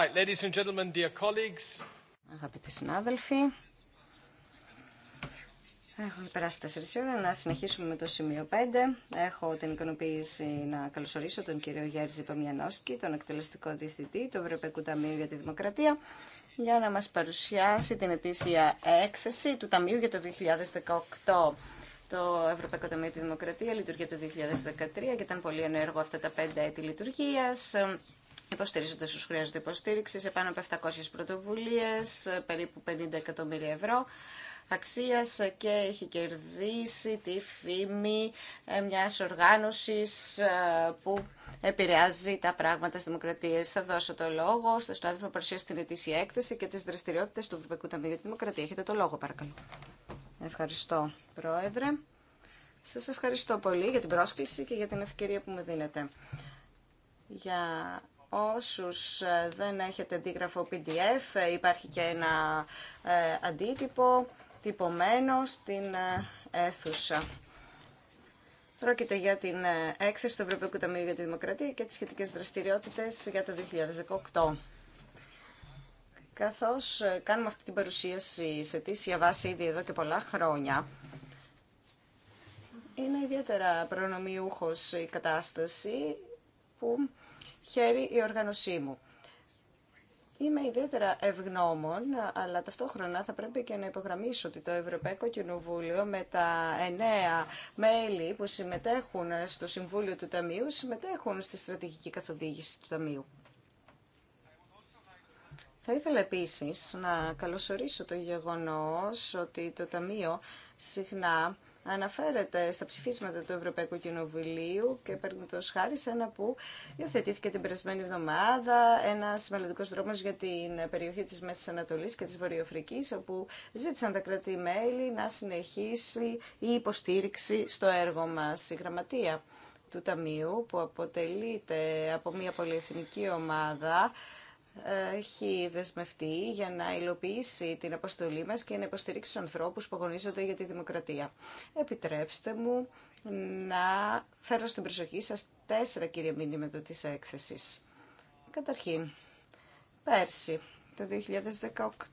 Right, ladies and gentlemen, dear colleagues. Αγαπητοί συνάδελφοι, Έχουμε περάσει 4 ώρε. Να συνεχίσουμε με το σημείο 5. Έχω την ικανοποίηση να καλωσορίσω τον κύριο Γέρζη Παμιανόσκη, τον εκτελεστικό διευθυντή του Ευρωπαϊκού Ταμείου για τη Δημοκρατία, για να μα παρουσιάσει την ετήσια έκθεση του Ταμείου για το 2018. Το Ευρωπαϊκό Ταμείο τη Δημοκρατία λειτουργεί από το 2013 και ήταν πολύ ενέργο αυτά τα πέντε έτη λειτουργία υποστηρίζονται όσου χρειάζονται υποστήριξη σε πάνω από 700 πρωτοβουλίε, περίπου 50 εκατομμύρια ευρώ αξίας και έχει κερδίσει τη φήμη ε, μιας οργάνωσης ε, που επηρεάζει τα πράγματα στις δημοκρατίες. Θα δώσω το λόγο στο συνάδελφο που παρουσίασε την ετήσια έκθεση και τις δραστηριότητες του Ευρωπαϊκού Ταμείου για τη Δημοκρατία. Έχετε το λόγο παρακαλώ. Ευχαριστώ Πρόεδρε. Σας ευχαριστώ πολύ για την πρόσκληση και για την ευκαιρία που με δίνετε. Για όσους ε, δεν έχετε αντίγραφο PDF ε, υπάρχει και ένα ε, αντίτυπο τυπωμένο στην αίθουσα. Πρόκειται για την έκθεση του Ευρωπαϊκού Ταμείου για τη Δημοκρατία και τις σχετικές δραστηριότητες για το 2018. Καθώς κάνουμε αυτή την παρουσίαση σε τήσια βάση ήδη εδώ και πολλά χρόνια, είναι ιδιαίτερα προνομιούχος η κατάσταση που χαίρει η οργανωσή μου. Είμαι ιδιαίτερα ευγνώμων, αλλά ταυτόχρονα θα πρέπει και να υπογραμμίσω ότι το Ευρωπαϊκό Κοινοβούλιο με τα εννέα μέλη που συμμετέχουν στο Συμβούλιο του Ταμείου συμμετέχουν στη στρατηγική καθοδήγηση του Ταμείου. Θα ήθελα επίσης να καλωσορίσω το γεγονός ότι το Ταμείο συχνά αναφέρεται στα ψηφίσματα του Ευρωπαϊκού Κοινοβουλίου και παίρνει το χάρη σε ένα που υιοθετήθηκε την περασμένη εβδομάδα, ένα μελλοντικό δρόμο για την περιοχή τη Μέση Ανατολή και τη Βορειοαφρική, όπου ζήτησαν τα κράτη-μέλη να συνεχίσει η υποστήριξη στο έργο μα. Η γραμματεία του Ταμείου, που αποτελείται από μια πολυεθνική ομάδα έχει δεσμευτεί για να υλοποιήσει την αποστολή μας και να υποστηρίξει τους ανθρώπους που αγωνίζονται για τη δημοκρατία. Επιτρέψτε μου να φέρω στην προσοχή σας τέσσερα κύρια μήνυματα της έκθεσης. Καταρχήν, πέρσι, το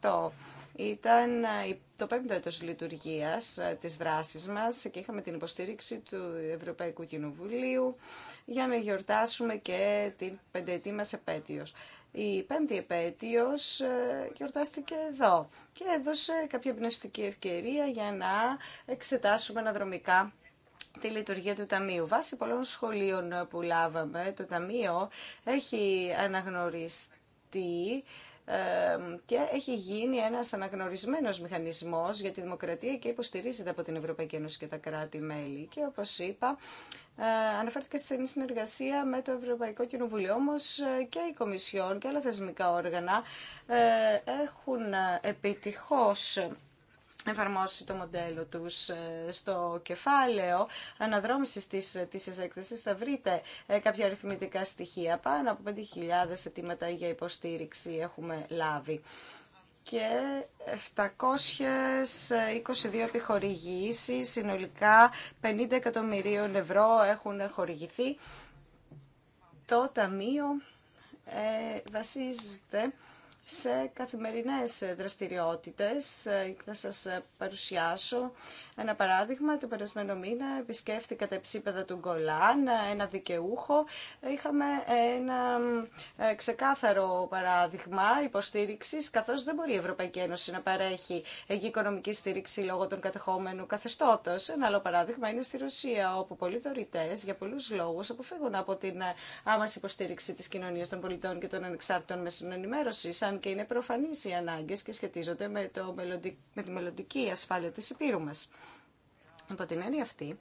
2018, ήταν ε, το πέμπτο έτος λειτουργίας ε, της δράσης μας και είχαμε την υποστήριξη του Ευρωπαϊκού Κοινοβουλίου για να γιορτάσουμε και την πενταετή μας επέτειος η πέμπτη επέτειος ε, γιορτάστηκε εδώ και έδωσε κάποια εμπνευστική ευκαιρία για να εξετάσουμε αναδρομικά τη λειτουργία του Ταμείου. Βάσει πολλών σχολείων που λάβαμε, το Ταμείο έχει αναγνωριστεί και έχει γίνει ένας αναγνωρισμένος μηχανισμός για τη δημοκρατία και υποστηρίζεται από την Ευρωπαϊκή Ένωση και τα κράτη-μέλη. Και όπως είπα, ε, αναφέρθηκα στη συνεργασία με το Ευρωπαϊκό Κοινοβουλίο, όμως ε, και η Κομισιόν και άλλα θεσμικά όργανα ε, έχουν επιτυχώς εφαρμόσει το μοντέλο τους ε, στο κεφάλαιο αναδρόμησης της, ε, της θα βρείτε ε, κάποια αριθμητικά στοιχεία πάνω από 5.000 αιτήματα για υποστήριξη έχουμε λάβει και 722 επιχορηγήσεις συνολικά 50 εκατομμυρίων ευρώ έχουν χορηγηθεί το ταμείο ε, βασίζεται σε καθημερινές δραστηριότητες. Ε, θα σας παρουσιάσω ένα παράδειγμα. Το περασμένο μήνα επισκέφθηκα τα ψήπεδα του Γκολάν, ένα δικαιούχο. Είχαμε ένα ε, ξεκάθαρο παράδειγμα υποστήριξης, καθώς δεν μπορεί η Ευρωπαϊκή Ένωση να παρέχει οικονομική στήριξη λόγω των κατεχόμενων καθεστώτος. Ένα άλλο παράδειγμα είναι στη Ρωσία, όπου πολλοί δωρητές για πολλούς λόγους αποφύγουν από την ε, άμαση υποστήριξη της κοινωνίας των πολιτών και των ανεξάρτητων μέσων και είναι προφανεί οι ανάγκε και σχετίζονται με, το με τη μελλοντική ασφάλεια τη Υπήρου μα. Από την έννοια αυτή,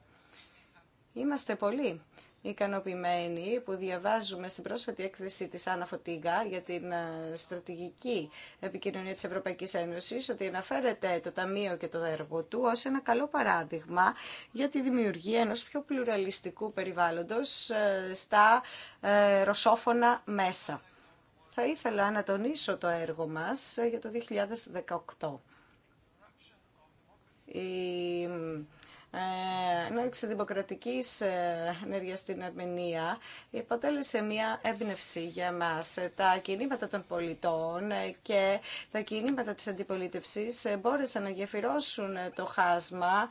είμαστε πολύ ικανοποιημένοι που διαβάζουμε στην πρόσφατη έκθεση της Άννα Φωτίγκα για την ε, στρατηγική επικοινωνία της Ευρωπαϊκής Ένωσης ότι αναφέρεται το Ταμείο και το έργο του ως ένα καλό παράδειγμα για τη δημιουργία ενός πιο πλουραλιστικού περιβάλλοντος ε, στα ε, ρωσόφωνα μέσα. Θα ήθελα να τονίσω το έργο μας για το 2018. Η έναρξη ε, δημοκρατικής ε, ενέργεια στην Αρμενία υποτέλεσε μια έμπνευση για μας. Τα κινήματα των πολιτών ε, και τα κινήματα της αντιπολίτευσης μπόρεσαν να γεφυρώσουν το χάσμα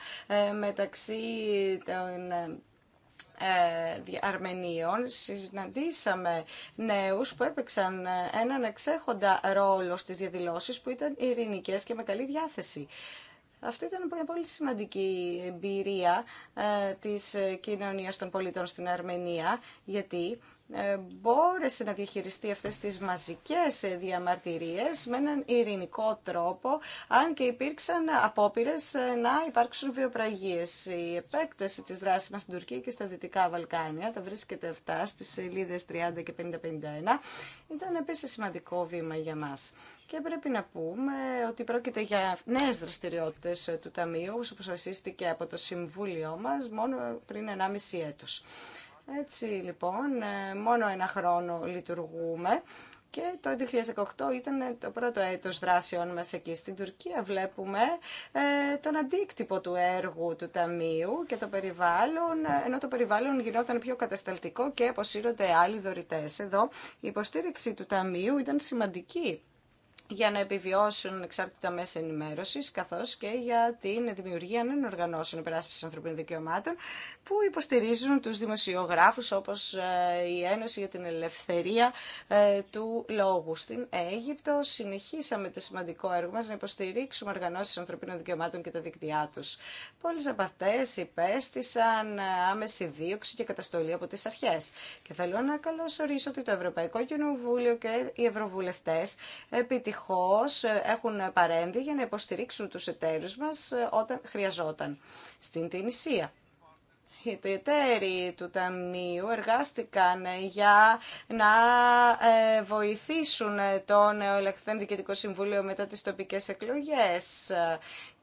μεταξύ των ε, Αρμενίων συναντήσαμε νέους που έπαιξαν ε, έναν εξέχοντα ρόλο στις διαδηλώσεις που ήταν ειρηνικές και με καλή διάθεση. Αυτή ήταν μια πολύ σημαντική εμπειρία ε, της κοινωνίας των πολιτών στην Αρμενία γιατί ε, μπόρεσε να διαχειριστεί αυτές τις μαζικές ε, διαμαρτυρίες με έναν ειρηνικό τρόπο, αν και υπήρξαν απόπειρες ε, να υπάρξουν βιοπραγίες. Η επέκταση της δράσης μας στην Τουρκία και στα Δυτικά Βαλκάνια, τα βρίσκεται αυτά στις σελίδες 30 και 50-51, ήταν επίσης σημαντικό βήμα για μας. Και πρέπει να πούμε ότι πρόκειται για νέες δραστηριότητε του Ταμείου, όπω βασίστηκε από το Συμβούλιο μας μόνο πριν 1,5 έτος. Έτσι λοιπόν, ε, μόνο ένα χρόνο λειτουργούμε και το 2018 ήταν το πρώτο έτος δράσεων μας εκεί στην Τουρκία. Βλέπουμε ε, τον αντίκτυπο του έργου του Ταμείου και το περιβάλλον, ε, ενώ το περιβάλλον γινόταν πιο κατασταλτικό και αποσύρονται άλλοι δωρητές. Εδώ η υποστήριξη του Ταμείου ήταν σημαντική για να επιβιώσουν εξάρτητα μέσα ενημέρωση, καθώ και για την δημιουργία νέων οργανώσεων υπεράσπιση ανθρωπίνων δικαιωμάτων που υποστηρίζουν του δημοσιογράφου, όπω ε, η Ένωση για την Ελευθερία ε, του Λόγου. Στην Αίγυπτο συνεχίσαμε το σημαντικό έργο μα να υποστηρίξουμε οργανώσει ανθρωπίνων δικαιωμάτων και τα δίκτυά του. Πολλέ από αυτέ υπέστησαν ε, άμεση δίωξη και καταστολή από τι αρχέ. Και θέλω να καλωσορίσω ότι το Ευρωπαϊκό Κοινοβούλιο και οι Ευρωβουλευτέ επιτυχούν ευτυχώς ε, έχουν παρέμβει για να υποστηρίξουν τους εταίρους μας ε, όταν χρειαζόταν στην Τινησία. Οι εταίροι του Ταμείου εργάστηκαν ε, για να βοηθήσουν το νεοελεκθέν Διοικητικό Συμβούλιο μετά τις τοπικές εκλογές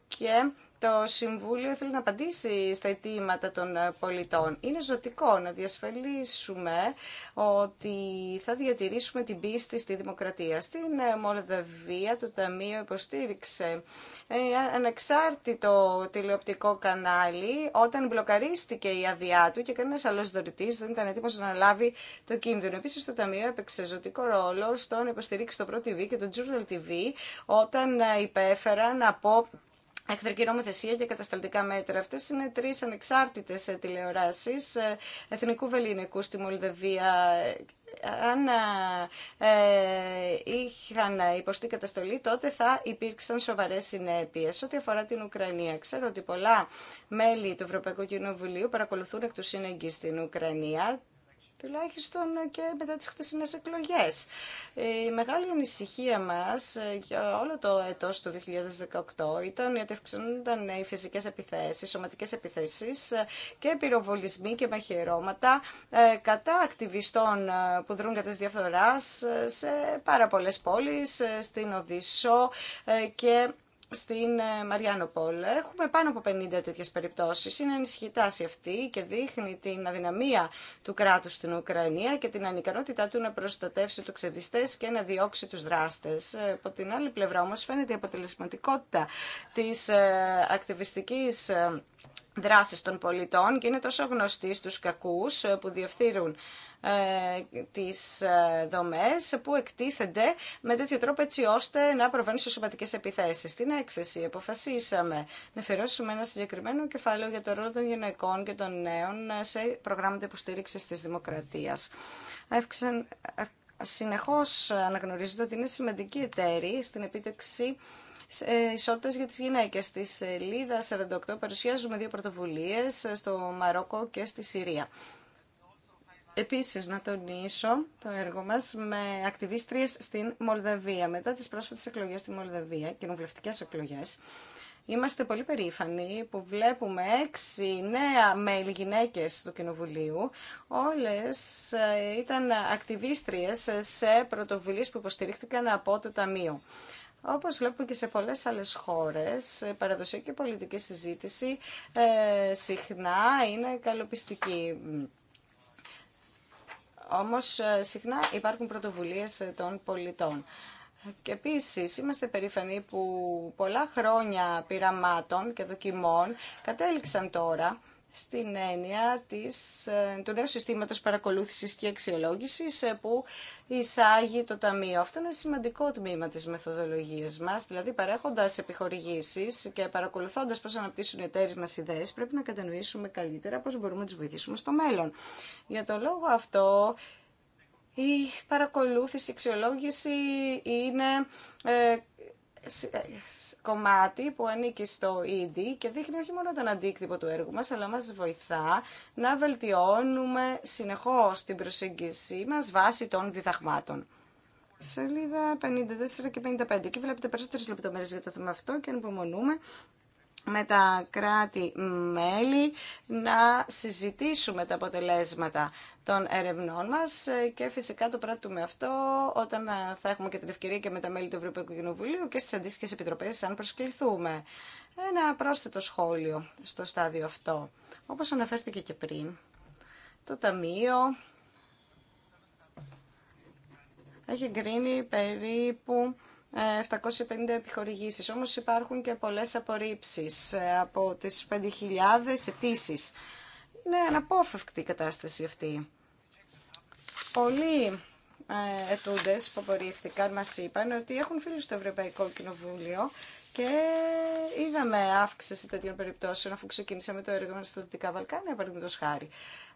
και το Συμβούλιο θέλει να απαντήσει στα αιτήματα των ε, πολιτών. Είναι ζωτικό να διασφαλίσουμε ότι θα διατηρήσουμε την πίστη στη δημοκρατία. Στην ε, Μολδαβία το Ταμείο υποστήριξε ε, ανεξάρτητο τηλεοπτικό κανάλι όταν μπλοκαρίστηκε η αδειά του και κανένας άλλος δωρητής δεν ήταν έτοιμος να λάβει το κίνδυνο. Επίσης το Ταμείο έπαιξε ζωτικό ρόλο στον να υποστηρίξει το Pro TV και το Journal TV όταν υπέφεραν από Εχθρική νομοθεσία και κατασταλτικά μέτρα. Αυτέ είναι τρει ανεξάρτητε τηλεοράσει ε, εθνικού βεληνικού στη Μολδαβία. Αν ε, είχαν υποστεί καταστολή, τότε θα υπήρξαν σοβαρέ συνέπειε. Ό,τι αφορά την Ουκρανία, ξέρω ότι πολλά μέλη του Ευρωπαϊκού Κοινοβουλίου παρακολουθούν εκ του σύνεγγυ στην Ουκρανία τουλάχιστον και μετά τις χθεσινές εκλογές. Ε, η μεγάλη ανησυχία μας ε, για όλο το έτος του 2018 ήταν ότι αυξάνονταν ε, οι φυσικές επιθέσεις, σωματικές επιθέσεις και πυροβολισμοί και μαχαιρώματα κατά ακτιβιστών που δρούν κατά της διαφθοράς σε πάρα πολλές πόλεις, στην Οδύσσο και στην ε, Μαριάνοπολ. Έχουμε πάνω από 50 τέτοιε περιπτώσεις. Είναι ενισχυτάση αυτή και δείχνει την αδυναμία του κράτους στην Ουκρανία και την ανικανότητά του να προστατεύσει του ξεδιστέ και να διώξει τους δράστες. Ε, από την άλλη πλευρά όμω, φαίνεται η αποτελεσματικότητα τη ε, ακτιβιστική δράσης των πολιτών και είναι τόσο γνωστή στους κακούς που διευθύνουν ε, τις ε, δομές που εκτίθενται με τέτοιο τρόπο έτσι ώστε να προβαίνουν σε σωματικές επιθέσεις. Στην έκθεση αποφασίσαμε να φερώσουμε ένα συγκεκριμένο κεφάλαιο για το ρόλο των γυναικών και των νέων σε προγράμματα υποστήριξης της δημοκρατίας. Συνεχώς αναγνωρίζεται ότι είναι σημαντική εταίρη στην επίτευξη ισότητα για τι γυναίκε Στη σελίδα 48 παρουσιάζουμε δύο πρωτοβουλίε ε, στο Μαρόκο και στη Συρία. Επίσης, να τονίσω το έργο μας με ακτιβίστριες στην Μολδαβία. Μετά τις πρόσφατες εκλογές στη Μολδαβία, κοινοβουλευτικέ εκλογές, Είμαστε πολύ περήφανοι που βλέπουμε έξι νέα μέλη γυναίκες του Κοινοβουλίου. Όλες ε, ήταν ακτιβίστριες σε πρωτοβουλίες που υποστηρίχθηκαν από το Ταμείο. Όπως βλέπουμε και σε πολλέ άλλε χώρε ε, παραδοσιακή πολιτική συζήτηση ε, συχνά είναι καλοπιστική. Όμως ε, συχνά υπάρχουν πρωτοβουλίες ε, των πολιτών. Και επίσης είμαστε περήφανοι που πολλά χρόνια πειραμάτων και δοκιμών κατέληξαν τώρα στην έννοια της, ε, του νέου συστήματος παρακολούθησης και αξιολόγησης ε, που εισάγει το Ταμείο. Αυτό είναι σημαντικό τμήμα της μεθοδολογίας μας, δηλαδή παρέχοντας επιχορηγήσεις και παρακολουθώντας πώς αναπτύσσουν οι εταίρες μας ιδέες, πρέπει να κατανοήσουμε καλύτερα πώς μπορούμε να τις βοηθήσουμε στο μέλλον. Για το λόγο αυτό, η παρακολούθηση, η αξιολόγηση είναι ε, ε, κομμάτι που ανήκει στο ΙΔΙ e και δείχνει όχι μόνο τον αντίκτυπο του έργου μας, αλλά μας βοηθά να βελτιώνουμε συνεχώς την προσέγγιση μας βάσει των διδαγμάτων. Σελίδα 54 και 55. Εκεί βλέπετε περισσότερες λεπτομέρειες για το θέμα αυτό και ανυπομονούμε με τα κράτη-μέλη να συζητήσουμε τα αποτελέσματα των ερευνών μας και φυσικά το πράττουμε αυτό όταν θα έχουμε και την ευκαιρία και με τα μέλη του Ευρωπαϊκού Κοινοβουλίου και στις αντίστοιχες επιτροπές αν προσκληθούμε. Ένα πρόσθετο σχόλιο στο στάδιο αυτό. Όπως αναφέρθηκε και πριν, το Ταμείο έχει γκρίνει περίπου 750 επιχορηγήσεις. Όμως υπάρχουν και πολλές απορρίψεις ε, από τις 5.000 αιτήσει. Είναι αναπόφευκτη η κατάσταση αυτή. Πολλοί ε, ετούντες που απορρίφθηκαν μας είπαν ότι έχουν φίλους στο Ευρωπαϊκό Κοινοβούλιο και είδαμε αύξηση τέτοιων περιπτώσεων αφού ξεκινήσαμε το έργο μας στα Δυτικά Βαλκάνια, παραδείγματο χάρη.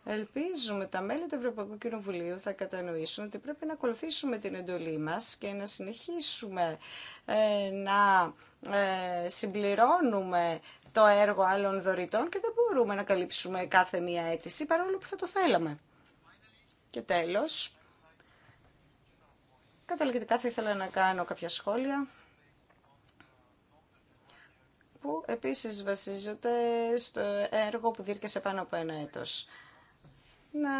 Ελπίζουμε τα μέλη του Ευρωπαϊκού Κοινοβουλίου θα κατανοήσουν ότι πρέπει να ακολουθήσουμε την εντολή μας και να συνεχίσουμε ε, να ε, συμπληρώνουμε το έργο άλλων δωρητών και δεν μπορούμε να καλύψουμε κάθε μία αίτηση παρόλο που θα το θέλαμε. Και τέλος, καταληκτικά θα ήθελα να κάνω κάποια σχόλια που επίσης βασίζονται στο έργο που διήρκεσε πάνω από ένα έτος να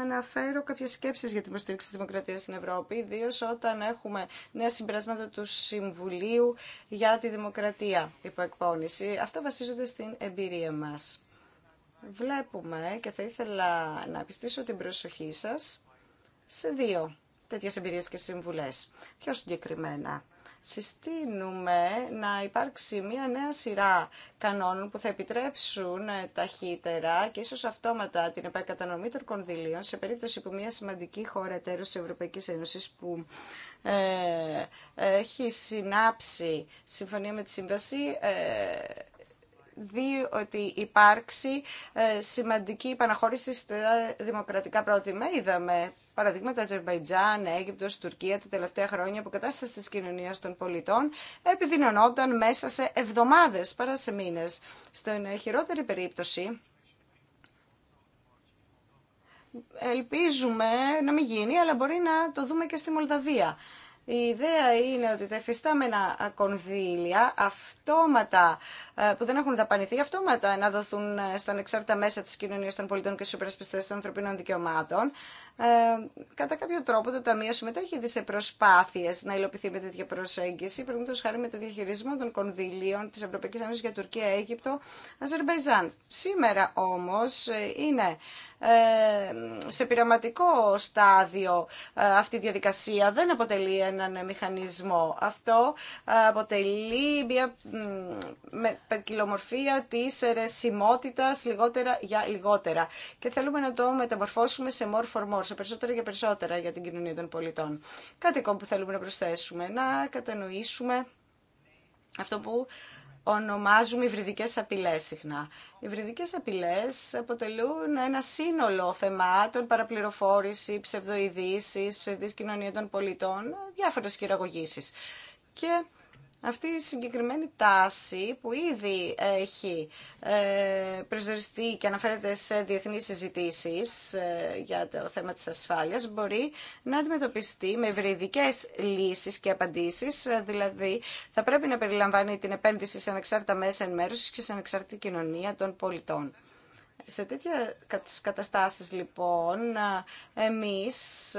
αναφέρω κάποιες σκέψεις για την υποστήριξη της δημοκρατίας στην Ευρώπη, ιδίω όταν έχουμε νέα συμπεράσματα του Συμβουλίου για τη Δημοκρατία υπό εκπόνηση. Αυτά βασίζονται στην εμπειρία μας. Βλέπουμε και θα ήθελα να πιστήσω την προσοχή σας σε δύο τέτοιες εμπειρίες και συμβουλές. Πιο συγκεκριμένα, συστήνουμε να υπάρξει μια νέα σειρά κανόνων που θα επιτρέψουν ε, ταχύτερα και ίσως αυτόματα την επακατανομή των κονδυλίων σε περίπτωση που μια σημαντική χώρα εταίρος της Ευρωπαϊκής Ένωσης που ε, έχει συνάψει συμφωνία με τη Σύμβαση ε, διότι ότι υπάρξει ε, σημαντική επαναχώρηση στα δημοκρατικά πρότυπα. Είδαμε παραδείγματα Αζερβαϊτζάν, Αίγυπτος, Τουρκία τα τελευταία χρόνια που κατάσταση της κοινωνίας των πολιτών επιδεινωνόταν μέσα σε εβδομάδες παρά σε μήνες. Στην χειρότερη περίπτωση ελπίζουμε να μην γίνει, αλλά μπορεί να το δούμε και στη Μολδαβία. Η ιδέα είναι ότι τα εφιστάμενα κονδύλια αυτόματα ε, που δεν έχουν δαπανηθεί αυτόματα να δοθούν ε, στα ανεξάρτητα μέσα της κοινωνίας των πολιτών και στους υπερασπιστές των ανθρωπίνων δικαιωμάτων. Ε, κατά κάποιο τρόπο το Ταμείο συμμετέχει σε προσπάθειες να υλοποιηθεί με τέτοια προσέγγιση, παραδείγματος χάρη με το διαχειρισμό των κονδυλίων της Ευρωπαϊκής Ένωσης για Τουρκία, Αίγυπτο, Αζερμπαϊζάν. Σήμερα όμως ε, είναι σε πειραματικό στάδιο αυτή η διαδικασία δεν αποτελεί έναν μηχανισμό. Αυτό αποτελεί μια ποικιλομορφία της ρεσιμότητας λιγότερα για λιγότερα. Και θέλουμε να το μεταμορφώσουμε σε more for more, σε περισσότερα για περισσότερα για την κοινωνία των πολιτών. Κάτι ακόμα που θέλουμε να προσθέσουμε, να κατανοήσουμε αυτό που ονομάζουμε υβριδικές απειλές συχνά. Οι υβριδικές απειλές αποτελούν ένα σύνολο θεμάτων, παραπληροφόρηση, ψευδοειδήσεις, ψευδής κοινωνία των πολιτών, διάφορες χειραγωγήσεις. Και αυτή η συγκεκριμένη τάση που ήδη έχει ε, προσδιοριστεί και αναφέρεται σε διεθνείς συζητήσει ε, για το θέμα της ασφάλειας μπορεί να αντιμετωπιστεί με ευρυδικές λύσεις και απαντήσεις, ε, δηλαδή θα πρέπει να περιλαμβάνει την επένδυση σε ανεξάρτητα μέσα ενημέρωσης και σε ανεξάρτητη κοινωνία των πολιτών. Σε τέτοια καταστάσεις λοιπόν εμείς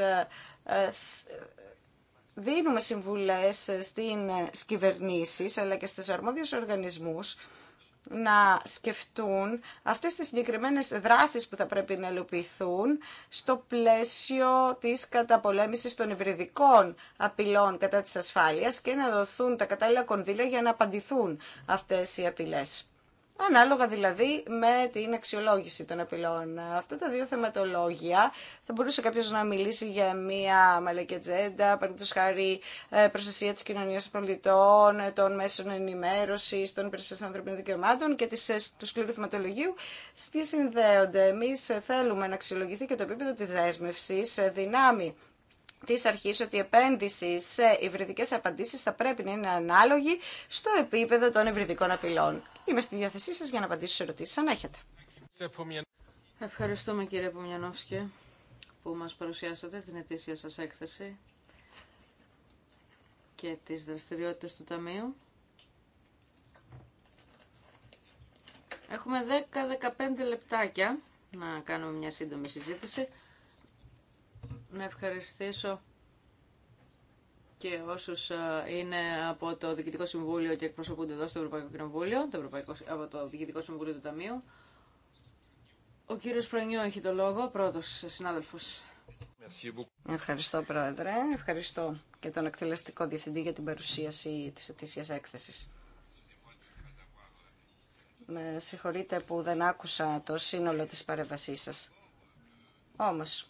δίνουμε συμβουλές στην ε, κυβερνήσεις αλλά και στις αρμόδιους οργανισμούς να σκεφτούν αυτές τις συγκεκριμένες δράσεις που θα πρέπει να ελοπιθούν στο πλαίσιο της καταπολέμησης των υβριδικών απειλών κατά της ασφάλειας και να δοθούν τα κατάλληλα κονδύλια για να απαντηθούν αυτές οι απειλές. Ανάλογα δηλαδή με την αξιολόγηση των απειλών. Αυτά τα δύο θεματολόγια θα μπορούσε κάποιο να μιλήσει για μια μαλακή ατζέντα, παραδείγματο χάρη ε, προστασία τη κοινωνία των πολιτών, ε, των μέσων ενημέρωση, των υπερσπιστών ανθρωπίνων δικαιωμάτων και της, ε, του σκληρού θεματολογίου. Τι συνδέονται. Εμεί θέλουμε να αξιολογηθεί και το επίπεδο τη δέσμευση δυνάμει τη αρχή ότι η επένδυση σε υβριδικέ απαντήσει θα πρέπει να είναι ανάλογη στο επίπεδο των υβριδικών απειλών. Είμαι στη διάθεσή σα για να απαντήσω σε ερωτήσεις αν έχετε. Ευχαριστούμε κύριε Πομιανόφσκι, που μας παρουσιάσατε την ετήσια σας έκθεση και τις δραστηριότητες του Ταμείου. Έχουμε 10-15 λεπτάκια να κάνουμε μια σύντομη συζήτηση. Να ευχαριστήσω και όσους ε, είναι από το Διοικητικό Συμβούλιο και εκπροσωπούνται εδώ στο Ευρωπαϊκό Κοινοβούλιο, το Ευρωπαϊκό, από το Διοικητικό Συμβούλιο του Ταμείου. Ο κύριος Προνιού έχει το λόγο, πρώτος συνάδελφος. Ευχαριστώ Πρόεδρε, ευχαριστώ και τον εκτελεστικό διευθυντή για την παρουσίαση της ετήσιας έκθεσης. Με συγχωρείτε που δεν άκουσα το σύνολο της παρέμβασής σας. Όμως,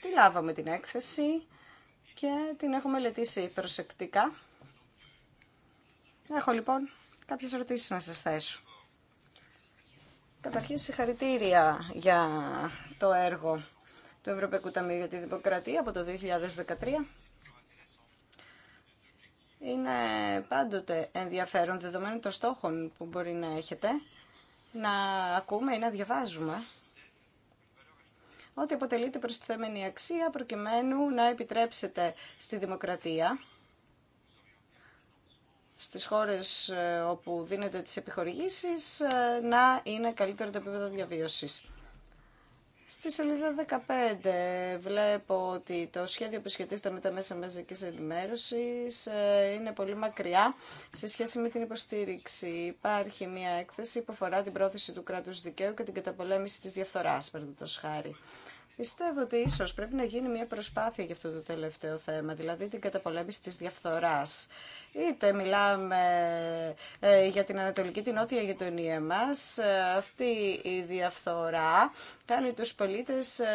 τι λάβαμε την έκθεση, και την έχω μελετήσει προσεκτικά. Έχω λοιπόν κάποιες ερωτήσεις να σας θέσω. Καταρχήν συγχαρητήρια για το έργο του Ευρωπαϊκού Ταμείου για τη Δημοκρατία από το 2013. Είναι πάντοτε ενδιαφέρον δεδομένων των στόχων που μπορεί να έχετε να ακούμε ή να διαβάζουμε ότι αποτελείται προστιθέμενη αξία προκειμένου να επιτρέψετε στη δημοκρατία στις χώρες ε, όπου δίνετε τις επιχορηγήσεις ε, να είναι καλύτερο το επίπεδο διαβίωσης. Στη σελίδα 15 βλέπω ότι το σχέδιο που σχετίζεται με τα μέσα μαζική ενημέρωση ε, είναι πολύ μακριά σε σχέση με την υποστήριξη. Υπάρχει μια έκθεση που αφορά την πρόθεση του κράτους δικαίου και την καταπολέμηση της διαφθοράς, το χάρη. Πιστεύω ότι ίσω πρέπει να γίνει μια προσπάθεια για αυτό το τελευταίο θέμα, δηλαδή την καταπολέμηση τη διαφθορά. Είτε μιλάμε ε, για την Ανατολική, την Νότια γειτονία μας, ε, αυτή η διαφθορά κάνει τους πολίτες ε,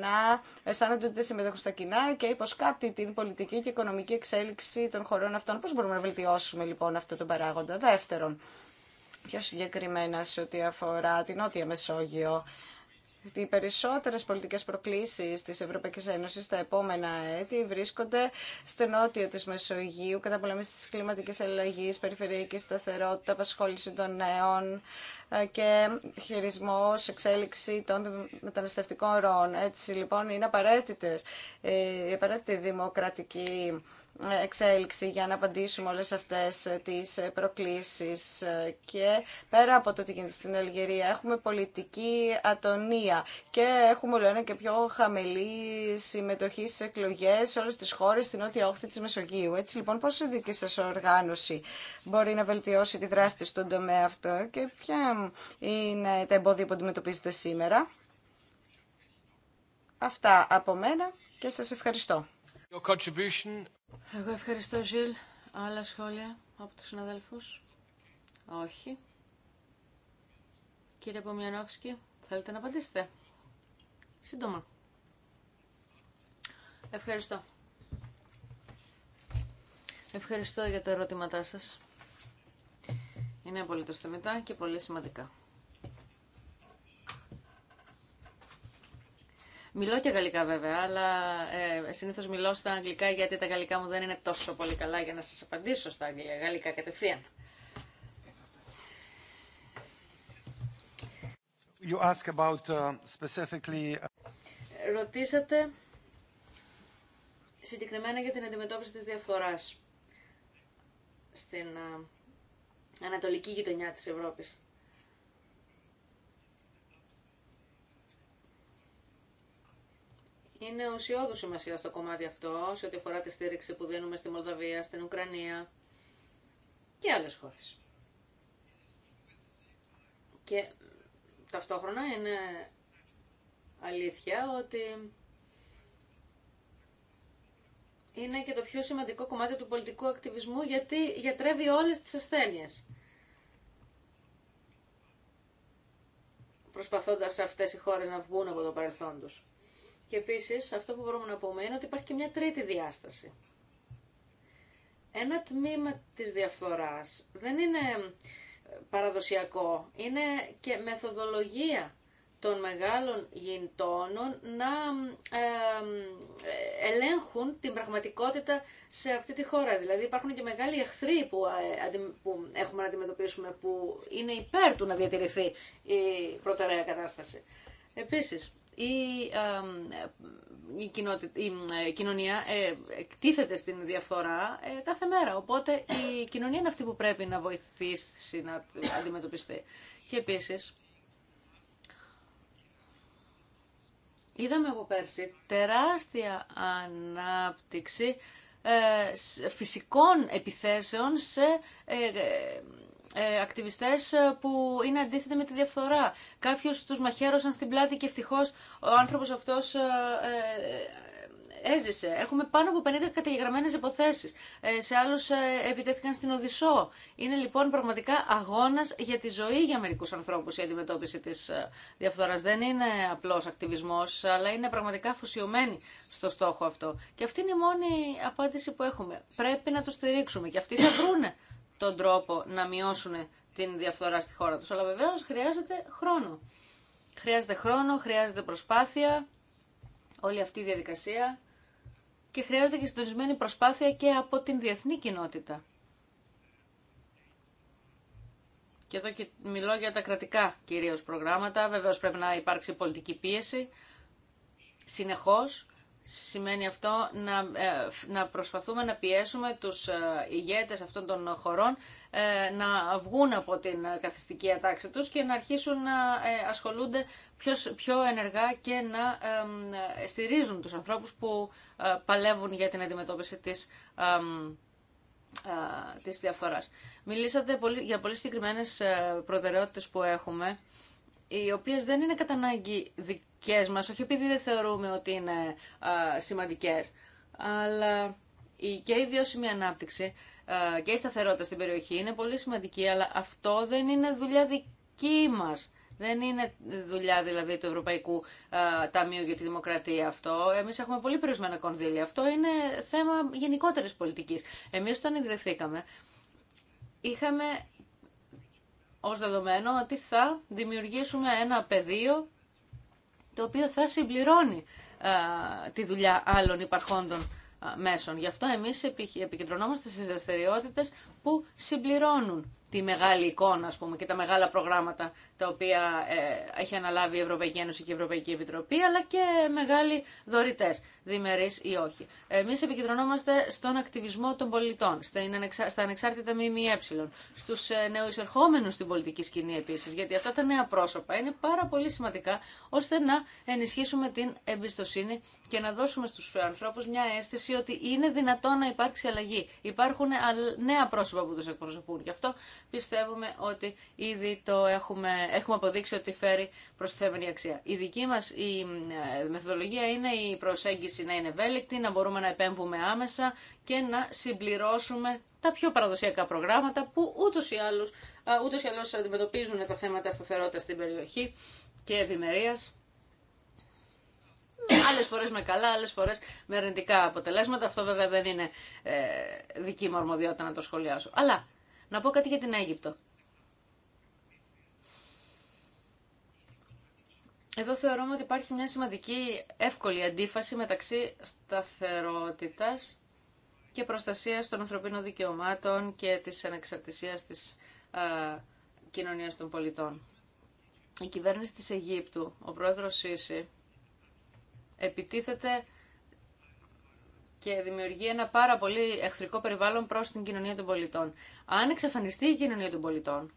να αισθάνονται ότι δεν συμμετέχουν στα κοινά και υποσκάπτει την πολιτική και οικονομική εξέλιξη των χωρών αυτών. Πώ μπορούμε να βελτιώσουμε λοιπόν αυτό το παράγοντα. Δεύτερον, πιο συγκεκριμένα σε ό,τι αφορά την Νότια Μεσόγειο οι περισσότερε πολιτικές προκλήσεις της Ευρωπαϊκής Ένωση, τα επόμενα έτη βρίσκονται στο νότιο τη Μεσογείου, καταπολέμηση τη κλιματική αλλαγή, περιφερειακή σταθερότητα, απασχόληση των νέων ε, και χειρισμός, εξέλιξη των μεταναστευτικών ροών. Έτσι λοιπόν είναι απαραίτητη, η ε, απαραίτητη δημοκρατική εξέλιξη για να απαντήσουμε όλες αυτές τις προκλήσεις και πέρα από το τι γίνεται στην Αλγερία έχουμε πολιτική ατονία και έχουμε όλο ένα και πιο χαμηλή συμμετοχή στι εκλογές σε όλες τις χώρες στην νότια όχθη της Μεσογείου. Έτσι λοιπόν πώς η δική σας οργάνωση μπορεί να βελτιώσει τη δράση της στον τομέα αυτό και ποια είναι τα εμπόδια που αντιμετωπίζετε σήμερα. Αυτά από μένα και σας ευχαριστώ. Εγώ ευχαριστώ, Ζιλ. Άλλα σχόλια από τους συναδέλφους. Όχι. Κύριε Πομιανόφσκι, θέλετε να απαντήσετε. Σύντομα. Ευχαριστώ. Ευχαριστώ για τα ερώτηματά σας. Είναι απολύτως θεμητά και πολύ σημαντικά. Μιλώ και γαλλικά βέβαια, αλλά ε, συνήθως μιλώ στα αγγλικά γιατί τα γαλλικά μου δεν είναι τόσο πολύ καλά για να σας απαντήσω στα αγγλικά, γαλλικά κατευθείαν. You ask about, uh, specifically... Uh, Ρωτήσατε συγκεκριμένα για την αντιμετώπιση της διαφοράς στην uh, ανατολική γειτονιά της Ευρώπης. Είναι ουσιώδου σημασία στο κομμάτι αυτό, σε ό,τι αφορά τη στήριξη που δίνουμε στη Μολδαβία, στην Ουκρανία και άλλες χώρες. Και ταυτόχρονα είναι αλήθεια ότι είναι και το πιο σημαντικό κομμάτι του πολιτικού ακτιβισμού γιατί γιατρεύει όλες τις ασθένειες. Προσπαθώντας αυτές οι χώρες να βγουν από το παρελθόν τους. Και επίση αυτό που μπορούμε να πούμε είναι ότι υπάρχει και μια τρίτη διάσταση. Ένα τμήμα της διαφθοράς δεν είναι ε, παραδοσιακό, είναι και μεθοδολογία των μεγάλων γιντόνων να ε, ε, ελέγχουν την πραγματικότητα σε αυτή τη χώρα. Δηλαδή υπάρχουν και μεγάλοι εχθροί που, που έχουμε να αντιμετωπίσουμε που είναι υπέρ του να διατηρηθεί η προτεραία κατάσταση. Επίσης, η, η, η ε, κοινωνία ε, εκτίθεται στην διαφθορά ε, κάθε μέρα, οπότε η κοινωνία είναι αυτή που πρέπει να βοηθήσει να αντιμετωπιστεί. Και επίσης, είδαμε από πέρσι τεράστια ανάπτυξη φυσικών επιθέσεων σε ε, ακτιβιστές ε, που είναι αντίθετοι με τη διαφθορά. Κάποιους τους μαχαίρωσαν στην πλάτη και ευτυχώς ο άνθρωπος αυτός ε, ε, ε έζησε. Έχουμε πάνω από 50 καταγεγραμμένες υποθέσεις. σε άλλους επιτέθηκαν στην Οδυσσό. Είναι λοιπόν πραγματικά αγώνας για τη ζωή για μερικούς ανθρώπους η αντιμετώπιση της διαφθοράς. Δεν είναι απλός ακτιβισμός, αλλά είναι πραγματικά αφοσιωμένοι στο στόχο αυτό. Και αυτή είναι η μόνη απάντηση που έχουμε. Πρέπει να το στηρίξουμε και αυτοί θα βρούνε τον τρόπο να μειώσουν την διαφθορά στη χώρα τους. Αλλά βεβαίως χρειάζεται χρόνο. Χρειάζεται χρόνο, χρειάζεται προσπάθεια, όλη αυτή η διαδικασία και χρειάζεται και συντονισμένη προσπάθεια και από την διεθνή κοινότητα. Και εδώ και μιλώ για τα κρατικά κυρίως προγράμματα. Βεβαίως πρέπει να υπάρξει πολιτική πίεση συνεχώς Σημαίνει αυτό να, ε, να προσπαθούμε να πιέσουμε τους ε, ηγέτες αυτών των χωρών ε, να βγουν από την καθιστική ατάξη τους και να αρχίσουν να ασχολούνται πιο, ενεργά και να στηρίζουν τους ανθρώπους που παλεύουν για την αντιμετώπιση της της διαφοράς. Μιλήσατε για πολύ συγκεκριμένε προτεραιότητες που έχουμε οι οποίες δεν είναι κατά ανάγκη δικές μας, όχι επειδή δεν θεωρούμε ότι είναι σημαντικές, αλλά και η βιώσιμη ανάπτυξη και η σταθερότητα στην περιοχή είναι πολύ σημαντική, αλλά αυτό δεν είναι δουλειά δική μας. Δεν είναι δουλειά δηλαδή του Ευρωπαϊκού Ταμείου για τη Δημοκρατία αυτό. Εμείς έχουμε πολύ περιορισμένα κονδύλια. Αυτό είναι θέμα γενικότερη πολιτική. Εμεί όταν ιδρυθήκαμε είχαμε ως δεδομένο ότι θα δημιουργήσουμε ένα πεδίο το οποίο θα συμπληρώνει τη δουλειά άλλων υπαρχόντων μέσων. Γι' αυτό εμείς επικεντρωνόμαστε στις δραστηριότητε που συμπληρώνουν τη μεγάλη εικόνα ας πούμε, και τα μεγάλα προγράμματα τα οποία ε, έχει αναλάβει η Ευρωπαϊκή Ένωση και η Ευρωπαϊκή Επιτροπή, αλλά και μεγάλοι δωρητέ, διμερεί ή όχι. Εμεί επικεντρωνόμαστε στον ακτιβισμό των πολιτών, στα ανεξάρτητα ΜΜΕ, στου ε, νέου εισερχόμενου στην πολιτική σκηνή επίση, γιατί αυτά τα νέα πρόσωπα είναι πάρα πολύ σημαντικά ώστε να ενισχύσουμε την εμπιστοσύνη και να δώσουμε στου ανθρώπου μια αίσθηση ότι είναι δυνατό να υπάρξει αλλαγή. Υπάρχουν ε, νέα πρόσωπα πρόσωπα που τους εκπροσωπούν. Γι' αυτό πιστεύουμε ότι ήδη το έχουμε, έχουμε αποδείξει ότι φέρει προστιθέμενη αξία. Η δική μας η ε, μεθοδολογία είναι η προσέγγιση να είναι ευέλικτη, να μπορούμε να επέμβουμε άμεσα και να συμπληρώσουμε τα πιο παραδοσιακά προγράμματα που ούτως ή άλλως, ούτως ή άλλως αντιμετωπίζουν τα θέματα σταθερότητας στην περιοχή και ευημερίας ναι, άλλες φορές με καλά, άλλες φορές με αρνητικά αποτελέσματα. Αυτό βέβαια δεν είναι ε, δική μου αρμοδιότητα να το σχολιάσω. Αλλά να πω κάτι για την Αίγυπτο. Εδώ θεωρούμε ότι υπάρχει μια σημαντική εύκολη αντίφαση μεταξύ σταθερότητας και προστασίας των ανθρωπίνων δικαιωμάτων και της ανεξαρτησίας της ε, κοινωνίας των πολιτών. Η κυβέρνηση της Αιγύπτου, ο πρόεδρος Σίση, επιτίθεται και δημιουργεί ένα πάρα πολύ εχθρικό περιβάλλον προς την κοινωνία των πολιτών. Αν εξαφανιστεί η κοινωνία των πολιτών,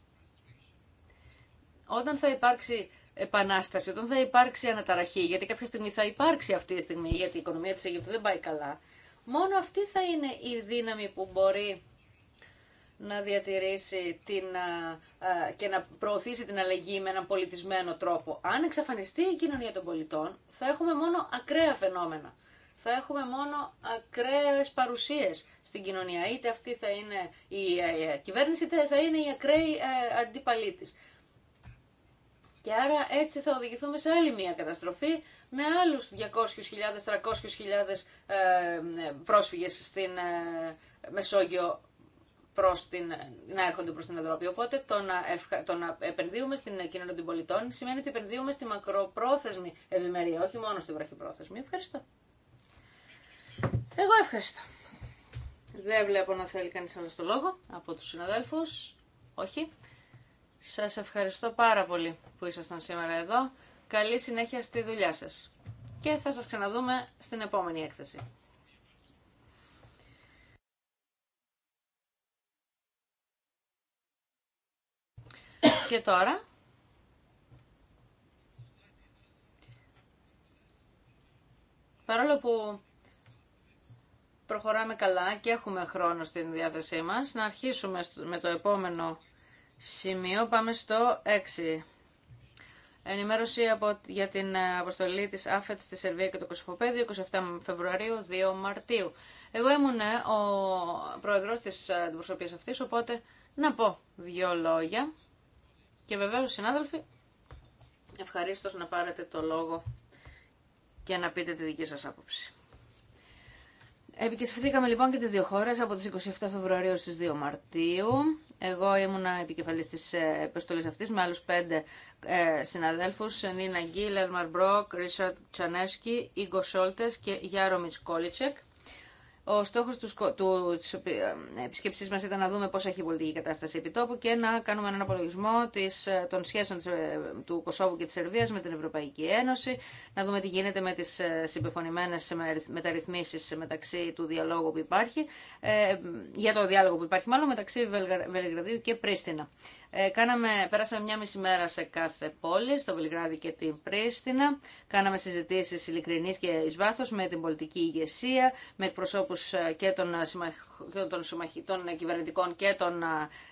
όταν θα υπάρξει επανάσταση, όταν θα υπάρξει αναταραχή, γιατί κάποια στιγμή θα υπάρξει αυτή η στιγμή, γιατί η οικονομία της Αιγύπτου δεν πάει καλά, μόνο αυτή θα είναι η δύναμη που μπορεί να διατηρήσει την, και να προωθήσει την αλλαγή με έναν πολιτισμένο τρόπο. Αν εξαφανιστεί η κοινωνία των πολιτών, θα έχουμε μόνο ακραία φαινόμενα. Θα έχουμε μόνο ακραίες παρουσίες στην κοινωνία. Είτε αυτή θα είναι η ε, ε, κυβέρνηση, είτε θα είναι η ακραία ε, αντίπαλή της. Και άρα έτσι θα οδηγηθούμε σε άλλη μια καταστροφή με άλλους 200.000-300.000 πρόσφυγες στην Μεσόγειο προς την, να έρχονται προς την Ευρώπη. Οπότε το να, ευχα, το να επενδύουμε στην κοινωνία των πολιτών σημαίνει ότι επενδύουμε στη μακροπρόθεσμη ευημερία, όχι μόνο στη βραχυπρόθεσμη. Ευχαριστώ. Εγώ ευχαριστώ. Δεν βλέπω να θέλει κανείς άλλο το λόγο από τους συναδέλφους. Όχι. Σας ευχαριστώ πάρα πολύ που ήσασταν σήμερα εδώ. Καλή συνέχεια στη δουλειά σας. Και θα σας ξαναδούμε στην επόμενη έκθεση. Και τώρα... Παρόλο που προχωράμε καλά και έχουμε χρόνο στην διάθεσή μας, να αρχίσουμε με το επόμενο σημείο. Πάμε στο 6. Ενημέρωση από, για την ε, αποστολή της ΑΦΕΤ στη Σερβία και το Κωσοφοπέδιο, 27 Φεβρουαρίου, 2 Μαρτίου. Εγώ ήμουν ε, ο πρόεδρος της ε, αντιπροσωπείας αυτής, οπότε να πω δύο λόγια. Και βεβαίως συνάδελφοι, ευχαρίστως να πάρετε το λόγο και να πείτε τη δική σας άποψη. Επικεφθήκαμε λοιπόν και τις δύο χώρες από τις 27 Φεβρουαρίου στις 2 Μαρτίου. Εγώ ήμουνα επικεφαλής της ε, επιστολής αυτής με άλλους πέντε ε, συναδέλφους. Νίνα Γκίλερ, Μαρμπρόκ, Ρίσαρτ Τσανέσκι, Ίγκο Σόλτες και Γιάρο Μιτσκόλιτσεκ. Ο στόχος του, του, της ε, επισκέψης μας ήταν να δούμε πώς έχει η πολιτική κατάσταση τόπου και να κάνουμε έναν απολογισμό της, ε, των σχέσεων ε, του Κωσόβου και τη Σερβία με την Ευρωπαϊκή Ένωση, να δούμε τι γίνεται με τις συμπεφωνημένε μεταρρυθμίσει μεταξύ του διαλόγου που υπάρχει, για το διάλογο που υπάρχει μάλλον μεταξύ Βελγραδίου και Πρίστινα. Ε, κάναμε, περάσαμε μια μισή μέρα σε κάθε πόλη, στο Βελιγράδι και την Πρίστινα. Κάναμε συζητήσει ειλικρινή και ει βάθο με την πολιτική ηγεσία, με εκπροσώπου ε, και των, ε, των, ε, κυβερνητικών και των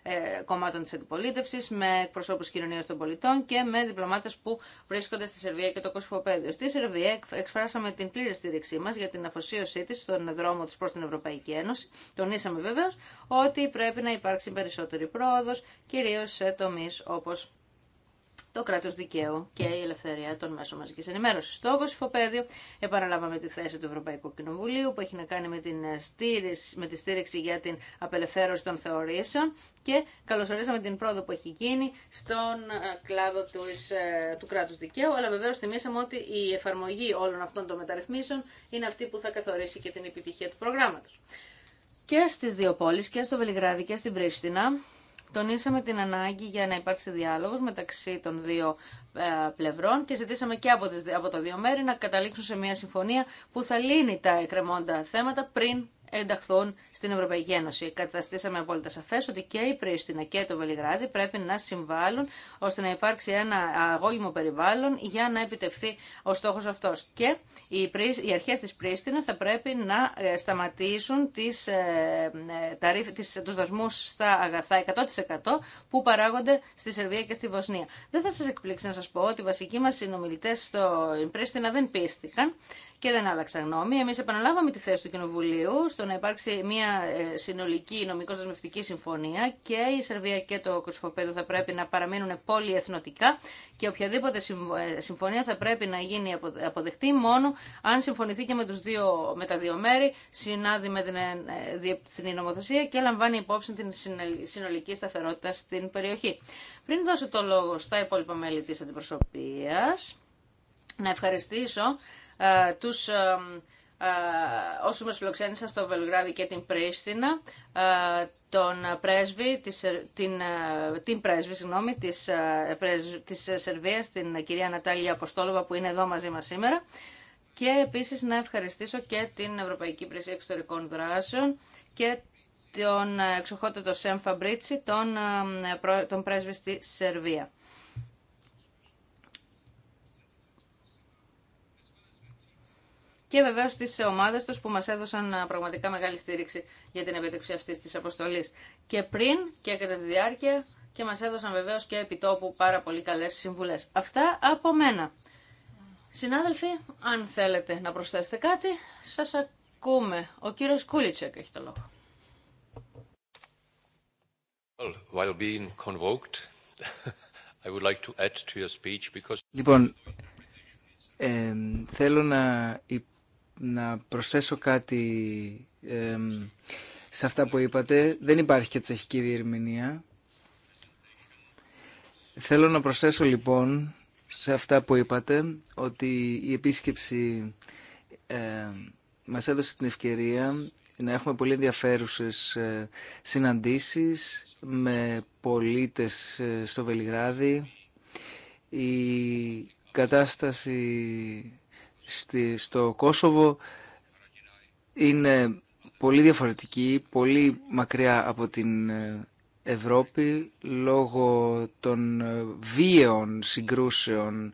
ε, κομμάτων τη αντιπολίτευση, με εκπροσώπου κοινωνία των πολιτών και με διπλωμάτε που βρίσκονται στη Σερβία και το Κωσυφοπαίδιο. Στη Σερβία εκφράσαμε την πλήρη στήριξή μα για την αφοσίωσή τη στον δρόμο τη προ την Ευρωπαϊκή Ένωση. Τονίσαμε βεβαίω ότι πρέπει να υπάρξει περισσότερη πρόοδο, κυρίω σε τομείς όπως το κράτο δικαίου και η ελευθερία των μέσων μαζική ενημέρωση. Στο κοσυφοπαίδιο επαναλάβαμε τη θέση του Ευρωπαϊκού Κοινοβουλίου που έχει να κάνει με, την ε, στήριξη, με τη στήριξη για την απελευθέρωση των θεωρήσεων και καλωσορίσαμε την πρόοδο που έχει γίνει στον ε, κλάδο ε, του, του κράτου δικαίου. Αλλά βεβαίω θυμίσαμε ότι η εφαρμογή όλων αυτών των μεταρρυθμίσεων είναι αυτή που θα καθορίσει και την επιτυχία του προγράμματο. Και στι δύο πόλει, και στο Βελιγράδι και στην Πρίστινα, Τονίσαμε την ανάγκη για να υπάρξει διάλογος μεταξύ των δύο ε, πλευρών και ζητήσαμε και από, τις, από τα δύο μέρη να καταλήξουν σε μια συμφωνία που θα λύνει τα εκκρεμόντα θέματα πριν ενταχθούν στην Ευρωπαϊκή Ένωση. Καταστήσαμε απόλυτα σαφέ ότι και η Πρίστινα και το Βελιγράδι πρέπει να συμβάλλουν ώστε να υπάρξει ένα αγώγιμο περιβάλλον για να επιτευχθεί ο στόχο αυτό. Και οι αρχέ τη Πρίστινα θα πρέπει να ε, σταματήσουν τις, ε, ε, δασμού στα αγαθά 100% που παράγονται στη Σερβία και στη Βοσνία. Δεν θα σα εκπλήξει να σα πω ότι οι βασικοί μα συνομιλητέ στο Πρίστινα δεν πίστηκαν και δεν άλλαξαν γνώμη. Εμεί επαναλάβαμε τη θέση του Κοινοβουλίου στο να υπάρξει μια ε, συνολική νομικό δεσμευτική συμφωνία και η Σερβία και το κοσφοπέδο θα πρέπει να παραμείνουν πολυεθνοτικά και οποιαδήποτε ε, συμφωνία θα πρέπει να γίνει αποδεκτή μόνο αν συμφωνηθεί και με, τους δύο, με τα δύο μέρη, συνάδει με την ε, διεθνή νομοθεσία και λαμβάνει υπόψη την συνολική σταθερότητα στην περιοχή. Πριν δώσω το λόγο στα υπόλοιπα μέλη της αντιπροσωπείας, να ευχαριστήσω ε, τους ε, ε, όσους μας φιλοξένησαν στο βελγράδι και την Πρίστινα, τον πρέσβη, την, την πρέσβη, συγγνώμη, της, της Σερβίας, την κυρία Νατάλια Αποστόλοβα που είναι εδώ μαζί μας σήμερα. Και επίσης να ευχαριστήσω και την Ευρωπαϊκή Υπηρεσία Εξωτερικών Δράσεων και τον εξοχότατο Σεμ Φαμπρίτσι, τον, τον πρέσβη στη Σερβία. και βεβαίω στι ομάδε του που μα έδωσαν πραγματικά μεγάλη στήριξη για την επίτευξη αυτή τη αποστολή. Και πριν και κατά τη διάρκεια και μα έδωσαν βεβαίω και επιτόπου πάρα πολύ καλέ συμβουλέ. Αυτά από μένα. Συνάδελφοι, αν θέλετε να προσθέσετε κάτι, σας ακούμε. Ο κύριος Κούλιτσεκ έχει το λόγο. Λοιπόν, ε, θέλω να να προσθέσω κάτι σε αυτά που είπατε. Δεν υπάρχει και τσεχική διερμηνία. Θέλω να προσθέσω λοιπόν σε αυτά που είπατε ότι η επίσκεψη ε, μας έδωσε την ευκαιρία να έχουμε πολύ ενδιαφέρουσες ε, συναντήσεις με πολίτες ε, στο Βελιγράδι. Η κατάσταση στο Κόσοβο είναι πολύ διαφορετική, πολύ μακριά από την ε, Ευρώπη λόγω των ε, βίαιων συγκρούσεων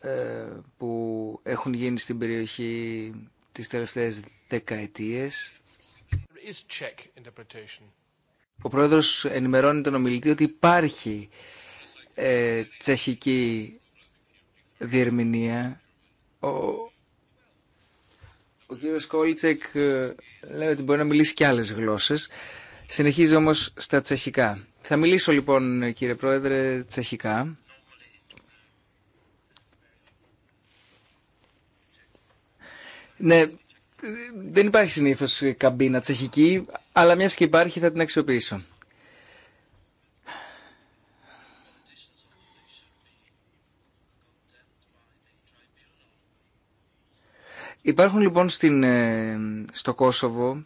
ε, που έχουν γίνει στην περιοχή τις τελευταίες δεκαετίες. Ο πρόεδρος ενημερώνει τον ομιλητή ότι υπάρχει τσεχική διερμηνία ο, ο κύριος Κόλτσεκ ε, λέει ότι μπορεί να μιλήσει και άλλες γλώσσες. Συνεχίζει όμως στα τσεχικά. Θα μιλήσω λοιπόν κύριε Πρόεδρε τσεχικά. Ναι, δεν υπάρχει συνήθως καμπίνα τσεχική, αλλά μιας και υπάρχει θα την αξιοποιήσω. Υπάρχουν λοιπόν στην, ε, στο Κόσοβο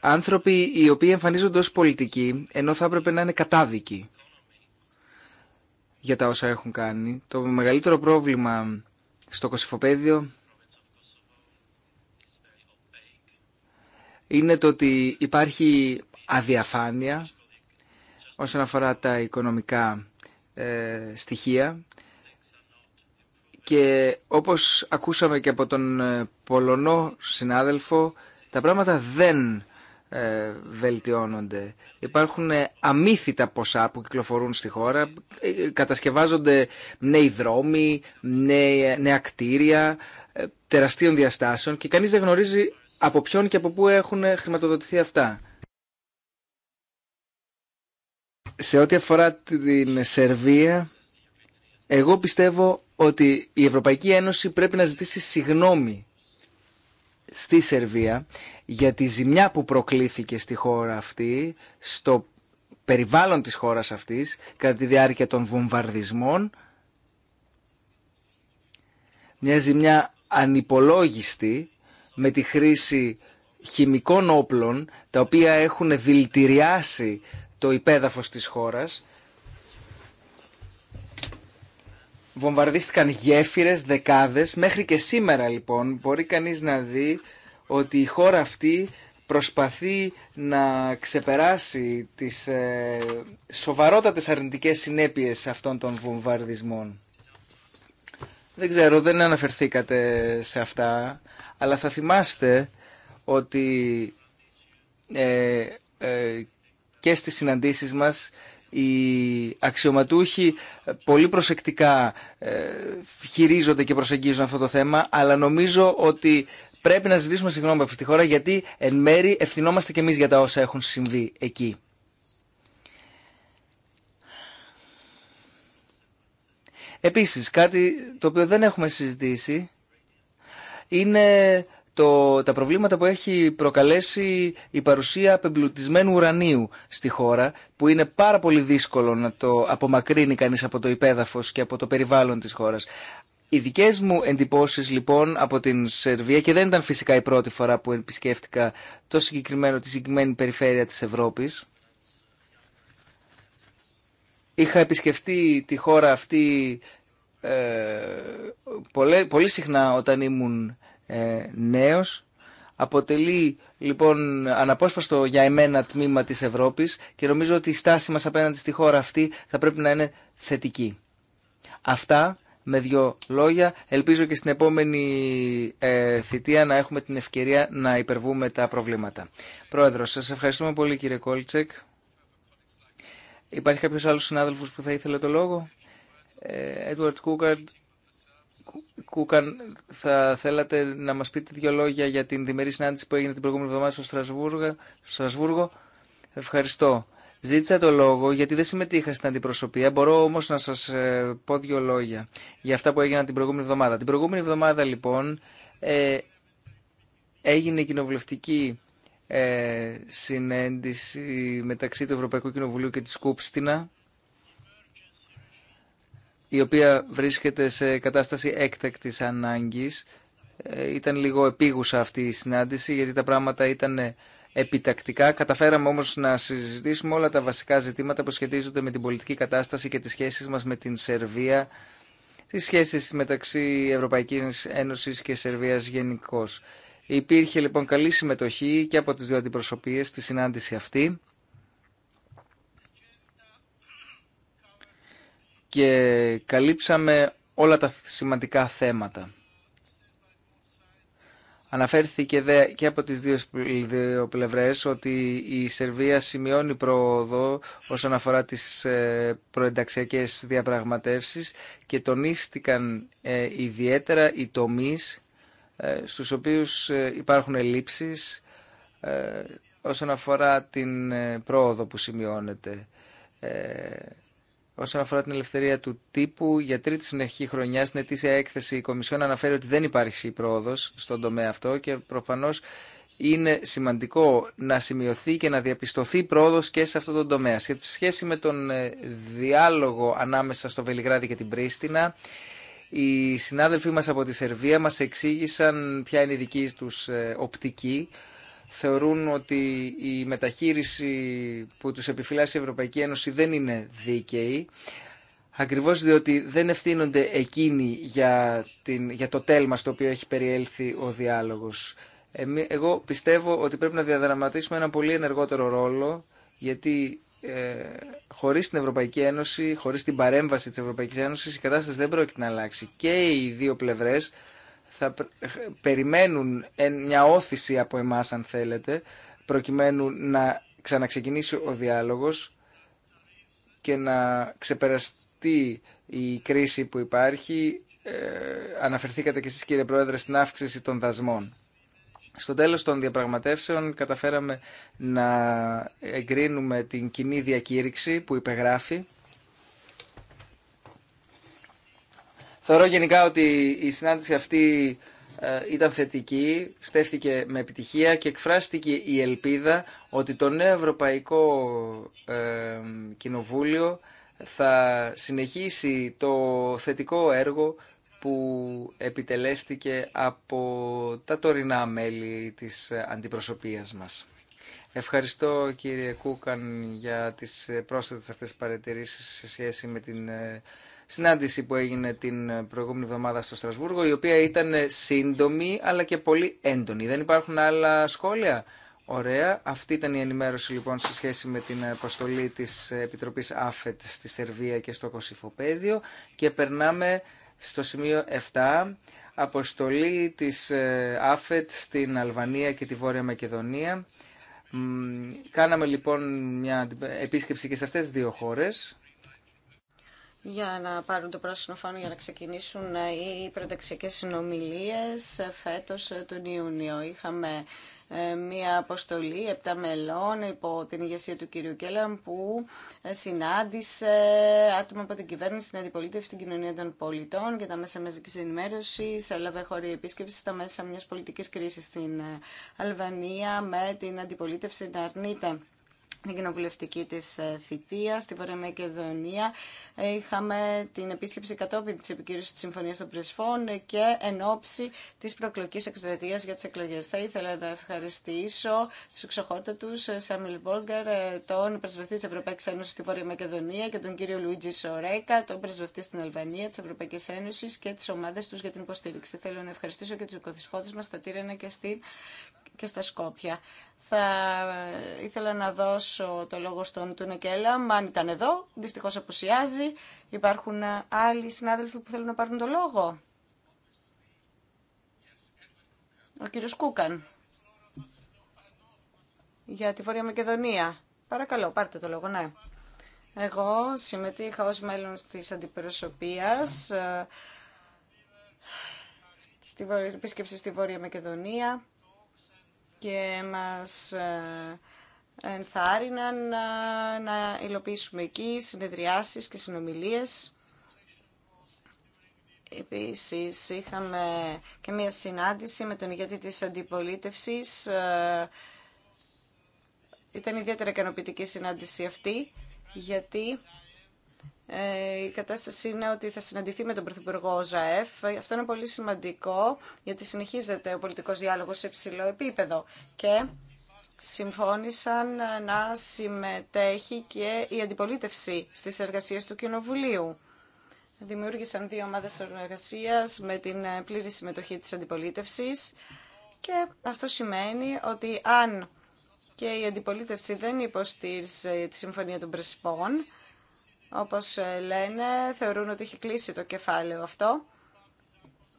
άνθρωποι οι οποίοι εμφανίζονται ως πολιτικοί ενώ θα έπρεπε να είναι κατάδικοι για τα όσα έχουν κάνει. Το μεγαλύτερο πρόβλημα στο Κωσυφοπαίδιο είναι το ότι υπάρχει αδιαφάνεια όσον αφορά τα οικονομικά ε, στοιχεία και όπως ακούσαμε και από τον ε, Πολωνό συνάδελφο, τα πράγματα δεν ε, βελτιώνονται. Υπάρχουν ε, αμύθιτα ποσά που κυκλοφορούν στη χώρα, κατασκευάζονται νέοι δρόμοι, νέα, κτίρια, τεραστίων διαστάσεων και κανείς δεν γνωρίζει από ποιον και από πού έχουν χρηματοδοτηθεί αυτά. Σε ό,τι αφορά την Σερβία, εγώ πιστεύω ότι η Ευρωπαϊκή Ένωση πρέπει να ζητήσει συγνώμη στη Σερβία για τη ζημιά που προκλήθηκε στη χώρα αυτή, στο περιβάλλον της χώρας αυτής, κατά τη διάρκεια των βομβαρδισμών. Μια ζημιά ανυπολόγιστη με τη χρήση χημικών όπλων, τα οποία έχουν δηλητηριάσει το υπέδαφος της χώρας βομβαρδίστηκαν γέφυρες, δεκάδες. Μέχρι και σήμερα λοιπόν μπορεί κανείς να δει ότι η χώρα αυτή προσπαθεί να ξεπεράσει τις ε, σοβαρότατες αρνητικές συνέπειες αυτών των βομβαρδισμών. Δεν ξέρω, δεν αναφερθήκατε σε αυτά, αλλά θα θυμάστε ότι ε, ε, και στις συναντήσεις μας οι αξιωματούχοι πολύ προσεκτικά ε, χειρίζονται και προσεγγίζουν αυτό το θέμα, αλλά νομίζω ότι πρέπει να ζητήσουμε συγγνώμη από αυτή τη χώρα γιατί εν μέρη ευθυνόμαστε και εμείς για τα όσα έχουν συμβεί εκεί. Επίσης, κάτι το οποίο δεν έχουμε συζητήσει είναι το, τα προβλήματα που έχει προκαλέσει η παρουσία απεμπλουτισμένου ουρανίου στη χώρα, που είναι πάρα πολύ δύσκολο να το απομακρύνει κανείς από το υπέδαφος και από το περιβάλλον της χώρας. Οι δικέ μου εντυπώσει λοιπόν από την Σερβία, και δεν ήταν φυσικά η πρώτη φορά που επισκέφτηκα το συγκεκριμένο, τη συγκεκριμένη περιφέρεια της Ευρώπης, είχα επισκεφτεί τη χώρα αυτή ε, πολύ, πολύ συχνά όταν ήμουν ε, νέος. Αποτελεί λοιπόν αναπόσπαστο για εμένα τμήμα της Ευρώπης και νομίζω ότι η στάση μας απέναντι στη χώρα αυτή θα πρέπει να είναι θετική. Αυτά με δύο λόγια. Ελπίζω και στην επόμενη ε, θητεία να έχουμε την ευκαιρία να υπερβούμε τα προβλήματα. Πρόεδρος, σας ευχαριστούμε πολύ κύριε Κόλτσεκ. Υπάρχει κάποιος άλλος συνάδελφος που θα ήθελε το λόγο. Ε, Edward Κούκαρτ Κούκαν, θα θέλατε να μας πείτε δύο λόγια για την διμερή συνάντηση που έγινε την προηγούμενη εβδομάδα στο Στρασβούργο. Στρασβούργο. Ευχαριστώ. Ζήτησα το λόγο γιατί δεν συμμετείχα στην αντιπροσωπεία. Μπορώ όμω να σα ε, πω δύο λόγια για αυτά που έγιναν την προηγούμενη εβδομάδα. Την προηγούμενη εβδομάδα λοιπόν ε, έγινε η κοινοβουλευτική ε, συνέντηση μεταξύ του Ευρωπαϊκού Κοινοβουλίου και της Κούπστινα η οποία βρίσκεται σε κατάσταση έκτακτης ανάγκης. Ε, ήταν λίγο επίγουσα αυτή η συνάντηση γιατί τα πράγματα ήταν επιτακτικά. Καταφέραμε όμως να συζητήσουμε όλα τα βασικά ζητήματα που σχετίζονται με την πολιτική κατάσταση και τις σχέσεις μας με την Σερβία, τις σχέσεις μεταξύ Ευρωπαϊκής Ένωσης και Σερβίας γενικώ. Υπήρχε λοιπόν καλή συμμετοχή και από τις δύο αντιπροσωπείες στη συνάντηση αυτή. και καλύψαμε όλα τα σημαντικά θέματα. Αναφέρθηκε δε και από τις δύο πλευρές ότι η Σερβία σημειώνει πρόοδο όσον αφορά τις ε, προενταξιακές διαπραγματεύσεις και τονίστηκαν ε, ιδιαίτερα οι τομείς ε, στους οποίους υπάρχουν ελλείψεις όσον αφορά την πρόοδο που σημειώνεται. Όσον αφορά την ελευθερία του τύπου, για τρίτη συνεχή χρονιά στην ετήσια έκθεση η Κομισιόν αναφέρει ότι δεν υπάρχει πρόοδο στον τομέα αυτό και προφανώ είναι σημαντικό να σημειωθεί και να διαπιστωθεί πρόοδο και σε αυτό τον τομέα. Σε σχέση με τον ε, διάλογο ανάμεσα στο Βελιγράδι και την Πρίστινα, οι συνάδελφοί μας από τη Σερβία μας εξήγησαν ποια είναι η δική του ε, οπτική θεωρούν ότι η μεταχείριση που τους επιφυλάσσει η Ευρωπαϊκή Ένωση δεν είναι δίκαιη, ακριβώς διότι δεν ευθύνονται εκείνοι για, την, για το τέλμα στο οποίο έχει περιέλθει ο διάλογος. Εγώ πιστεύω ότι πρέπει να διαδραματίσουμε ένα πολύ ενεργότερο ρόλο, γιατί ε, χωρίς την Ευρωπαϊκή Ένωση, χωρίς την παρέμβαση της Ευρωπαϊκής Ένωσης, η κατάσταση δεν πρόκειται να αλλάξει. Και οι δύο πλευρές θα περιμένουν μια όθηση από εμάς αν θέλετε προκειμένου να ξαναξεκινήσει ο διάλογος και να ξεπεραστεί η κρίση που υπάρχει. Ε, αναφερθήκατε και εσείς κύριε Πρόεδρε στην αύξηση των δασμών. Στο τέλος των διαπραγματεύσεων καταφέραμε να εγκρίνουμε την κοινή διακήρυξη που υπεγράφει Θεωρώ γενικά ότι η συνάντηση αυτή ε, ήταν θετική, στέφθηκε με επιτυχία και εκφράστηκε η ελπίδα ότι το νέο Ευρωπαϊκό ε, Κοινοβούλιο θα συνεχίσει το θετικό έργο που επιτελέστηκε από τα τωρινά μέλη της αντιπροσωπείας μας. Ευχαριστώ κύριε Κούκαν για τις πρόσθετες αυτές παρατηρήσεις σε σχέση με την ε, συνάντηση που έγινε την ε, προηγούμενη εβδομάδα στο Στρασβούργο, η οποία ήταν ε, σύντομη αλλά και πολύ έντονη. Δεν υπάρχουν άλλα σχόλια. Ωραία. Αυτή ήταν η ενημέρωση λοιπόν σε σχέση με την αποστολή της ε, Επιτροπής ΑΦΕΤ στη Σερβία και στο Κωσυφοπαίδιο και περνάμε στο σημείο 7, αποστολή της ΑΦΕΤ στην Αλβανία και τη Βόρεια Μακεδονία. Κάναμε λοιπόν μια επίσκεψη και σε αυτές τις δύο χώρες για να πάρουν το πράσινο φάνο για να ξεκινήσουν ε, οι πρωταξιακές συνομιλίες ε, φέτος ε, τον Ιούνιο. Είχαμε μία αποστολή επτά μελών υπό την ηγεσία του κυρίου Κέλλαν που συνάντησε άτομα από την κυβέρνηση, την αντιπολίτευση, την κοινωνία των πολιτών και τα μέσα μαζική ενημέρωση. Έλαβε χωρί επίσκεψη στα μέσα μια πολιτική κρίση στην Αλβανία με την αντιπολίτευση να αρνείται η κοινοβουλευτική της ε, θητεία στη Βορεια Μακεδονία. Ε, είχαμε την επίσκεψη κατόπιν της επικύρωσης της Συμφωνίας των Πρεσφών και εν ώψη της προκλοκής εκστρατείας για τις εκλογές. Θα ήθελα να ευχαριστήσω τους εξοχότατους ε, Σάμιλ Μπόργκερ, τον πρεσβευτή της Ευρωπαϊκής Ένωσης στη Βορεια Μακεδονία και τον κύριο Λουίτζι Σορέκα, τον πρεσβευτή στην Αλβανία της Ευρωπαϊκής Ένωσης και τις ομάδες τους για την υποστήριξη. Θέλω να ευχαριστήσω και τους οικοδησπότες μας στα Τύρανα και στην και στα Σκόπια. Θα ήθελα να δώσω το λόγο στον Τούνε Κέλαμ, αν ήταν εδώ. Δυστυχώ απουσιάζει. Υπάρχουν άλλοι συνάδελφοι που θέλουν να πάρουν το λόγο. Ο κύριος Κούκαν. Για τη Βόρεια Μακεδονία. Παρακαλώ, πάρτε το λόγο, ναι. Εγώ συμμετείχα ως μέλος της αντιπροσωπείας ε, στη επίσκεψη στη Βόρεια Μακεδονία και μας ε, ενθάρρυναν να, ε, να υλοποιήσουμε εκεί συνεδριάσεις και συνομιλίες. Επίσης είχαμε και μία συνάντηση με τον ηγέτη της αντιπολίτευσης. Ε, ήταν ιδιαίτερα ικανοποιητική συνάντηση αυτή, γιατί ε, η κατάσταση είναι ότι θα συναντηθεί με τον Πρωθυπουργό ΖΑΕΦ. Αυτό είναι πολύ σημαντικό γιατί συνεχίζεται ο πολιτικός διάλογος σε ψηλό επίπεδο και συμφώνησαν να συμμετέχει και η αντιπολίτευση στις εργασίες του Κοινοβουλίου. Δημιούργησαν δύο ομάδες εργασίας με την πλήρη συμμετοχή της αντιπολίτευσης και αυτό σημαίνει ότι αν και η αντιπολίτευση δεν υποστήριζε τη Συμφωνία των Πρεσπών, όπως ε, λένε, θεωρούν ότι έχει κλείσει το κεφάλαιο αυτό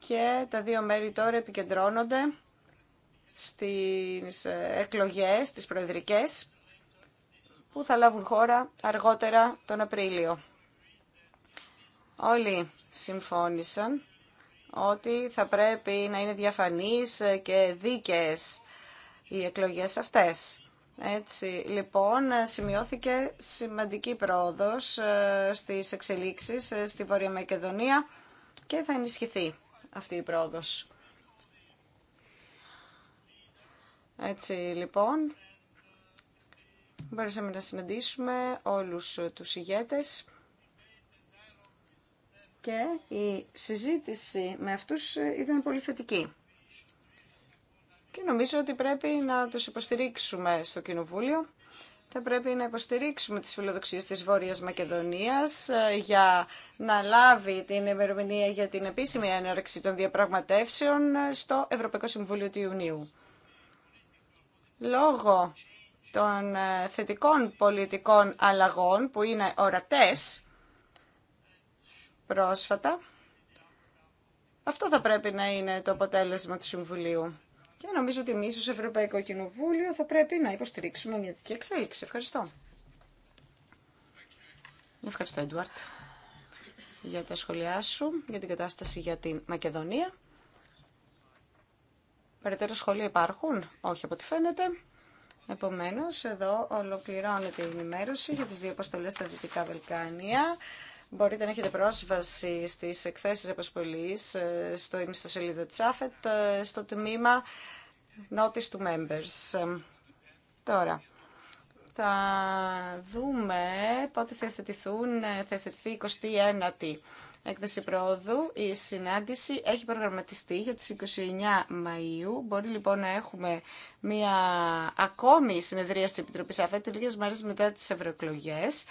και τα δύο μέρη τώρα επικεντρώνονται στις ε, εκλογές, τις προεδρικές, που θα λάβουν χώρα αργότερα τον Απρίλιο. Όλοι συμφώνησαν ότι θα πρέπει να είναι διαφανείς και δίκαιες οι εκλογές αυτές. Έτσι, λοιπόν, σημειώθηκε σημαντική πρόοδος ε, στις εξελίξεις ε, στη Βόρεια Μακεδονία και θα ενισχυθεί αυτή η πρόοδος. Έτσι, λοιπόν, μπορέσαμε να συναντήσουμε όλους τους ηγέτες και η συζήτηση με αυτούς ε, ήταν πολύ θετική και νομίζω ότι πρέπει να τους υποστηρίξουμε στο Κοινοβούλιο. Θα πρέπει να υποστηρίξουμε τις φιλοδοξίες της Βόρειας Μακεδονίας ε, για να λάβει την ημερομηνία για την επίσημη έναρξη των διαπραγματεύσεων ε, στο Ευρωπαϊκό Συμβούλιο του Ιουνίου. Λόγω των ε, θετικών πολιτικών αλλαγών που είναι ορατές πρόσφατα, αυτό θα πρέπει να είναι το αποτέλεσμα του Συμβουλίου. Και νομίζω ότι εμεί ω Ευρωπαϊκό Κοινοβούλιο θα πρέπει να υποστηρίξουμε μια τέτοια εξέλιξη. Ευχαριστώ. Ευχαριστώ, Έντουαρτ, για τα σχόλιά σου, για την κατάσταση για τη Μακεδονία. Περαιτέρω σχόλια υπάρχουν, όχι από ό,τι φαίνεται. Επομένως, εδώ ολοκληρώνεται η ενημέρωση για τις δύο αποστολέ στα Δυτικά Βαλκάνια. Μπορείτε να έχετε πρόσβαση στις εκθέσεις αποσπολής ε, στο ιστοσελίδα της ΑΦΕΤ, ε, στο τμήμα Notice to Members. Ε, τώρα, θα δούμε πότε θα θετηθούν, θα 29η έκθεση πρόοδου. έκθεση πρόοδου. Η συνάντηση έχει προγραμματιστεί για τις 29 Μαΐου. Μπορεί λοιπόν να έχουμε μια ακόμη συνεδρία της Επιτροπή ΑΦΕΤ λίγες μέρες μετά τις ευρωεκλογές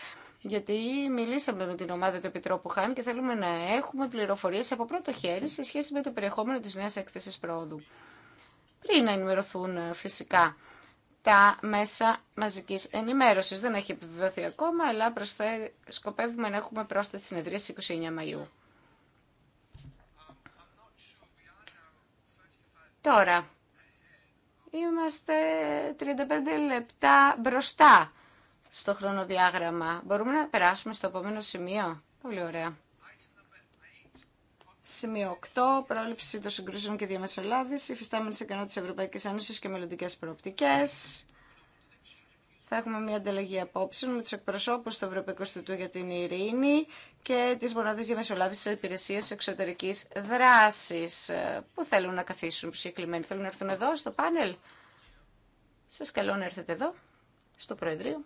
γιατί μιλήσαμε με την ομάδα του Επιτρόπου Χάν και θέλουμε να έχουμε πληροφορίες από πρώτο χέρι σε σχέση με το περιεχόμενο της νέας έκθεσης πρόοδου. Πριν να ενημερωθούν ε, φυσικά τα μέσα μαζικής ενημέρωσης. Δεν έχει επιβεβαιωθεί ακόμα, αλλά προσθέ... σκοπεύουμε να έχουμε πρόσθετη συνεδρία στις 29 Μαΐου. Τώρα, είμαστε 35 λεπτά μπροστά στο χρονοδιάγραμμα. Μπορούμε να περάσουμε στο επόμενο σημείο. Πολύ ωραία. Σημείο 8. Πρόληψη των συγκρούσεων και διαμεσολάβηση. Υφιστάμενη ικανότητα τη Ευρωπαϊκή Ένωση και μελλοντικέ προοπτικέ. Θα έχουμε μια ανταλλαγή απόψεων με του εκπροσώπου του Ευρωπαϊκού Ινστιτούτου για την Ειρήνη και τη Μονάδα Διαμεσολάβηση Υπηρεσία Εξωτερική Δράση. Ε, Πού θέλουν να καθίσουν συγκεκριμένοι, θέλουν να έρθουν εδώ στο πάνελ. Σα καλώ να έρθετε εδώ, στο Προεδρείο.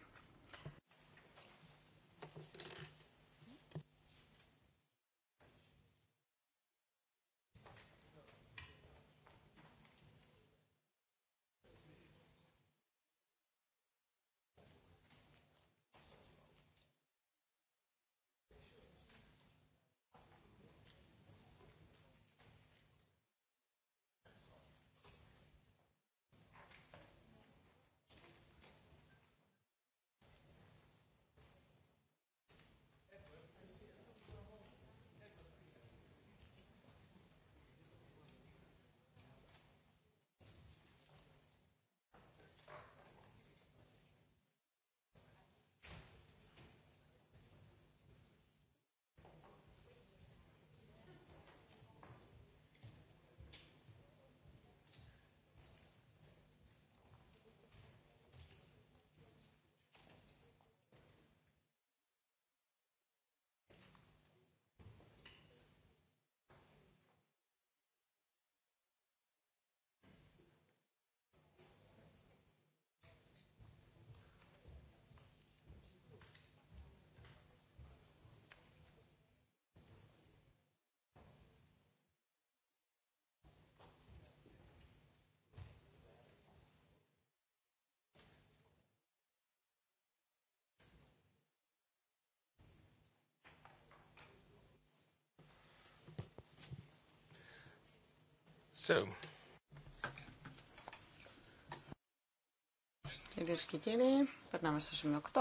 So. Κυρίε και κύριοι, περνάμε στο σημείο 8.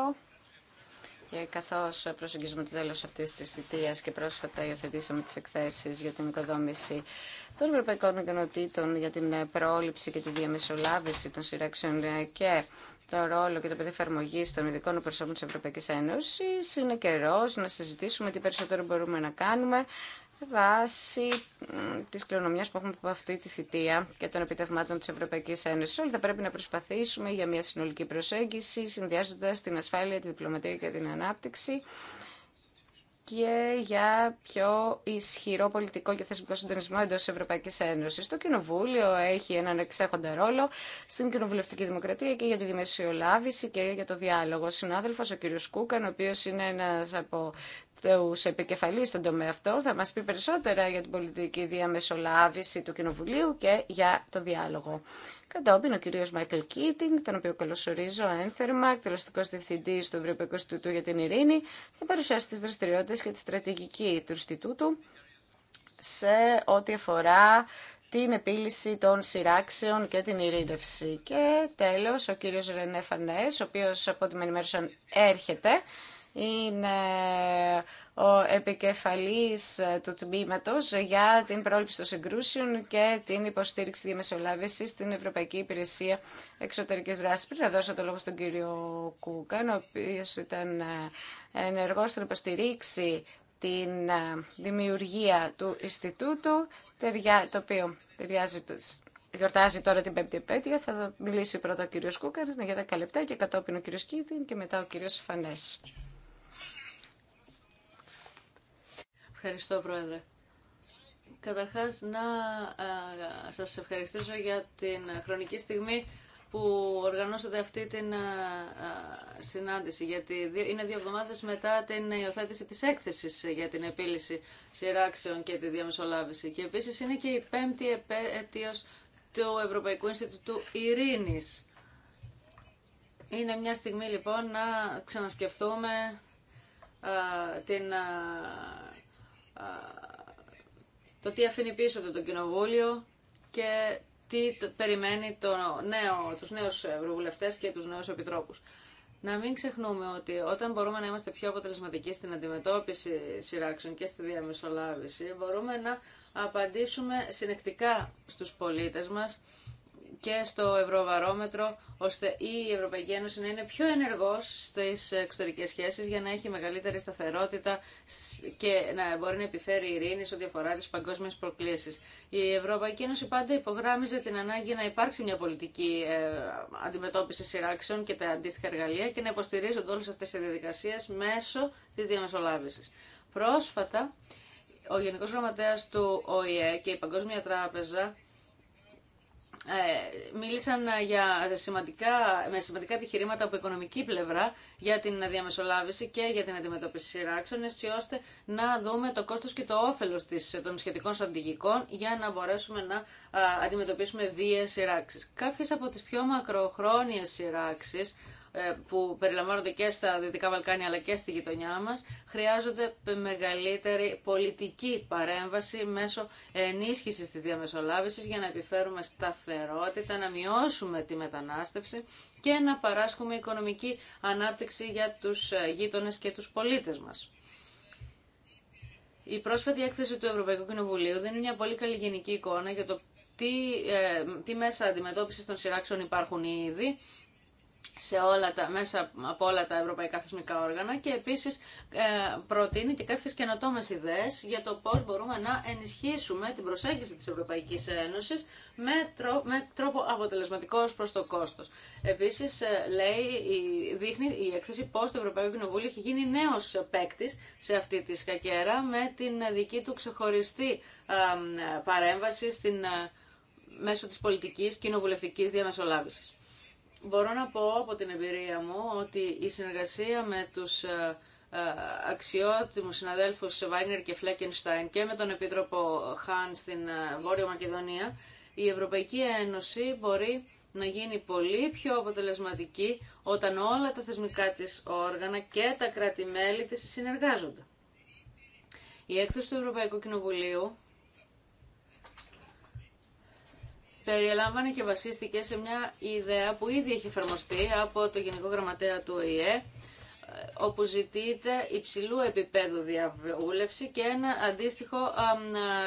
Και καθώ προσεγγίζουμε το τέλο αυτή τη θητεία και πρόσφατα υιοθετήσαμε τι εκθέσει για την οικοδόμηση των Ευρωπαϊκών Ικανοτήτων για την πρόληψη και τη διαμεσολάβηση των σειράξεων και το ρόλο και το παιδί εφαρμογή των ειδικών προσώπων τη Ευρωπαϊκή Ένωση, είναι καιρό να συζητήσουμε τι περισσότερο μπορούμε να κάνουμε βάση τη κληρονομιά που έχουμε από αυτή τη θητεία και των επιτευγμάτων τη Ευρωπαϊκή Ένωση. Όλοι θα πρέπει να προσπαθήσουμε για μια συνολική προσέγγιση, συνδυάζοντα την ασφάλεια, τη διπλωματία και την ανάπτυξη και για πιο ισχυρό πολιτικό και θεσμικό συντονισμό εντό τη Ευρωπαϊκή Ένωση. Το Κοινοβούλιο έχει έναν εξέχοντα ρόλο στην κοινοβουλευτική δημοκρατία και για τη δημοσιολάβηση και για το διάλογο. Ο συνάδελφο, ο κ. Κούκαν, ο οποίο είναι ένα από σε επικεφαλή στον τομέα αυτό θα μα πει περισσότερα για την πολιτική διαμεσολάβηση του Κοινοβουλίου και για το διάλογο. Κατόπιν ο κύριος Μάικλ Κίτινγκ, τον οποίο καλωσορίζω ένθερμα, εκτελεστικό διευθυντής του Ευρωπαϊκού Ινστιτούτου για την Ειρήνη, θα παρουσιάσει τι δραστηριότητε και τη στρατηγική του Ινστιτούτου σε ό,τι αφορά την επίλυση των σειράξεων και την ειρήνευση. Και τέλος, ο κύριος Ρενέ Φανές, ο οποίος από ό,τι με έρχεται, είναι ο επικεφαλής του τμήματος για την πρόληψη των συγκρούσεων και την υποστήριξη διαμεσολάβηση στην Ευρωπαϊκή Υπηρεσία Εξωτερικής Δράσης. Πριν να δώσω το λόγο στον κύριο Κούκαν, ο οποίος ήταν ε, ενεργός στην υποστηρίξη την ε, δημιουργία του Ινστιτούτου, το οποίο ταιριάζει γιορτάζει τώρα την πέμπτη επέτειο. Θα μιλήσει πρώτα ο κύριος Κούκαρ για 10 λεπτά και κατόπιν ο κύριος Κίτιν και μετά ο κύριος Φανές. Ευχαριστώ, Πρόεδρε. Καταρχάς, να σας ευχαριστήσω για την χρονική στιγμή που οργανώσατε αυτή την συνάντηση, γιατί είναι δύο εβδομάδες μετά την υιοθέτηση της έκθεσης για την επίλυση σειράξεων και τη διαμεσολάβηση. Και επίσης είναι και η πέμπτη επέτειος του Ευρωπαϊκού Ινστιτούτου Ειρήνης. Είναι μια στιγμή λοιπόν να ξανασκεφτούμε την το τι αφήνει πίσω το, το κοινοβούλιο και τι περιμένει το νέο, τους νέους ευρωβουλευτές και τους νέους επιτρόπους. Να μην ξεχνούμε ότι όταν μπορούμε να είμαστε πιο αποτελεσματικοί στην αντιμετώπιση σειράξεων και στη διαμεσολάβηση, μπορούμε να απαντήσουμε συνεκτικά στους πολίτες μας και στο ευρωβαρόμετρο, ώστε η Ευρωπαϊκή Ένωση να είναι πιο ενεργός στις εξωτερικές σχέσεις για να έχει μεγαλύτερη σταθερότητα και να μπορεί να επιφέρει ειρήνη σε ό,τι αφορά τις παγκόσμιες προκλήσεις. Η Ευρωπαϊκή Ένωση πάντα υπογράμμιζε την ανάγκη να υπάρξει μια πολιτική ε, αντιμετώπιση σειράξεων και τα αντίστοιχα εργαλεία και να υποστηρίζονται όλες αυτές οι διαδικασίες μέσω της διαμεσολάβησης. Πρόσφατα, ο Γενικός Γραμματέας του ΟΗΕ και η Παγκόσμια Τράπεζα ε, μίλησαν ε, για σημαντικά, με σημαντικά επιχειρήματα από οικονομική πλευρά για την διαμεσολάβηση και για την αντιμετώπιση σειράξεων, έτσι ώστε να δούμε το κόστος και το όφελος της, ε, των σχετικών στρατηγικών για να μπορέσουμε να αντιμετωπίσουμε βίαιες σειράξεις. Κάποιες από τις πιο μακροχρόνιες σειράξεις ε, που περιλαμβάνονται και στα Δυτικά Βαλκάνια αλλά και στη γειτονιά μας, χρειάζονται μεγαλύτερη πολιτική παρέμβαση μέσω ενίσχυσης της διαμεσολάβησης για να επιφέρουμε σταθερότητα, να μειώσουμε τη μετανάστευση και να παράσχουμε οικονομική ανάπτυξη για τους ε, γείτονες και τους πολίτες μας. Η πρόσφατη έκθεση του Ευρωπαϊκού Κοινοβουλίου δίνει μια πολύ καλή γενική εικόνα για το τι, ε, τι μέσα αντιμετώπισης των σειράξεων υπάρχουν ήδη σε όλα τα, μέσα από όλα τα ευρωπαϊκά θεσμικά όργανα και επίσης ε, προτείνει και κάποιες καινοτόμες ιδέες για το πώς μπορούμε να ενισχύσουμε την προσέγγιση της Ευρωπαϊκής Ένωσης με, τρο, με τρόπο αποτελεσματικό προς το κόστος. Επίσης ε, λέει, δείχνει η έκθεση πώς το Ευρωπαϊκό Κοινοβούλιο έχει γίνει νέος παίκτη σε αυτή τη σκακέρα με την δική του ξεχωριστή ε, παρέμβαση στην, μέσω της πολιτικής κοινοβουλευτικής διαμεσολάβησης. Μπορώ να πω από την εμπειρία μου ότι η συνεργασία με τους ε, ε, αξιότιμους συναδέλφους Βάινερ και Φλέκενστάιν και με τον Επίτροπο Χάν στην ε, Βόρεια Μακεδονία, η Ευρωπαϊκή Ένωση μπορεί να γίνει πολύ πιο αποτελεσματική όταν όλα τα θεσμικά της όργανα και τα κράτη-μέλη της συνεργάζονται. Η έκθεση του Ευρωπαϊκού Κοινοβουλίου περιλάμβανε και βασίστηκε σε μια ιδέα που ήδη έχει εφαρμοστεί από το Γενικό Γραμματέα του ΟΗΕ, όπου ζητείται υψηλού επίπεδου διαβούλευση και ένα αντίστοιχο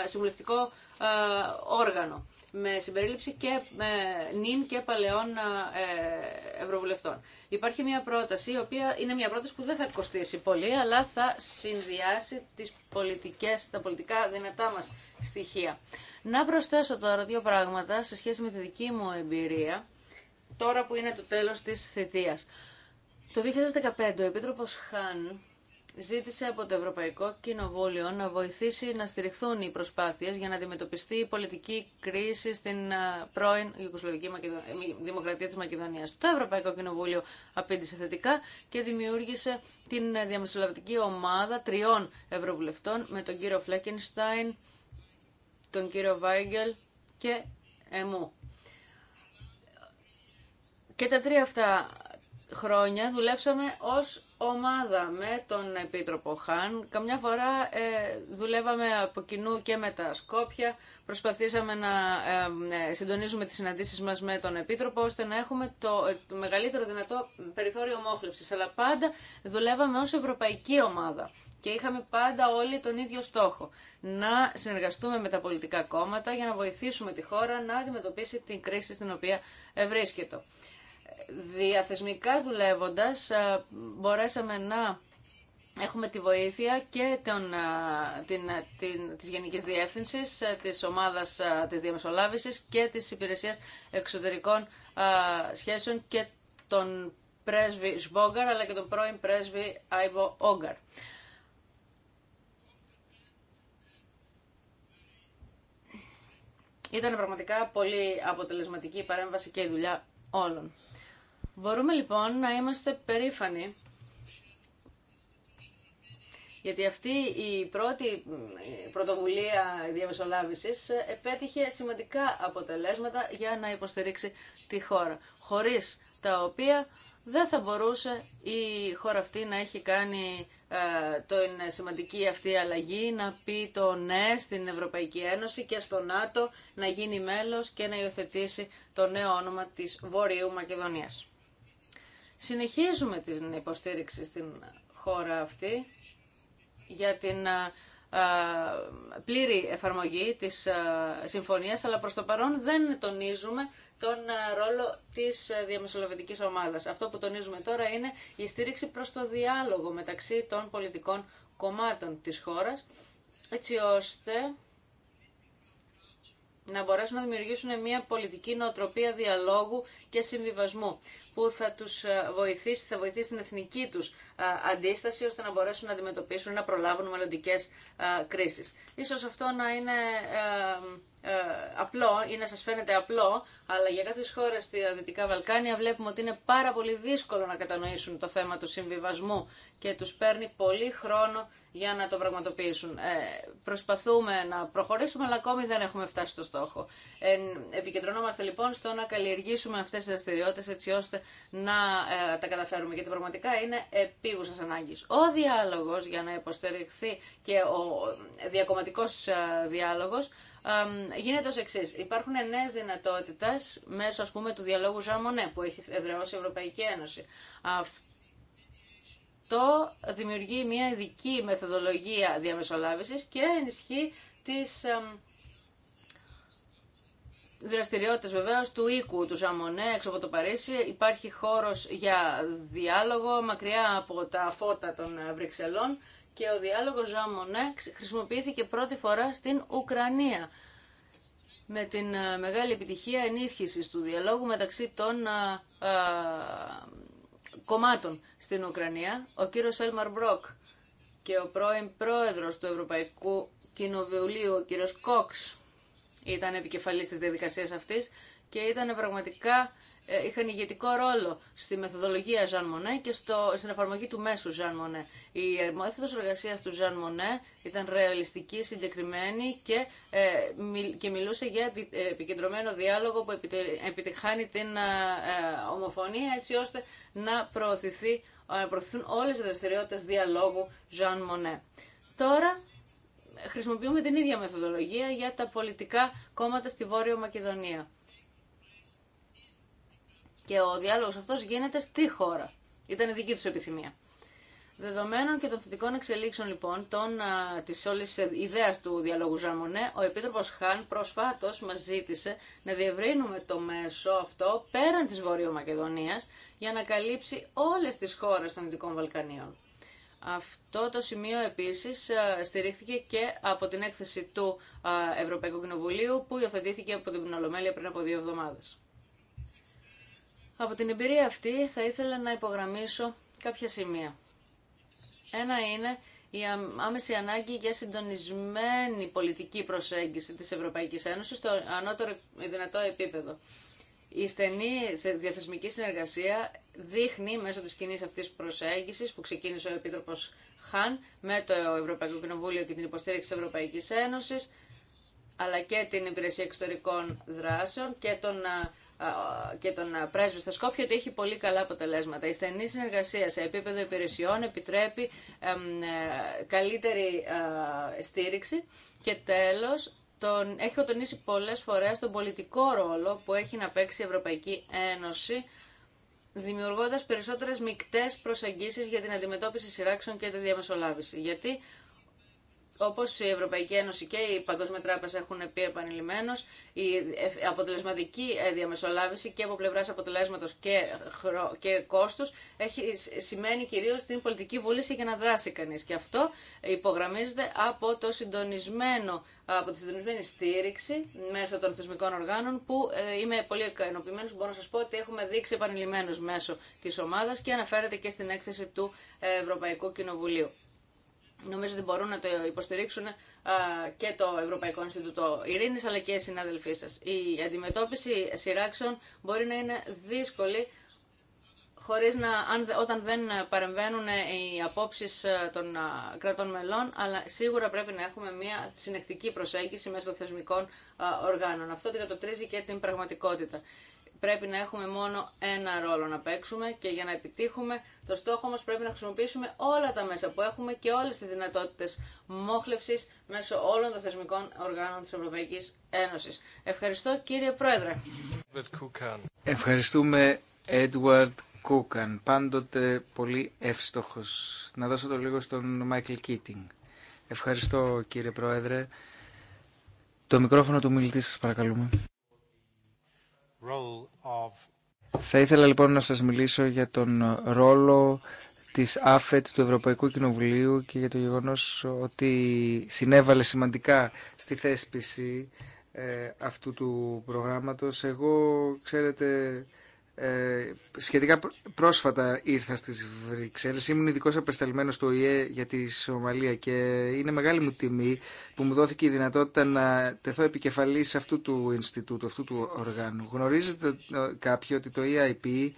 συμβουλευτικό όργανο με συμπερίληψη και με νυν και παλαιών ε, ευρωβουλευτών. Υπάρχει μια πρόταση, η οποία είναι μια πρόταση που δεν θα κοστίσει πολύ, αλλά θα συνδυάσει τα πολιτικά δυνατά μας στοιχεία. Να προσθέσω τώρα δύο πράγματα σε σχέση με τη δική μου εμπειρία, τώρα που είναι το τέλος της θητείας. Το 2015 ο Επίτροπος Χάν ζήτησε από το Ευρωπαϊκό Κοινοβούλιο να βοηθήσει να στηριχθούν οι προσπάθειες για να αντιμετωπιστεί η πολιτική κρίση στην πρώην Ιουγκοσλαβική ε, Δημοκρατία της Μακεδονίας. Το Ευρωπαϊκό Κοινοβούλιο απήντησε θετικά και δημιούργησε την διαμεσολαβητική ομάδα τριών ευρωβουλευτών με τον κύριο Φλέκενστάιν, τον κύριο Βάγγελ και εμού. Και τα τρία αυτά χρόνια δουλέψαμε ως ομάδα με τον Επίτροπο Χάν. Καμιά φορά ε, δουλεύαμε από κοινού και με τα Σκόπια. Προσπαθήσαμε να ε, ε, συντονίζουμε τις συναντήσεις μας με τον Επίτροπο ώστε να έχουμε ε, το, μεγαλύτερο δυνατό περιθώριο μόχλευσης. Αλλά πάντα δουλεύαμε ως ευρωπαϊκή ομάδα και είχαμε πάντα όλοι τον ίδιο στόχο. Να συνεργαστούμε με τα πολιτικά κόμματα για να βοηθήσουμε τη χώρα να αντιμετωπίσει την κρίση στην οποία βρίσκεται. Διαθεσμικά δουλεύοντας ε, μπορέσαμε να έχουμε τη βοήθεια και τον, ε, την, ε, την, της Γενικής Διεύθυνσης, της ομάδας της διαμεσολάβησης και της Υπηρεσίας Εξωτερικών Σχέσεων και τον πρέσβη Σβόγκαρ αλλά και τον πρώην πρέσβη Άιβο Όγκαρ. Ήταν πραγματικά πολύ αποτελεσματική η παρέμβαση και η δουλειά όλων. Μπορούμε λοιπόν να είμαστε περήφανοι γιατί αυτή η πρώτη ε, πρωτοβουλία διαμεσολάβησης ε, επέτυχε σημαντικά αποτελέσματα για να υποστηρίξει τη χώρα, χωρίς τα οποία δεν θα μπορούσε η χώρα αυτή να έχει κάνει ε, την σημαντική αυτή αλλαγή, να πει το ναι στην Ευρωπαϊκή Ένωση και στο ΝΑΤΟ, να γίνει μέλος και να υιοθετήσει το νέο όνομα της Βορειού Μακεδονίας. Συνεχίζουμε την υποστήριξη στην χώρα αυτή για την πλήρη εφαρμογή της συμφωνίας, αλλά προς το παρόν δεν τονίζουμε τον ρόλο της διαμεσολαβητικής ομάδας. Αυτό που τονίζουμε τώρα είναι η στήριξη προς το διάλογο μεταξύ των πολιτικών κομμάτων της χώρας, έτσι ώστε να μπορέσουν να δημιουργήσουν μια πολιτική νοοτροπία διαλόγου και συμβιβασμού, που θα τους ε, βοηθήσει, θα βοηθήσει την εθνική τους ε, αντίσταση ώστε να μπορέσουν να αντιμετωπίσουν, να προλάβουν μελλοντικέ ε, κρίσεις. Ίσως αυτό να είναι απλό ή να σας φαίνεται απλό, αλλά για κάποιες χώρες στη Δυτικά Βαλκάνια βλέπουμε ότι είναι πάρα πολύ δύσκολο να κατανοήσουν το θέμα του συμβιβασμού και τους παίρνει πολύ χρόνο για να το πραγματοποιήσουν. προσπαθούμε να προχωρήσουμε, αλλά ακόμη δεν έχουμε φτάσει στο στόχο. Ε, επικεντρωνόμαστε λοιπόν στο να καλλιεργήσουμε αυτές τις δραστηριότητε έτσι ώστε να ε, τα καταφέρουμε, γιατί πραγματικά είναι επίγουσα ανάγκη. Ο διάλογο για να υποστηριχθεί και ο διακομματικό ε, διάλογο γίνεται ω εξή. Υπάρχουν νέε δυνατότητε μέσω ας πούμε, του διαλόγου Ζαμονέ που έχει εδραιώσει η Ευρωπαϊκή Ένωση. Αυτό δημιουργεί μια ειδική μεθοδολογία διαμεσολάβησης και ενισχύει τις Δραστηριότητε βεβαίως του οίκου του Ζαμονέ έξω από το Παρίσι. Υπάρχει χώρος για διάλογο μακριά από τα φώτα των Βρυξελών και ο διάλογο Ζαμονέ χρησιμοποιήθηκε πρώτη φορά στην Ουκρανία με την ε, μεγάλη επιτυχία ενίσχυσης του διαλόγου μεταξύ των ε, ε, κομμάτων στην Ουκρανία. Ο κύριος Έλμαρ Μπρόκ και ο πρώην πρόεδρος του Ευρωπαϊκού Κοινοβουλίου, ο κύριος Κόξ, ήταν επικεφαλής της διαδικασίας αυτής και ήταν πραγματικά ε, είχαν ηγετικό ρόλο στη μεθοδολογία Ζαν Μονέ και στο, στην εφαρμογή του μέσου Ζαν Μονέ. Η της εργασία του Ζαν Μονέ ήταν ρεαλιστική, συγκεκριμένη και, ε, και μιλούσε για ε, επικεντρωμένο διάλογο που επιτυχάνει την ομοφωνία έτσι ώστε να προωθηθούν όλες οι δραστηριότητες διαλόγου Ζαν Μονέ. Τώρα χρησιμοποιούμε την ίδια μεθοδολογία για τα πολιτικά κόμματα στη Βόρειο Μακεδονία. Και ο διάλογος αυτός γίνεται στη χώρα. Ήταν η δική τους επιθυμία. Δεδομένων και των θετικών εξελίξεων λοιπόν των, α, της όλης ιδέας του διαλόγου Ζαμονέ, ο Επίτροπος Χάν προσφάτως μας ζήτησε να διευρύνουμε το μέσο αυτό πέραν της Βορείου για να καλύψει όλες τις χώρες των Δυτικών Βαλκανίων. Αυτό το σημείο επίσης ε, στηρίχθηκε και από την έκθεση του ε, Ευρωπαϊκού Κοινοβουλίου που υιοθετήθηκε από την Ολομέλεια πριν από δύο εβδομάδες. Από την εμπειρία αυτή θα ήθελα να υπογραμμίσω κάποια σημεία. Ένα είναι η άμεση ανάγκη για συντονισμένη πολιτική προσέγγιση της Ευρωπαϊκής Ένωσης στο ανώτερο δυνατό επίπεδο. Η στενή διαθεσμική συνεργασία δείχνει μέσω της κοινή αυτής προσέγγισης που ξεκίνησε ο Επίτροπος Χαν με το Ευρωπαϊκό Κοινοβούλιο και την υποστήριξη της Ευρωπαϊκής Ένωσης αλλά και την Υπηρεσία Εξωτερικών Δράσεων και τον, και τον πρέσβη στα Σκόπια ότι έχει πολύ καλά αποτελέσματα. Η στενή συνεργασία σε επίπεδο υπηρεσιών επιτρέπει ε, καλύτερη στήριξη και τέλος τον, έχω τονίσει πολλές φορές τον πολιτικό ρόλο που έχει να παίξει η Ευρωπαϊκή Ένωση δημιουργώντας περισσότερες μικτές προσεγγίσεις για την αντιμετώπιση σειράξεων και τη διαμεσολάβηση. Γιατί Όπω η Ευρωπαϊκή Ένωση και οι Παγκόσμια Τράπεζα έχουν πει επανειλημμένω, η αποτελεσματική ε, διαμεσολάβηση και από πλευρά αποτελέσματο και, χρο... και κόστους σημαίνει κυρίω την πολιτική βούληση για να δράσει κανεί. Και αυτό υπογραμμίζεται από, το συντονισμένο... από τη συντονισμένη στήριξη μέσω των θεσμικών οργάνων που ε, είμαι πολύ ικανοποιημένο που μπορώ να σα πω ότι έχουμε δείξει επανειλημμένω μέσω τη ομάδα και αναφέρεται και στην έκθεση του Ευρωπαϊκού Κοινοβουλίου. Νομίζω ότι μπορούν να το υποστηρίξουν και το Ευρωπαϊκό Ινστιτούτο Ειρήνη, αλλά και οι συνάδελφοί σα. Η αντιμετώπιση σειράξεων μπορεί να είναι δύσκολη χωρίς να, αν, όταν δεν παρεμβαίνουν οι απόψεις των κρατών μελών, αλλά σίγουρα πρέπει να έχουμε μια συνεκτική προσέγγιση μέσω των θεσμικών οργάνων. Αυτό αντικατοπτρίζει και την πραγματικότητα πρέπει να έχουμε μόνο ένα ρόλο να παίξουμε και για να επιτύχουμε το στόχο μας πρέπει να χρησιμοποιήσουμε όλα τα μέσα που έχουμε και όλες τις δυνατότητες μόχλευσης μέσω όλων των θεσμικών οργάνων της Ευρωπαϊκής Ένωσης. Ευχαριστώ κύριε Πρόεδρε. Ευχαριστούμε Edward Κούκαν, πάντοτε πολύ εύστοχος. Να δώσω το λίγο στον Μάικλ Κίτινγκ. Ευχαριστώ κύριε Πρόεδρε. Το μικρόφωνο του μιλητή σας παρακαλούμε. Θα ήθελα λοιπόν να σας μιλήσω για τον ρόλο της ΑΦΕΤ του Ευρωπαϊκού Κοινοβουλίου και για το γεγονός ότι συνέβαλε σημαντικά στη θέσπιση ε, αυτού του προγράμματος. Εγώ, ξέρετε, ε, σχετικά πρόσφατα ήρθα στις Βρυξέλλες, ήμουν ειδικό απεσταλμένο του ΟΗΕ για τη Σομαλία και είναι μεγάλη μου τιμή που μου δόθηκε η δυνατότητα να τεθώ επικεφαλής αυτού του Ινστιτούτου, αυτού του οργάνου. Γνωρίζετε ε, κάποιοι ότι το EIP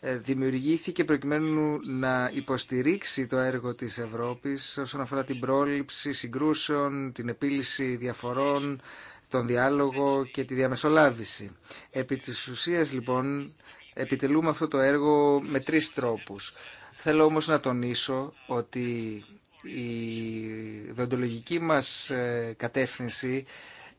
ε, δημιουργήθηκε προκειμένου να υποστηρίξει το έργο της Ευρώπης όσον αφορά την πρόληψη συγκρούσεων, την επίλυση διαφορών, τον διάλογο και τη διαμεσολάβηση. Επί της ουσίας λοιπόν επιτελούμε αυτό το έργο με τρεις τρόπους. Θέλω όμως να τονίσω ότι η δοντολογική μας ε, κατεύθυνση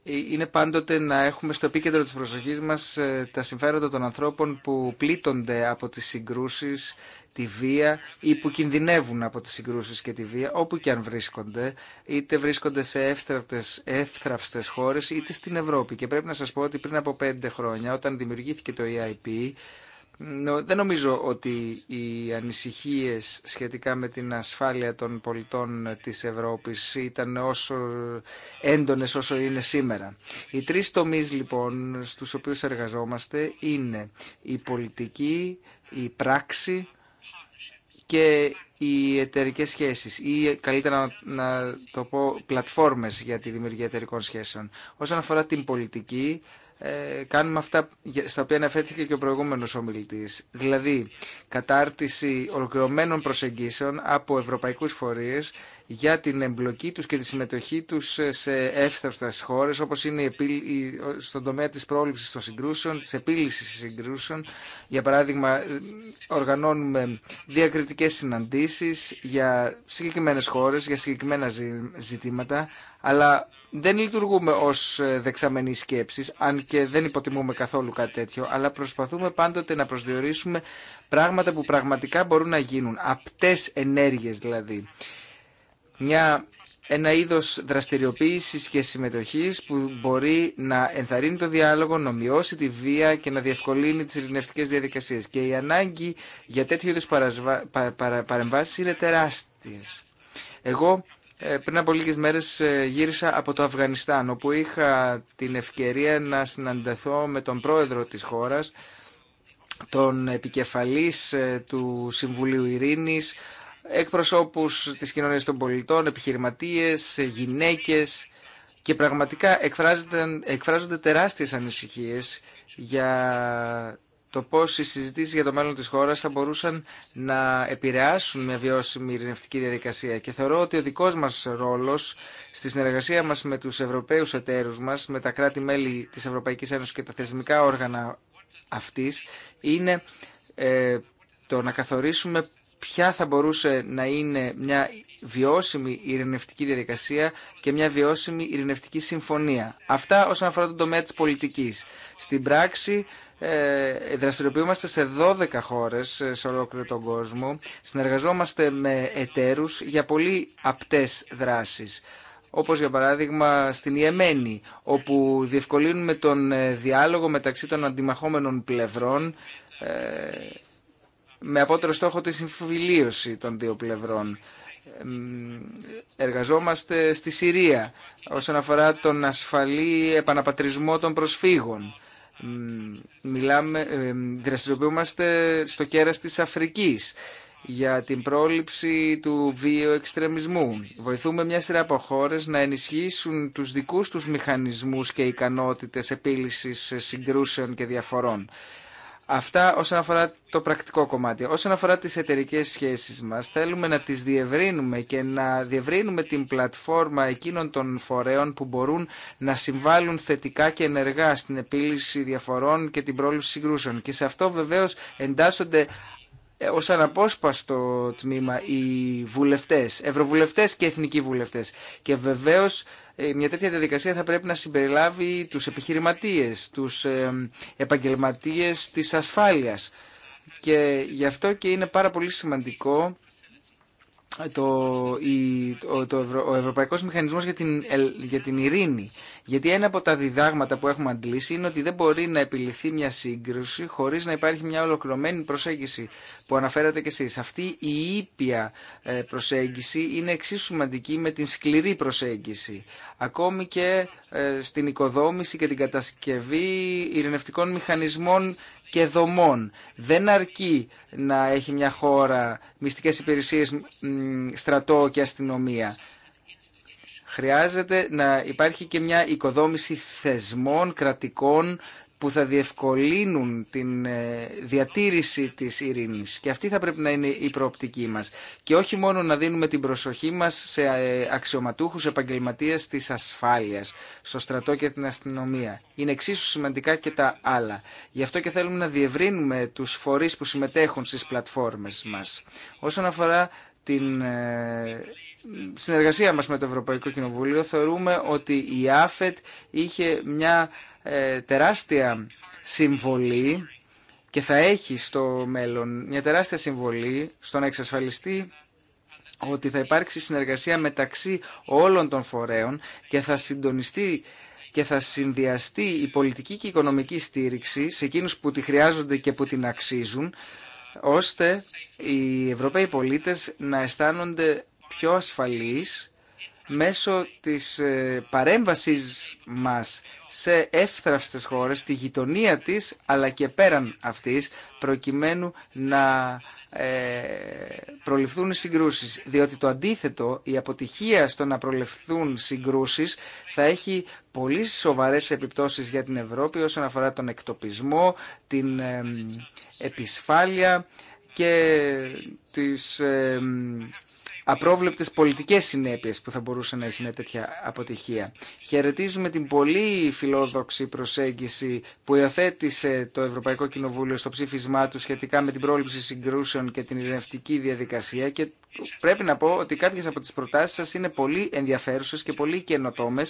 είναι πάντοτε να έχουμε στο επίκεντρο της προσοχής μας ε, τα συμφέροντα των ανθρώπων που πλήττονται από τις συγκρούσεις, τη βία ή που κινδυνεύουν από τις συγκρούσεις και τη βία όπου και αν βρίσκονται, είτε βρίσκονται σε εύθραυστες, εύθραυστες χώρες είτε στην Ευρώπη. Και πρέπει να σας πω ότι πριν από πέντε χρόνια όταν δημιουργήθηκε το EIP δεν νομίζω ότι οι ανησυχίες σχετικά με την ασφάλεια των πολιτών της Ευρώπης ήταν όσο έντονες όσο είναι σήμερα. Οι τρεις τομείς λοιπόν στους οποίους εργαζόμαστε είναι η πολιτική, η πράξη και οι εταιρικέ σχέσεις ή καλύτερα να το πω πλατφόρμες για τη δημιουργία εταιρικών σχέσεων. Όσον αφορά την πολιτική, ε, κάνουμε αυτά στα οποία αναφέρθηκε και ο προηγούμενος ομιλητής. Δηλαδή, κατάρτιση ολοκληρωμένων προσεγγίσεων από ευρωπαϊκούς φορείς για την εμπλοκή τους και τη συμμετοχή τους σε εύθραυστες χώρες, όπως είναι στον τομέα της πρόληψης των συγκρούσεων, της επίλυσης συγκρούσεων. Για παράδειγμα, οργανώνουμε διακριτικές συναντήσεις για συγκεκριμένες χώρες, για συγκεκριμένα ζητήματα, αλλά δεν λειτουργούμε ω ε, δεξαμενή σκέψη, αν και δεν υποτιμούμε καθόλου κάτι τέτοιο, αλλά προσπαθούμε πάντοτε να προσδιορίσουμε πράγματα που πραγματικά μπορούν να γίνουν, απτές ενέργειες δηλαδή. Μια, ένα είδο δραστηριοποίηση και συμμετοχή που μπορεί να ενθαρρύνει το διάλογο, να μειώσει τη βία και να διευκολύνει τι ειρηνευτικέ διαδικασίε. Και η ανάγκη για τέτοιου είδου παρεμβάσει είναι τεράστιε. Εγώ ε, πριν από λίγες μέρες ε, γύρισα από το Αφγανιστάν, όπου είχα την ευκαιρία να συναντηθώ με τον πρόεδρο της χώρας, τον επικεφαλής ε, του Συμβουλίου Ειρήνης, εκπροσώπους της κοινωνίας των πολιτών, επιχειρηματίες, γυναίκες και πραγματικά εκφράζονται τεράστιες ανησυχίες για το πώ οι συζητήσει για το μέλλον τη χώρα θα μπορούσαν να επηρεάσουν μια βιώσιμη ειρηνευτική διαδικασία. Και θεωρώ ότι ο δικό μα ρόλο στη συνεργασία μα με του Ευρωπαίου εταίρους μα, με τα κράτη-μέλη τη Ευρωπαϊκή Ένωση και τα θεσμικά όργανα αυτή, είναι ε, το να καθορίσουμε ποια θα μπορούσε να είναι μια βιώσιμη ειρηνευτική διαδικασία και μια βιώσιμη ειρηνευτική συμφωνία. Αυτά όσον αφορά τον τομέα της πολιτικής. Στην πράξη ε, δραστηριοποιούμαστε σε 12 χώρες ε, σε ολόκληρο τον κόσμο. Συνεργαζόμαστε με εταίρους για πολύ απτές δράσεις. Όπως για παράδειγμα στην Ιεμένη, όπου διευκολύνουμε τον ε, διάλογο μεταξύ των αντιμαχόμενων πλευρών με απότερο στόχο τη συμφιλίωση των δύο πλευρών. Εργαζόμαστε στη Συρία όσον αφορά τον ασφαλή επαναπατρισμό των προσφύγων Μιλάμε, ε, δραστηριοποιούμαστε στο κέρας της Αφρικής για την πρόληψη του βιοεξτρεμισμού. Βοηθούμε μια σειρά από χώρες να ενισχύσουν τους δικούς τους μηχανισμούς και ικανότητες επίλυσης συγκρούσεων και διαφορών. Αυτά όσον αφορά το πρακτικό κομμάτι. Όσον αφορά τις εταιρικέ σχέσεις μας, θέλουμε να τις διευρύνουμε και να διευρύνουμε την πλατφόρμα εκείνων των φορέων που μπορούν να συμβάλλουν θετικά και ενεργά στην επίλυση διαφορών και την πρόληψη συγκρούσεων. Και σε αυτό βεβαίως εντάσσονται ε, ω αναπόσπαστο τμήμα οι βουλευτέ, ευρωβουλευτέ και εθνικοί βουλευτές. Και βεβαίως ε, μια τέτοια διαδικασία θα πρέπει να συμπεριλάβει τους επιχειρηματίες, τους ε, επαγγελματίες της ασφάλειας. Και γι' αυτό και είναι πάρα πολύ σημαντικό το, η, το, το ο Ευρωπαϊκός Μηχανισμός για την, για την Ειρήνη. Γιατί ένα από τα διδάγματα που έχουμε αντλήσει είναι ότι δεν μπορεί να επιληθεί μια σύγκρουση χωρίς να υπάρχει μια ολοκληρωμένη προσέγγιση που αναφέρατε και εσείς. Αυτή η ήπια ε, προσέγγιση είναι εξίσου σημαντική με την σκληρή προσέγγιση. Ακόμη και ε, στην οικοδόμηση και την κατασκευή ειρηνευτικών μηχανισμών και Δεν αρκεί να έχει μια χώρα μυστικές υπηρεσίες, στρατό και αστυνομία. Χρειάζεται να υπάρχει και μια οικοδόμηση θεσμών, κρατικών, που θα διευκολύνουν την ε, διατήρηση της ειρήνης. Και αυτή θα πρέπει να είναι η προοπτική μας. Και όχι μόνο να δίνουμε την προσοχή μας σε ε, αξιωματούχους επαγγελματίες της ασφάλειας, στο στρατό και την αστυνομία. Είναι εξίσου σημαντικά και τα άλλα. Γι' αυτό και θέλουμε να διευρύνουμε τους φορείς που συμμετέχουν στις πλατφόρμες μας. Όσον αφορά την ε, συνεργασία μας με το Ευρωπαϊκό Κοινοβούλιο, θεωρούμε ότι η ΑΦΕΤ είχε μια ε, τεράστια συμβολή και θα έχει στο μέλλον μια τεράστια συμβολή στο να εξασφαλιστεί ότι θα υπάρξει συνεργασία μεταξύ όλων των φορέων και θα συντονιστεί και θα συνδυαστεί η πολιτική και η οικονομική στήριξη σε εκείνους που τη χρειάζονται και που την αξίζουν, ώστε οι Ευρωπαίοι πολίτες να αισθάνονται πιο ασφαλείς μέσω της ε, παρέμβασής μας σε εύθραυστες χώρες, στη γειτονία της αλλά και πέραν αυτής, προκειμένου να ε, προληφθούν οι συγκρούσεις. Διότι το αντίθετο, η αποτυχία στο να προληφθούν συγκρούσεις θα έχει πολύ σοβαρές επιπτώσεις για την Ευρώπη όσον αφορά τον εκτοπισμό, την ε, επισφάλεια και τις απρόβλεπτε πολιτικέ συνέπειε που θα μπορούσε να έχει μια τέτοια αποτυχία. Χαιρετίζουμε την πολύ φιλόδοξη προσέγγιση που υιοθέτησε το Ευρωπαϊκό Κοινοβούλιο στο ψήφισμά του σχετικά με την πρόληψη συγκρούσεων και την ειρηνευτική διαδικασία και πρέπει να πω ότι κάποιε από τι προτάσει σα είναι πολύ ενδιαφέρουσε και πολύ καινοτόμε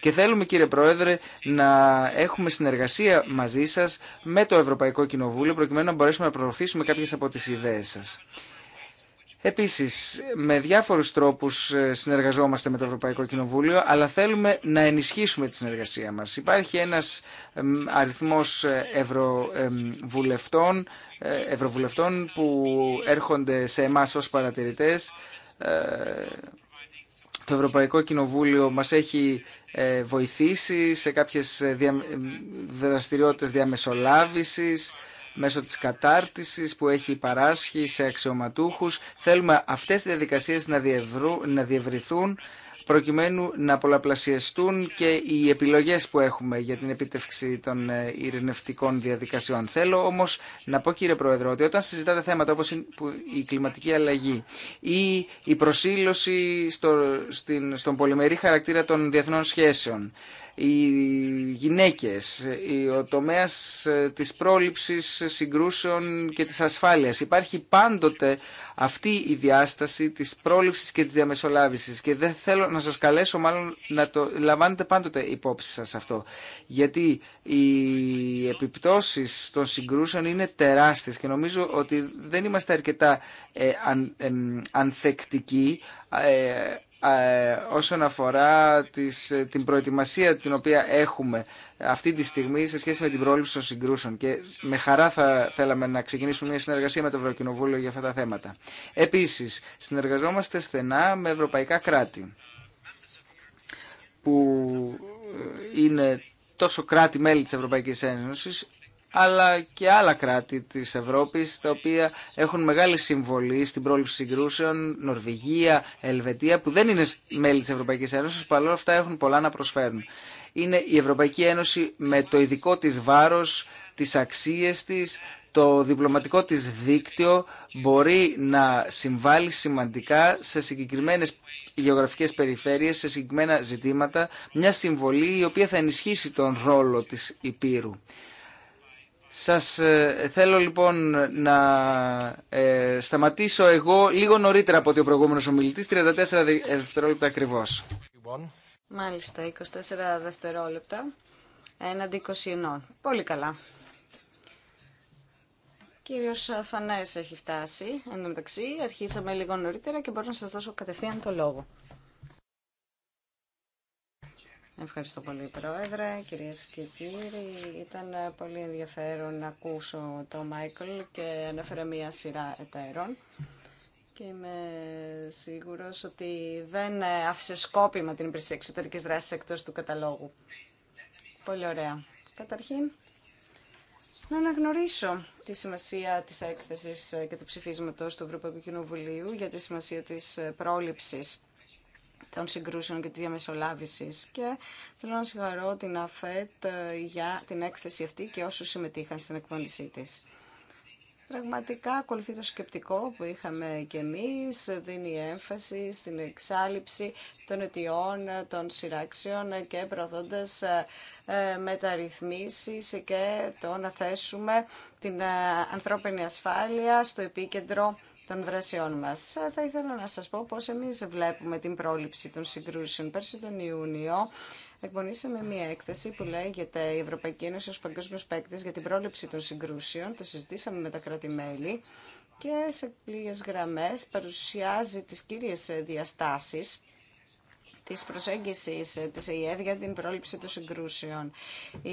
και θέλουμε κύριε Πρόεδρε να έχουμε συνεργασία μαζί σα με το Ευρωπαϊκό Κοινοβούλιο προκειμένου να μπορέσουμε να προωθήσουμε κάποιε από τι ιδέε σα. Επίσης, με διάφορους τρόπους ε, συνεργαζόμαστε με το Ευρωπαϊκό Κοινοβούλιο, αλλά θέλουμε να ενισχύσουμε τη συνεργασία μας. Υπάρχει ένας αριθμός ε, ευρωβουλευτών, ε, ευρωβουλευτών που έρχονται σε εμάς ως παρατηρητές. Το Ευρωπαϊκό Κοινοβούλιο μας έχει βοηθήσει σε κάποιες δραστηριότητες διαμεσολάβησης, μέσω της κατάρτισης που έχει παράσχει σε αξιωματούχους. Θέλουμε αυτές οι διαδικασίες να, διευρου, να διευρυθούν προκειμένου να πολλαπλασιαστούν και οι επιλογές που έχουμε για την επίτευξη των ε, ειρηνευτικών διαδικασιών. Θέλω όμως να πω κύριε Πρόεδρο ότι όταν συζητάτε θέματα όπως η κλιματική αλλαγή ή η προσήλωση στο, στην, στον πολυμερή χαρακτήρα των διεθνών σχέσεων οι γυναίκες, ο τομέας ε, της πρόληψης συγκρούσεων και της ασφάλειας. Υπάρχει πάντοτε αυτή η διάσταση της πρόληψης και της διαμεσολάβησης και δεν θέλω να σας καλέσω μάλλον να το λαμβάνετε πάντοτε υπόψη σας αυτό γιατί οι επιπτώσεις των συγκρούσεων είναι τεράστιες και νομίζω ότι δεν είμαστε αρκετά ε, ανθεκτικοί ε, ε, όσον αφορά ε, την προετοιμασία την οποία έχουμε αυτή τη στιγμή σε σχέση με την πρόληψη των συγκρούσεων και με χαρά θα θέλαμε να ξεκινήσουμε μια συνεργασία με το Ευρωκοινοβούλιο για αυτά τα θέματα. Επίσης, συνεργαζόμαστε στενά με ευρωπαϊκά κράτη που ε, είναι τόσο κράτη-μέλη της Ευρωπαϊκής Ένωσης αλλά και άλλα κράτη της Ευρώπης τα οποία έχουν μεγάλη συμβολή στην πρόληψη συγκρούσεων, Νορβηγία, Ελβετία που δεν είναι μέλη της Ευρωπαϊκής Ένωσης παρόλα αυτά έχουν πολλά να προσφέρουν. Είναι η Ευρωπαϊκή Ένωση με το ειδικό της βάρος, τις αξίες της, το διπλωματικό της δίκτυο μπορεί να συμβάλλει σημαντικά σε συγκεκριμένες γεωγραφικές περιφέρειες, σε συγκεκριμένα ζητήματα, μια συμβολή η οποία θα ενισχύσει τον ρόλο της Υπήρου. Σας ε, θέλω λοιπόν να ε, σταματήσω εγώ λίγο νωρίτερα από ότι ο προηγούμενος ομιλητής, 34 ε, δευτερόλεπτα ακριβώς. Μάλιστα, 24 δευτερόλεπτα, έναντι 21. Πολύ καλά. Κύριος Φανές έχει φτάσει, εν μεταξύ αρχίσαμε λίγο νωρίτερα και μπορώ να σας δώσω κατευθείαν το λόγο. Ευχαριστώ πολύ, Πρόεδρε. Κυρίες και κύριοι, ήταν πολύ ενδιαφέρον να ακούσω τον Μάικλ και αναφέρα μία σειρά εταίρων. Και είμαι σίγουρο ότι δεν άφησε σκόπιμα την υπηρεσία εξωτερικής δράσης εκτός του καταλόγου. Πολύ ωραία. Καταρχήν, να αναγνωρίσω τη σημασία της έκθεσης και του ψηφίσματος του Ευρωπαϊκού Κοινοβουλίου για τη σημασία της πρόληψης των συγκρούσεων και τη διαμεσολάβηση. Και θέλω να συγχαρώ την ΑΦΕΤ ε, για την έκθεση αυτή και όσου συμμετείχαν στην εκπονησή τη. Πραγματικά ακολουθεί το σκεπτικό που είχαμε και εμείς, δίνει έμφαση στην εξάλληψη των αιτιών των σειράξεων και προωθώντας ε, ε, μεταρρυθμίσεις και το να θέσουμε την ανθρώπινη ασφάλεια στο επίκεντρο των δρασιών μας. Θα ήθελα να σας πω πώς εμείς βλέπουμε την πρόληψη των συγκρούσεων. Πέρσι τον Ιούνιο εκπονήσαμε μία έκθεση που λέγεται «Η Ευρωπαϊκή Ένωση ω Παγκόσμιο Παίκτη για την πρόληψη των συγκρούσεων». Το συζητήσαμε με τα κράτη-μέλη και σε λίγες γραμμές παρουσιάζει τις κύριες διαστάσεις της προσέγγισης ε, της ΕΕΔ για την πρόληψη των συγκρούσεων. Η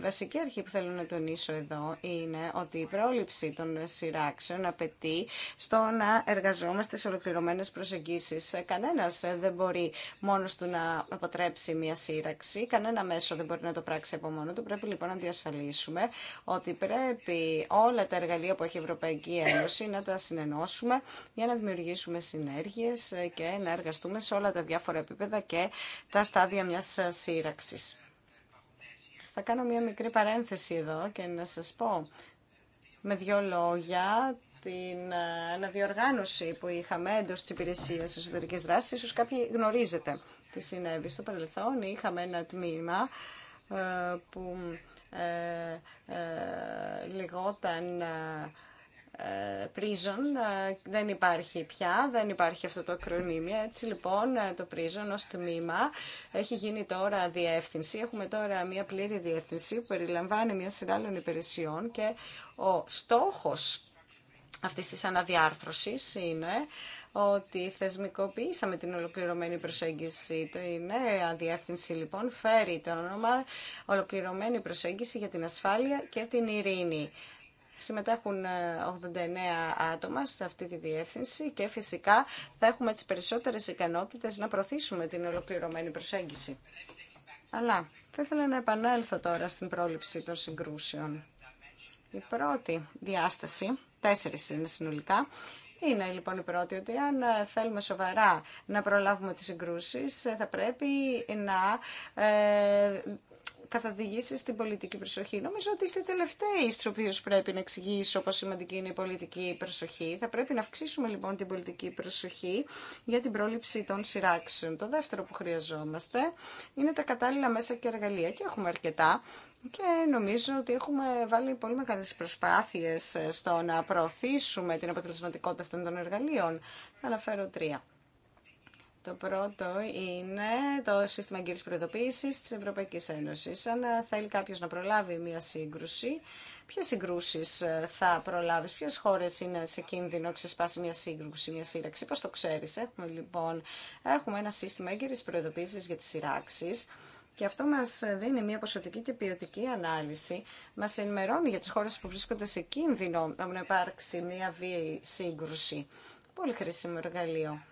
βασική αρχή που θέλω να τονίσω εδώ είναι ότι η πρόληψη των σειράξεων απαιτεί στο να εργαζόμαστε σε ολοκληρωμένες προσεγγίσεις. Ε, κανένας ε, δεν μπορεί μόνος του να αποτρέψει μια σύραξη, κανένα μέσο δεν μπορεί να το πράξει από μόνο του. Πρέπει λοιπόν να διασφαλίσουμε ότι πρέπει όλα τα εργαλεία που έχει η Ευρωπαϊκή Ένωση να τα συνενώσουμε για να δημιουργήσουμε συνέργειες και να εργαστούμε σε όλα τα διάφορα επίπεδα και τα στάδια μιας ε, σύραξης. Θα κάνω μια μικρή παρένθεση εδώ και να σας πω με δύο λόγια την ε, αναδιοργάνωση που είχαμε εντό τη υπηρεσία εσωτερική δράση. Ίσως κάποιοι γνωρίζετε τι συνέβη στο παρελθόν. Είχαμε ένα τμήμα ε, που Ε, πρίζων ε, δεν υπάρχει πια, δεν υπάρχει αυτό το ακρονίμιο. Έτσι λοιπόν ε, το πρίζων ως τμήμα έχει γίνει τώρα διεύθυνση. Έχουμε τώρα μια πλήρη διεύθυνση που περιλαμβάνει μια σειρά άλλων υπηρεσιών και ο στόχος αυτής της αναδιάρθρωσης είναι ότι θεσμικοποιήσαμε την ολοκληρωμένη προσέγγιση. Το η νέα διεύθυνση λοιπόν φέρει το όνομα ολοκληρωμένη προσέγγιση για την ασφάλεια και την ειρήνη. Συμμετέχουν 89 ε, άτομα σε αυτή τη διεύθυνση και φυσικά θα έχουμε τις περισσότερες ικανότητες να προωθήσουμε την ολοκληρωμένη προσέγγιση. Αλλά θα ήθελα να επανέλθω τώρα στην πρόληψη των συγκρούσεων. Η πρώτη διάσταση, τέσσερις είναι συνολικά, είναι λοιπόν η πρώτη ότι αν ε, θέλουμε σοβαρά να προλάβουμε τις συγκρούσεις ε, θα πρέπει να καθοδηγήσει στην πολιτική προσοχή. Νομίζω ότι είστε τελευταίοι στου οποίου πρέπει να εξηγήσω πόσο σημαντική είναι η πολιτική προσοχή. Θα πρέπει να αυξήσουμε λοιπόν την πολιτική προσοχή για την πρόληψη των σειράξεων. Το δεύτερο που χρειαζόμαστε είναι τα κατάλληλα μέσα και εργαλεία και έχουμε αρκετά. Και νομίζω ότι έχουμε βάλει πολύ μεγάλε προσπάθειε στο να προωθήσουμε την αποτελεσματικότητα αυτών των εργαλείων. Θα αναφέρω τρία. Το πρώτο είναι το σύστημα εγκύρης προειδοποίησης της Ευρωπαϊκής Ένωσης. Αν θέλει κάποιος να προλάβει μια σύγκρουση, ποιες συγκρούσεις ε, θα προλάβεις, ποιες χώρες είναι σε κίνδυνο ξεσπάσει μια σύγκρουση, μια σύραξη, πώς το ξέρεις. Έχουμε λοιπόν έχουμε ένα σύστημα έγκυρης προειδοποίησης για τις σειράξεις. Και αυτό μας δίνει μια ποσοτική και ποιοτική ανάλυση. Μας ενημερώνει για τις χώρες που βρίσκονται σε κίνδυνο να υπάρξει μια βίαιη σύγκρουση. Πολύ χρήσιμο εργαλείο.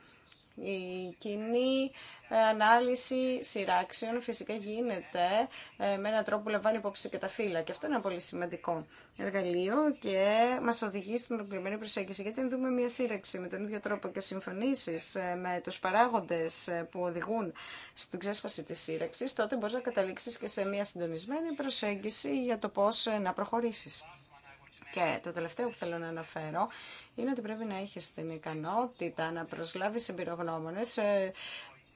Η κοινή ε, ανάλυση σειράξεων φυσικά γίνεται ε, με έναν τρόπο που λαμβάνει υπόψη και τα φύλλα. Και αυτό είναι ένα πολύ σημαντικό εργαλείο και μα οδηγεί στην ολοκληρωμένη προσέγγιση. Γιατί αν δούμε μια σύραξη με τον ίδιο τρόπο και συμφωνήσει ε, με του παράγοντε που οδηγούν στην ξέσπαση τη σύραξη, τότε μπορεί να καταλήξει και σε μια συντονισμένη προσέγγιση για το πώ να προχωρήσει. Και το τελευταίο που θέλω να αναφέρω είναι ότι πρέπει να έχεις την ικανότητα να προσλάβει εμπειρογνώμονε ε,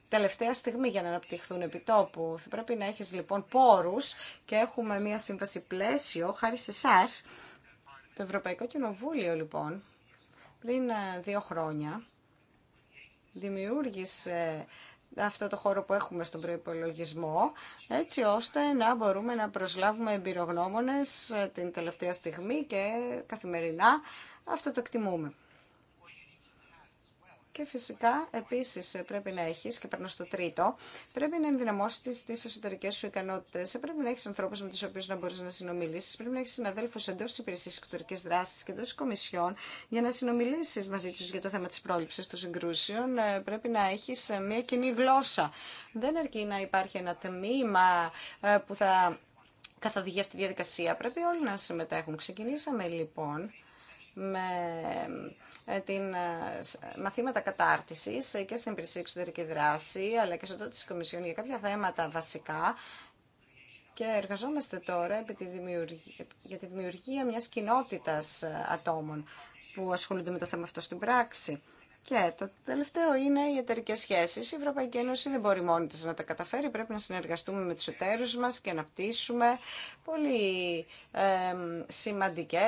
τελευταία στιγμή για να αναπτυχθούν επιτόπου. Θα πρέπει να έχεις λοιπόν πόρους και έχουμε μια σύμβαση πλαίσιο χάρη σε εσά. Το Ευρωπαϊκό Κοινοβούλιο λοιπόν πριν ε, δύο χρόνια δημιούργησε αυτό το χώρο που έχουμε στον προϋπολογισμό, έτσι ώστε να μπορούμε να προσλάβουμε εμπειρογνώμονες ε, την τελευταία στιγμή και καθημερινά αυτό το εκτιμούμε. Και φυσικά επίση πρέπει να έχει, και παίρνω στο τρίτο, πρέπει να ενδυναμώσει τι εσωτερικέ σου ικανότητε. Πρέπει να έχει ανθρώπου με του οποίου να μπορεί να συνομιλήσει. Πρέπει να έχει συναδέλφου εντό τη υπηρεσία εξωτερική δράση και εντό κομισιών για να συνομιλήσει μαζί του για το θέμα τη πρόληψη των συγκρούσεων. Ε, πρέπει να έχει ε, μια κοινή γλώσσα. Δεν αρκεί να υπάρχει ένα τμήμα ε, που θα καθοδηγεί αυτή τη διαδικασία. Πρέπει όλοι να συμμετέχουν. Ξεκινήσαμε λοιπόν με ε, την ε, μαθήματα κατάρτισης ε, και στην υπηρεσία εξωτερική δράση, αλλά και στο τότε της Κομισιόν για κάποια θέματα βασικά και εργαζόμαστε τώρα για τη δημιουργία μιας κοινότητας ατόμων που ασχολούνται με το θέμα αυτό στην πράξη. Και το τελευταίο είναι οι εταιρικέ σχέσει. Η Ευρωπαϊκή Ένωση δεν μπορεί μόνη τη να τα καταφέρει. Πρέπει να συνεργαστούμε με του εταίρου μα και να πτήσουμε πολύ ε, σημαντικέ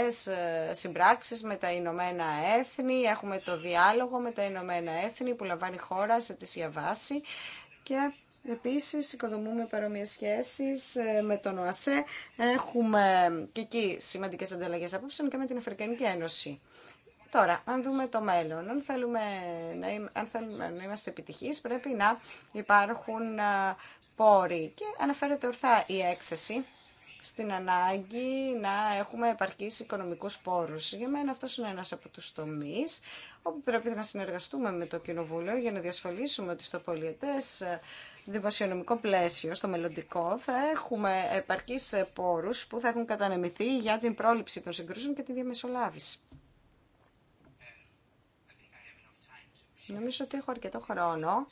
συμπράξει με τα Ηνωμένα Έθνη. Έχουμε το διάλογο με τα Ηνωμένα Έθνη που λαμβάνει χώρα σε τη βάση. Και Επίσης, οικοδομούμε παρόμοιες σχέσεις ε, με τον ΟΑΣΕ. Έχουμε και εκεί σημαντικέ ανταλλαγές απόψεων και με την Αφρικανική Ένωση. Τώρα, αν δούμε το μέλλον, αν θέλουμε να, αν θέλουμε να είμαστε επιτυχείς, πρέπει να υπάρχουν πόροι. Και αναφέρεται ορθά η έκθεση στην ανάγκη να έχουμε επαρκείς οικονομικούς πόρους. Για μένα αυτό είναι ένας από τους τομείς όπου πρέπει να συνεργαστούμε με το Κοινοβούλιο για να διασφαλίσουμε ότι στο πολιετές δημοσιονομικό πλαίσιο, στο μελλοντικό, θα έχουμε επαρκείς πόρους που θα έχουν κατανεμηθεί για την πρόληψη των συγκρούσεων και τη διαμεσολάβηση. Νομίζω ότι έχω αρκετό χρόνο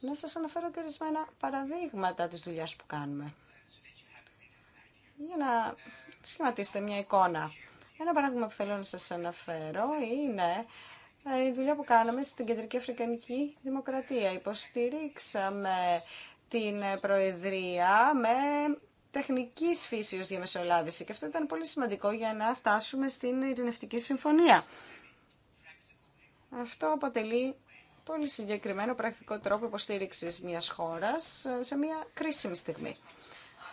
να σας αναφέρω και ορισμένα παραδείγματα της δουλειάς που κάνουμε. Για να σχηματίσετε μια εικόνα. Ένα παράδειγμα που θέλω να σας αναφέρω είναι ε, η δουλειά που κάναμε στην Κεντρική Αφρικανική Δημοκρατία. Υποστηρίξαμε την Προεδρία με τεχνικής φύσεως διαμεσολάβηση και αυτό ήταν πολύ σημαντικό για να φτάσουμε στην Ειρηνευτική Συμφωνία. Αυτό αποτελεί πολύ συγκεκριμένο πρακτικό τρόπο υποστήριξη μιας χώρας ε, σε μια κρίσιμη στιγμή.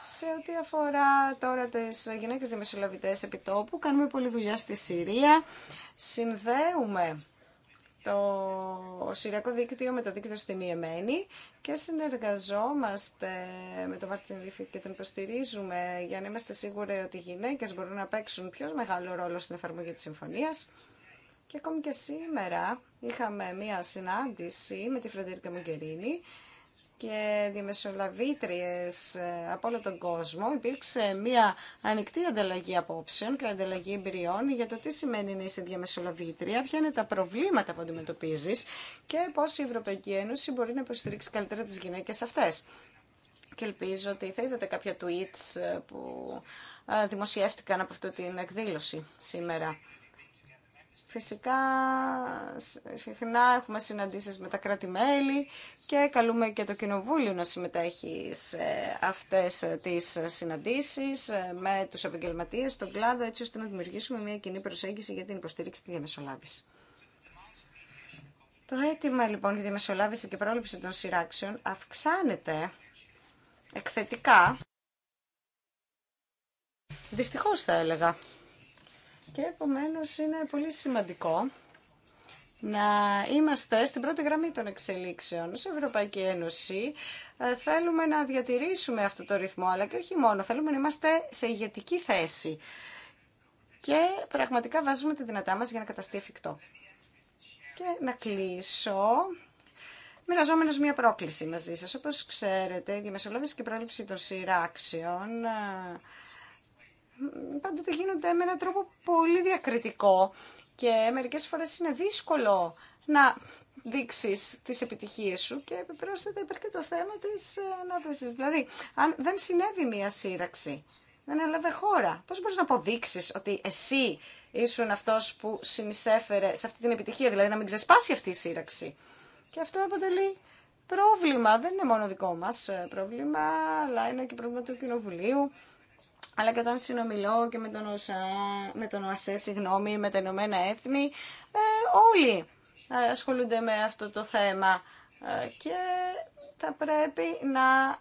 Σε ό,τι αφορά τώρα τις γυναίκες δημοσιολαβητές επιτόπου, κάνουμε πολλή δουλειά στη Συρία, συνδέουμε το Συριακό Δίκτυο με το Δίκτυο στην Ιεμένη και συνεργαζόμαστε με το Βαρτσινρίφη και τον υποστηρίζουμε για να είμαστε σίγουροι ότι οι γυναίκες μπορούν να παίξουν πιο μεγάλο ρόλο στην εφαρμογή της συμφωνίας. Και ακόμη και σήμερα είχαμε μία συνάντηση με τη Φρεντερίκα Μογκερίνη και διαμεσολαβήτριες ε, από όλο τον κόσμο. Υπήρξε μία ανοιχτή ανταλλαγή απόψεων και ανταλλαγή εμπειριών για το τι σημαίνει να είσαι διαμεσολαβήτρια, ποια είναι τα προβλήματα που αντιμετωπίζει και πώς η Ευρωπαϊκή Ένωση μπορεί να υποστηρίξει καλύτερα τις γυναίκες αυτές. Και ελπίζω ότι θα είδατε κάποια tweets ε, που ε, δημοσιεύτηκαν από αυτή την εκδήλωση σήμερα. Φυσικά, συχνά έχουμε συναντήσεις με τα κράτη-μέλη και καλούμε και το Κοινοβούλιο να συμμετέχει σε αυτές τις συναντήσεις ε, με τους επαγγελματίες στον κλάδο, έτσι ώστε να δημιουργήσουμε μια κοινή προσέγγιση για την υποστήριξη της διαμεσολάβησης. Το αίτημα λοιπόν για τη διαμεσολάβηση και πρόληψη των σειράξεων αυξάνεται εκθετικά. Δυστυχώς θα έλεγα. Και επομένως είναι πολύ σημαντικό να είμαστε στην πρώτη γραμμή των εξελίξεων. Σε Ευρωπαϊκή Ένωση ε, θέλουμε να διατηρήσουμε αυτό το ρυθμό, αλλά και όχι μόνο, θέλουμε να είμαστε σε ηγετική θέση. Και πραγματικά βάζουμε τη δυνατά μας για να καταστεί εφικτό. Και να κλείσω μοιραζόμενος μία πρόκληση μαζί σας. Όπως ξέρετε, η διαμεσολάβηση και η πρόληψη των σειράξεων ε, πάντοτε γίνονται με έναν τρόπο πολύ διακριτικό και μερικές φορές είναι δύσκολο να δείξεις τις επιτυχίες σου και επιπρόσθετα υπάρχει και το θέμα της ανάθεσης. Δηλαδή, αν δεν συνέβη μια σύραξη, δεν έλαβε χώρα, πώς μπορείς να αποδείξεις ότι εσύ ήσουν αυτός που συνεισέφερε σε αυτή την επιτυχία, δηλαδή να μην ξεσπάσει αυτή η σύραξη. Και αυτό αποτελεί πρόβλημα, δεν είναι μόνο δικό μας ε, πρόβλημα, αλλά είναι και πρόβλημα του Κοινοβουλίου αλλά και όταν συνομιλώ και με τον, ΟΣΑ, ΟΑΣΕ, συγγνώμη, με τα Ηνωμένα Έθνη, ε, όλοι ε, ασχολούνται με αυτό το θέμα ε, και θα πρέπει να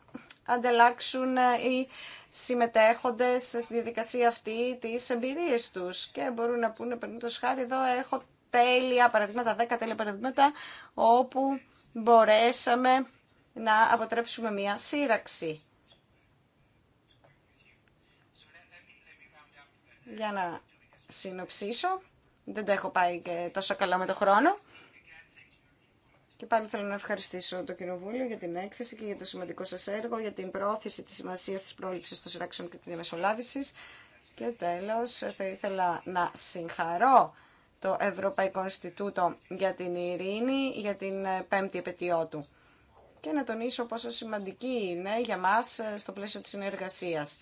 ανταλλάξουν οι συμμετέχοντες στη διαδικασία αυτή τις εμπειρίες τους και μπορούν να πούνε, περνούν το σχάρι, εδώ έχω τέλεια παραδείγματα, δέκα τέλεια παραδείγματα, όπου μπορέσαμε να αποτρέψουμε μία σύραξη. Για να συνοψίσω, δεν τα έχω πάει και τόσο καλά με το χρόνο. Και πάλι θέλω να ευχαριστήσω το Κοινοβούλιο για την έκθεση και για το σημαντικό σας έργο, για την πρόθεση της σημασίας της πρόληψης των σειράξεων και της διαμεσολάβησης. Και τέλος, θα ήθελα να συγχαρώ το Ευρωπαϊκό Ινστιτούτο για την Ειρήνη για την πέμπτη επαιτειό του. Και να τονίσω πόσο σημαντική είναι για μας στο πλαίσιο της συνεργασίας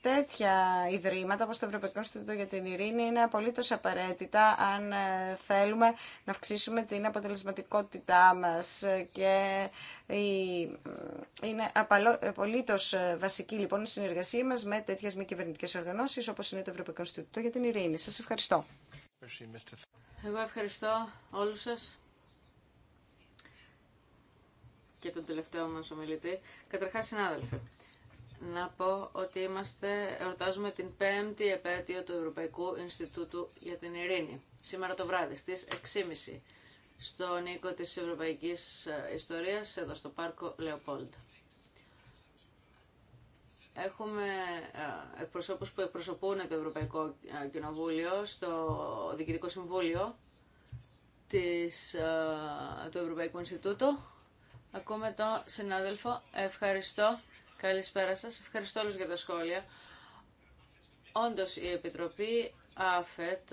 τέτοια ιδρύματα όπως το Ευρωπαϊκό Ινστιτούτο για την Ειρήνη είναι απολύτως απαραίτητα αν ε, θέλουμε να αυξήσουμε την αποτελεσματικότητά μας και είναι απολύτως ε, βασική λοιπόν η συνεργασία μας με τέτοιες μη κυβερνητικέ οργανώσεις όπως είναι το Ευρωπαϊκό Ινστιτούτο για την Ειρήνη. Σας ευχαριστώ. Εγώ ευχαριστώ όλους σας και τον τελευταίο μας ομιλητή. Καταρχάς, συνάδελφε, να πω ότι είμαστε, εορτάζουμε την πέμπτη επέτειο του Ευρωπαϊκού Ινστιτούτου για την Ειρήνη. Σήμερα το βράδυ στις 6.30 στον οίκο της Ευρωπαϊκής ε, Ιστορίας εδώ στο πάρκο Λεοπόλντ. Έχουμε ε, εκπροσώπους που εκπροσωπούν το Ευρωπαϊκό ε, Κοινοβούλιο στο Διοικητικό Συμβούλιο της, του Ευρωπαϊκού Ινστιτούτου. Ακούμε τον συνάδελφο. Ευχαριστώ Καλησπέρα σας. Ευχαριστώ όλους για τα σχόλια. Όντως η Επιτροπή ΑΦΕΤ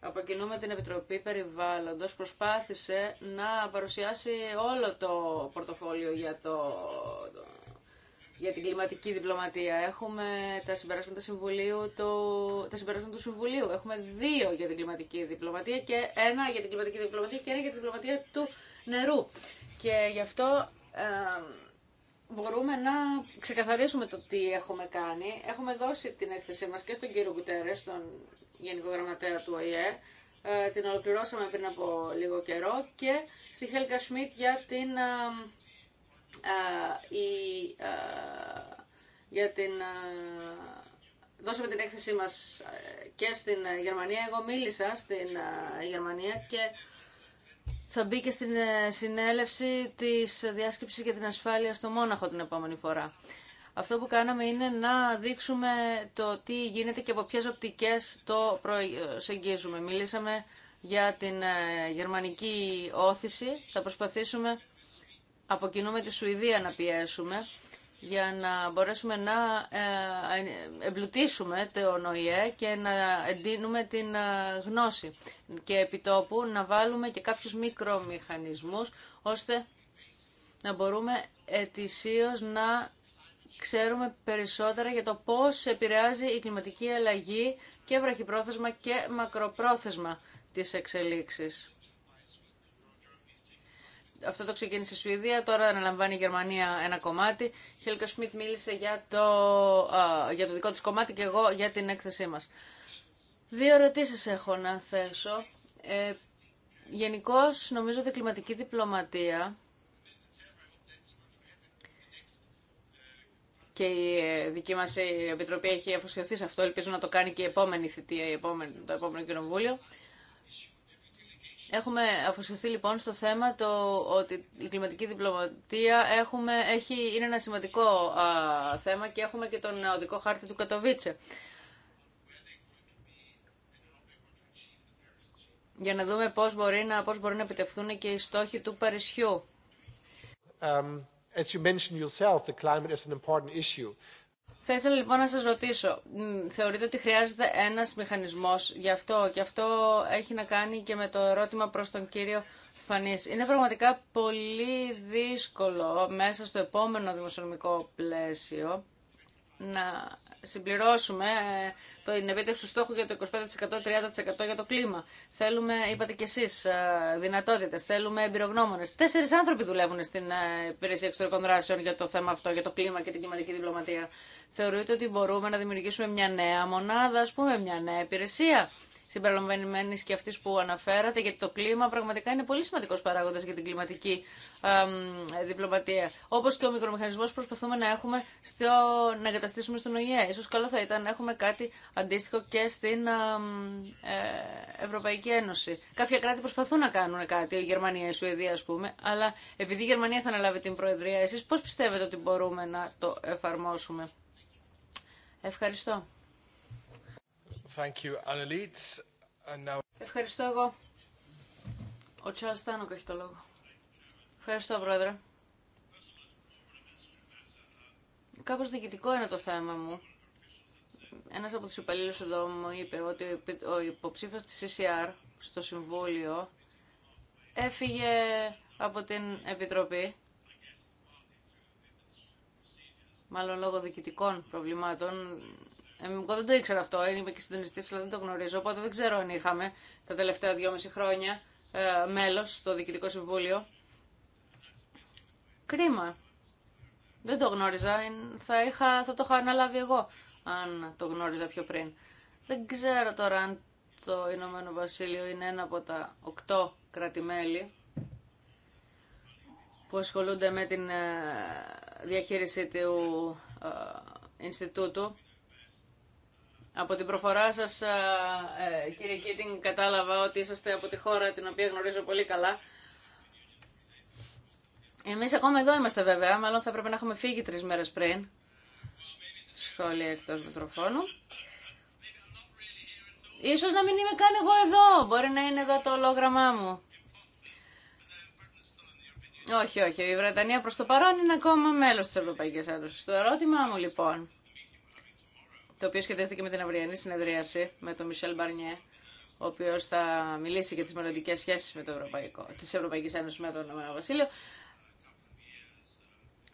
από κοινού με την Επιτροπή Περιβάλλοντος προσπάθησε να παρουσιάσει όλο το πορτοφόλιο για, το, για την κλιματική διπλωματία. Έχουμε τα συμπεράσματα, συμβουλίου, το, τα συμπεράσματα του Συμβουλίου. Έχουμε δύο για την κλιματική διπλωματία και ένα για την κλιματική διπλωματία και ένα για την διπλωματία του νερού. Και γι' αυτό μπορούμε να ξεκαθαρίσουμε το τι έχουμε κάνει. Έχουμε δώσει την έκθεσή μας και στον κύριο Κουτέρες, τον Γενικό Γραμματέα του ΟΗΕ, ε, την ολοκληρώσαμε πριν από λίγο καιρό και στη Χέλγα Σμιτ για την, ε, ε, για την δώσαμε την έκθεσή μας και στην Γερμανία. Εγώ μίλησα στην Γερμανία και θα μπει και στην ε, συνέλευση της διάσκεψης για την ασφάλεια στο Μόναχο την επόμενη φορά. Αυτό που κάναμε είναι να δείξουμε το τι γίνεται και από ποιες οπτικές το προσεγγίζουμε. Μιλήσαμε για την ε, γερμανική όθηση. Θα προσπαθήσουμε από κοινού με τη Σουηδία να πιέσουμε για να μπορέσουμε να ε, εμπλουτίσουμε το ΟΗΕ και να εντείνουμε την ε, γνώση και επιτόπου να βάλουμε και κάποιους μικρομηχανισμούς ώστε να μπορούμε ετησίως να ξέρουμε περισσότερα για το πώς επηρεάζει η κλιματική αλλαγή και βραχυπρόθεσμα και μακροπρόθεσμα τις εξελίξεις αυτό το ξεκίνησε η Σουηδία, τώρα αναλαμβάνει η Γερμανία ένα κομμάτι. Χέλκα Σμιτ μίλησε για το, για το δικό της κομμάτι και εγώ για την έκθεσή μας. Δύο ερωτήσεις έχω να θέσω. Ε, Γενικώ νομίζω ότι η κλιματική διπλωματία και η ε, δική μας η Επιτροπή έχει αφοσιωθεί σε αυτό, ελπίζω να το κάνει και η επόμενη θητεία, η επόμενη, το επόμενο κοινοβούλιο. Έχουμε αφοσιωθεί λοιπόν στο θέμα το ότι η κλιματική διπλωματία έχουμε, έχει, είναι ένα σημαντικό α, θέμα και έχουμε και τον οδικό χάρτη του Κατοβίτσε. Για να δούμε πώς μπορεί να, πώς μπορεί να και οι στόχοι του Παρισιού. Um, as you mentioned yourself, the climate is an important issue. Θα ήθελα λοιπόν να σας ρωτήσω, θεωρείτε ότι χρειάζεται ένας μηχανισμός γι' αυτό και αυτό έχει να κάνει και με το ερώτημα προς τον κύριο Φανής. Είναι πραγματικά πολύ δύσκολο μέσα στο επόμενο δημοσιονομικό πλαίσιο να συμπληρώσουμε ε, το επίτευξη του στόχου για το 25%-30% για το κλίμα. Θέλουμε, είπατε κι εσεί, ε, δυνατότητε. Θέλουμε εμπειρογνώμονε. Τέσσερις άνθρωποι δουλεύουν στην ε, υπηρεσία εξωτερικών δράσεων για το θέμα αυτό, για το κλίμα και την κλιματική διπλωματία. Θεωρείτε ότι μπορούμε να δημιουργήσουμε μια νέα μονάδα, ας πούμε, μια νέα υπηρεσία συμπεριλαμβανομένη και αυτή που αναφέρατε, γιατί το κλίμα πραγματικά είναι πολύ σημαντικό παράγοντα για την κλιματική ε, διπλωματία. Όπω και ο μικρομηχανισμό που προσπαθούμε να, έχουμε στο, να εγκαταστήσουμε στον ΟΗΕ. Ίσως καλό θα ήταν να έχουμε κάτι αντίστοιχο και στην ε, Ευρωπαϊκή Ένωση. Κάποια κράτη προσπαθούν να κάνουν κάτι, η Γερμανία, η Σουηδία α πούμε, αλλά επειδή η Γερμανία θα αναλάβει την Προεδρία, εσεί πώ πιστεύετε ότι μπορούμε να το εφαρμόσουμε. Ευχαριστώ. Thank you, And now... Ευχαριστώ εγώ. Ο Τσάρλ Στάνοκ έχει το λόγο. Ευχαριστώ, Πρόεδρε. Κάπως διοικητικό είναι το θέμα μου. Ένας από τους υπαλλήλους εδώ μου είπε ότι ο υποψήφιος της CCR στο Συμβούλιο έφυγε από την Επιτροπή μάλλον λόγω διοικητικών προβλημάτων ε, εγώ δεν το ήξερα αυτό, είμαι και συντονιστή, αλλά δεν το γνωρίζω. Οπότε δεν ξέρω αν είχαμε τα τελευταία δυόμιση χρόνια ε, μέλο στο Διοικητικό Συμβούλιο. Κρίμα. Δεν το γνώριζα. Θα, είχα, θα το είχα αναλάβει εγώ, αν το γνώριζα πιο πριν. Δεν ξέρω τώρα αν το Ηνωμένο Βασίλειο είναι ένα από τα οκτώ κρατημέλη που ασχολούνται με την ε, διαχείριση του ε, Ινστιτούτου. Από την προφορά σας, ε, κύριε Κίτινγκ, κατάλαβα ότι είσαστε από τη χώρα την οποία γνωρίζω πολύ καλά. Εμείς ακόμα εδώ είμαστε βέβαια, μάλλον θα πρέπει να έχουμε φύγει τρεις μέρες πριν. Σχόλια εκτός μικροφώνου. Ίσως να μην είμαι καν εγώ εδώ. Μπορεί να είναι εδώ το ολόγραμμά μου. Όχι, όχι. Η Βρετανία προς το παρόν είναι ακόμα μέλος της Ευρωπαϊκής Ένωσης. Το ερώτημά μου λοιπόν το οποίο σχεδιάζεται και με την αυριανή συνεδρίαση με τον Μισελ Μπαρνιέ, ο οποίο θα μιλήσει για τι μελλοντικέ σχέσει τη Ευρωπαϊκή Ένωση με τον Ηνωμένο Βασίλειο.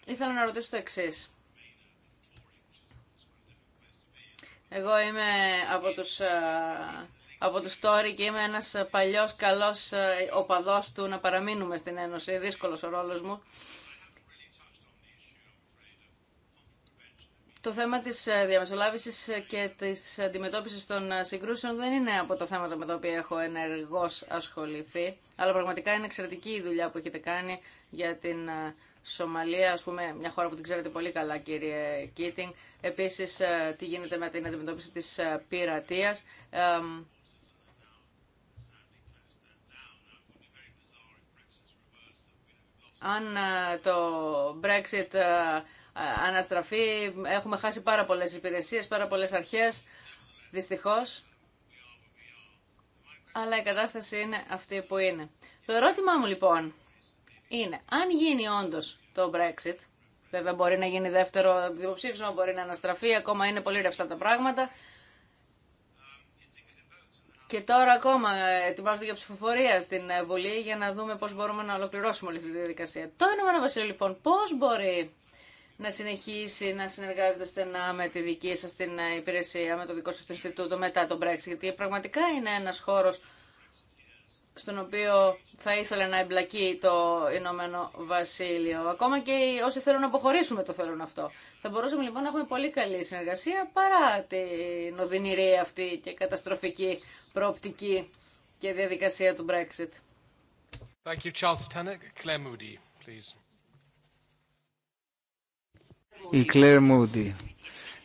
Ήθελα να ρωτήσω το εξή. Εγώ είμαι από τους, ε, από τους Τόρι και είμαι ένας παλιός καλός ε, οπαδός του να παραμείνουμε στην Ένωση. Δύσκολος ο ρόλος μου. το θέμα της ε, διαμεσολάβηση ε, και της αντιμετώπιση των ε, συγκρούσεων δεν είναι από τα θέματα με τα οποία έχω ενεργώ ασχοληθεί, αλλά πραγματικά είναι εξαιρετική η δουλειά που έχετε κάνει για την Σομαλία, ας πούμε, μια χώρα που την ξέρετε πολύ καλά κύριε Κίτινγκ. Επίσης, τι γίνεται με την αντιμετώπιση τη πειρατεία. Αν το Brexit ε, αναστραφεί, έχουμε χάσει πάρα πολλές υπηρεσίες, πάρα πολλές αρχές, δυστυχώς. Αλλά η κατάσταση είναι αυτή που είναι. Το ερώτημά μου λοιπόν είναι, αν γίνει όντως το Brexit, βέβαια μπορεί να γίνει δεύτερο δημοψήφισμα, μπορεί να αναστραφεί, ακόμα είναι πολύ ρευστά τα πράγματα, και τώρα ακόμα ετοιμάζονται για ψηφοφορία στην Βουλή για να δούμε πώς μπορούμε να ολοκληρώσουμε όλη αυτή τη διαδικασία. Το ΕΒ, λοιπόν πώς μπορεί να συνεχίσει να συνεργάζεται στενά με τη δική σας την ε, υπηρεσία, με το δικό σας το Ινστιτούτο μετά τον Brexit, γιατί πραγματικά είναι ένας χώρος στον οποίο θα ήθελε να εμπλακεί το Ηνωμένο Βασίλειο. Ακόμα και όσοι θέλουν να αποχωρήσουμε το θέλουν αυτό. Θα μπορούσαμε λοιπόν να έχουμε πολύ καλή συνεργασία παρά την οδυνηρή αυτή και καταστροφική προοπτική και διαδικασία του Brexit. Thank you, Charles Claire Moody, please. Η Claire Moody.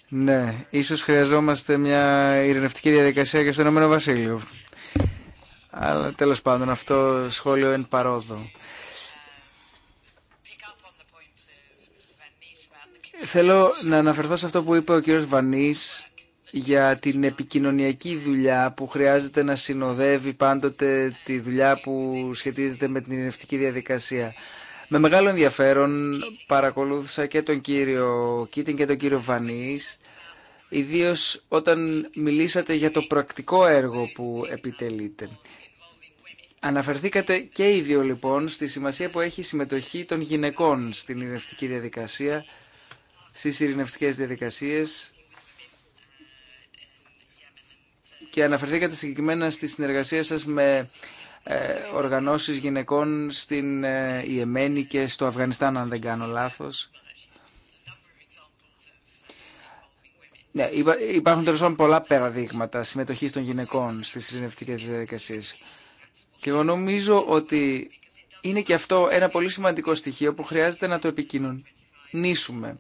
Ναι, ίσως χρειαζόμαστε μια ειρηνευτική διαδικασία και στον Ηνωμένο Βασίλειο. Αλλά τέλος πάντων αυτό σχόλιο εν παρόδο. Θέλω να αναφερθώ σε αυτό που είπε ο κύριος Βανής για την επικοινωνιακή δουλειά που χρειάζεται να συνοδεύει πάντοτε τη δουλειά που σχετίζεται με την ειρηνευτική διαδικασία. Με μεγάλο ενδιαφέρον ε, παρακολούθησα και τον κύριο Κίτιν και τον κύριο Βανής, ιδίως όταν μιλήσατε για το πρακτικό έργο που επιτελείτε. Αναφερθήκατε και οι δύο λοιπόν στη σημασία που έχει η συμμετοχή των γυναικών στην ειρηνευτική διαδικασία, στις ειρηνευτικές διαδικασίες και αναφερθήκατε συγκεκριμένα στη συνεργασία σας με ε, οργανώσεις γυναικών στην ε, Ιεμένη και στο Αφγανιστάν, αν δεν κάνω λάθος. Ναι, υπάρχουν τέλο πάντων πολλά παραδείγματα συμμετοχή των γυναικών στις συνευτικέ διαδικασίε. Και εγώ νομίζω ότι είναι και αυτό ένα πολύ σημαντικό στοιχείο που χρειάζεται να το επικοινωνήσουμε.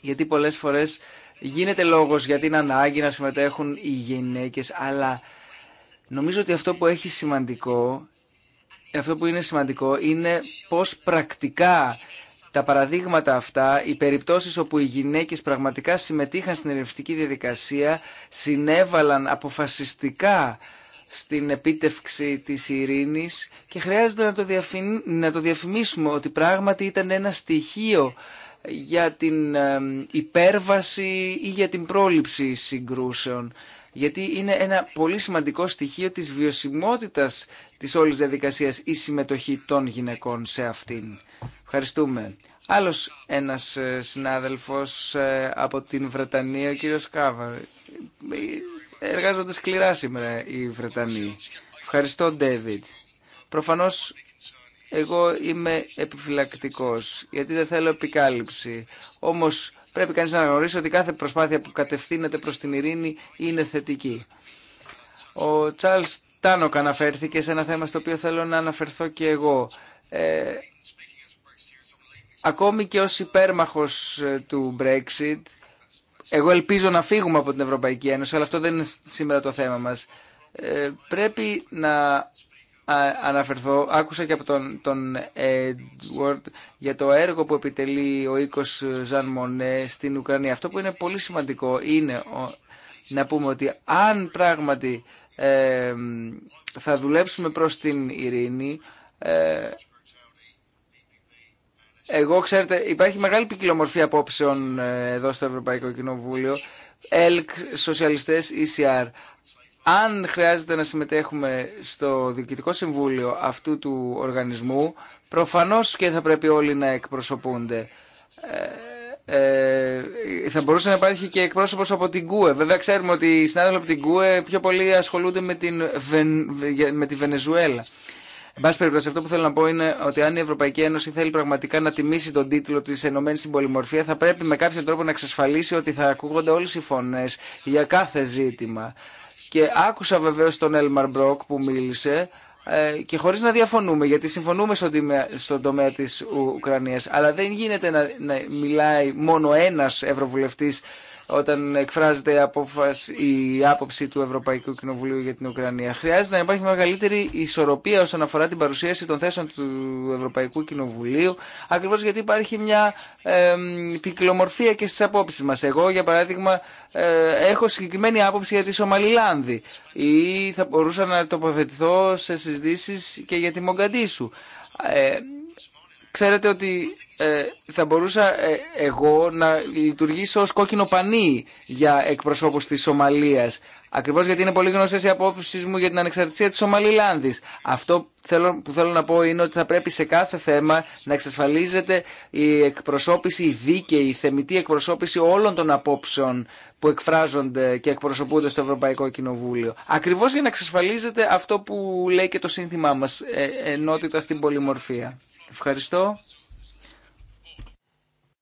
Γιατί πολλέ φορέ γίνεται λόγο για την ανάγκη να συμμετέχουν οι γυναίκε, αλλά Νομίζω ότι αυτό που έχει σημαντικό, αυτό που είναι σημαντικό είναι πώς πρακτικά τα παραδείγματα αυτά, οι περιπτώσεις όπου οι γυναίκες πραγματικά συμμετείχαν στην ερευνητική διαδικασία, συνέβαλαν αποφασιστικά στην επίτευξη της ειρήνης και χρειάζεται να το, να το διαφημίσουμε ότι πράγματι ήταν ένα στοιχείο για την υπέρβαση ή για την πρόληψη συγκρούσεων γιατί είναι ένα πολύ σημαντικό στοιχείο της βιωσιμότητας της όλης διαδικασίας η συμμετοχή των γυναικών σε αυτήν. Ευχαριστούμε. Άλλος ένας ε, συνάδελφος ε, από την Βρετανία, ο κύριος Κάβα. Ε, εργάζονται σκληρά σήμερα οι Βρετανοί. Ευχαριστώ, Ντέβιτ. Προφανώς εγώ είμαι επιφυλακτικός, γιατί δεν θέλω επικάλυψη. Όμως πρέπει κανείς να γνωρίσει ότι κάθε προσπάθεια που κατευθύνεται προς την ειρήνη είναι θετική. Ο Τσάλς Τάνοκ αναφέρθηκε σε ένα θέμα στο οποίο θέλω να αναφερθώ και εγώ. Ε, ακόμη και ως υπέρμαχος ε, του Brexit, εγώ ελπίζω να φύγουμε από την Ευρωπαϊκή Ένωση, αλλά αυτό δεν είναι σήμερα το θέμα μας. Ε, πρέπει να αναφερθώ. Άκουσα και από τον, τον Edward για το έργο που επιτελεί ο οίκος Ζαν Μονέ στην Ουκρανία. Αυτό που είναι πολύ σημαντικό είναι να πούμε ότι αν πράγματι ε, θα δουλέψουμε προς την ειρήνη, ε, εγώ, ξέρετε, υπάρχει μεγάλη ποικιλομορφία απόψεων ε, εδώ στο Ευρωπαϊκό Κοινοβούλιο. ΕΛΚ, σοσιαλιστές, ECR αν χρειάζεται να συμμετέχουμε στο Διοικητικό Συμβούλιο αυτού του οργανισμού, προφανώς και θα πρέπει όλοι να εκπροσωπούνται. Ε, ε, θα μπορούσε να υπάρχει και εκπρόσωπος από την ΚΟΕ. Βέβαια ξέρουμε ότι οι συνάδελφοι από την ΚΟΕ πιο πολύ ασχολούνται με, την, με τη Βενεζουέλα. Εν πάση περιπτώσει, αυτό που θέλω να πω είναι ότι αν η Ευρωπαϊκή Ένωση θέλει πραγματικά να τιμήσει τον τίτλο τη Ενωμένη στην Πολυμορφία, θα πρέπει με κάποιο τρόπο να εξασφαλίσει ότι θα ακούγονται όλε οι φωνέ για κάθε ζήτημα. Και άκουσα βεβαίως τον Έλμαρ Μπρόκ που μίλησε ε, και χωρίς να διαφωνούμε, γιατί συμφωνούμε στον τομέα της Ουκρανίας, αλλά δεν γίνεται να μιλάει μόνο ένας ευρωβουλευτής όταν εκφράζεται η, η άποψη του Ευρωπαϊκού Κοινοβουλίου για την Ουκρανία. Χρειάζεται να υπάρχει μεγαλύτερη ισορροπία όσον αφορά την παρουσίαση των θέσεων του Ευρωπαϊκού Κοινοβουλίου, Ακριβώ γιατί υπάρχει μια ε, πυκλομορφία και στι απόψει μας. Εγώ, για παράδειγμα, ε, έχω συγκεκριμένη άποψη για τη Σομαλιλάνδη ή θα μπορούσα να τοποθετηθώ σε συζητήσει και για τη Μογκαντήσου. Ε, ξέρετε ότι ε, θα μπορούσα ε, εγώ να λειτουργήσω ως κόκκινο πανί για εκπροσώπους της Σομαλίας. Ακριβώς γιατί είναι πολύ γνωστές οι απόψεις μου για την ανεξαρτησία της Σομαλιλάνδης. Αυτό που θέλω να πω είναι ότι θα πρέπει σε κάθε θέμα να εξασφαλίζεται η εκπροσώπηση, η δίκαιη, η θεμητή εκπροσώπηση όλων των απόψεων που εκφράζονται και εκπροσωπούνται στο Ευρωπαϊκό Κοινοβούλιο. Ακριβώς για να εξασφαλίζεται αυτό που λέει και το σύνθημά μας, ε, ενότητα στην πολυμορφία. Ευχαριστώ.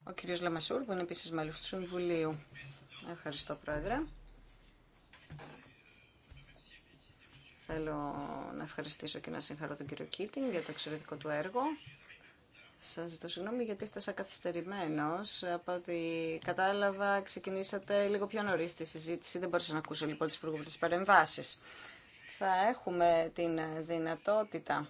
Ο κύριος Λαμασούρ, που είναι επίσης μέλος του Συμβουλίου. Ευχαριστώ, Πρόεδρε. Θέλω να ευχαριστήσω και να συγχαρώ τον κύριο Κίτινγκ για το εξαιρετικό του έργο. Σας ζητώ συγγνώμη γιατί έφτασα καθυστερημένος. Από ό,τι κατάλαβα, ξεκινήσατε λίγο πιο νωρίς τη συζήτηση. Δεν μπορούσα να ακούσω λοιπόν τις προηγούμενες παρεμβάσεις. Θα έχουμε την δυνατότητα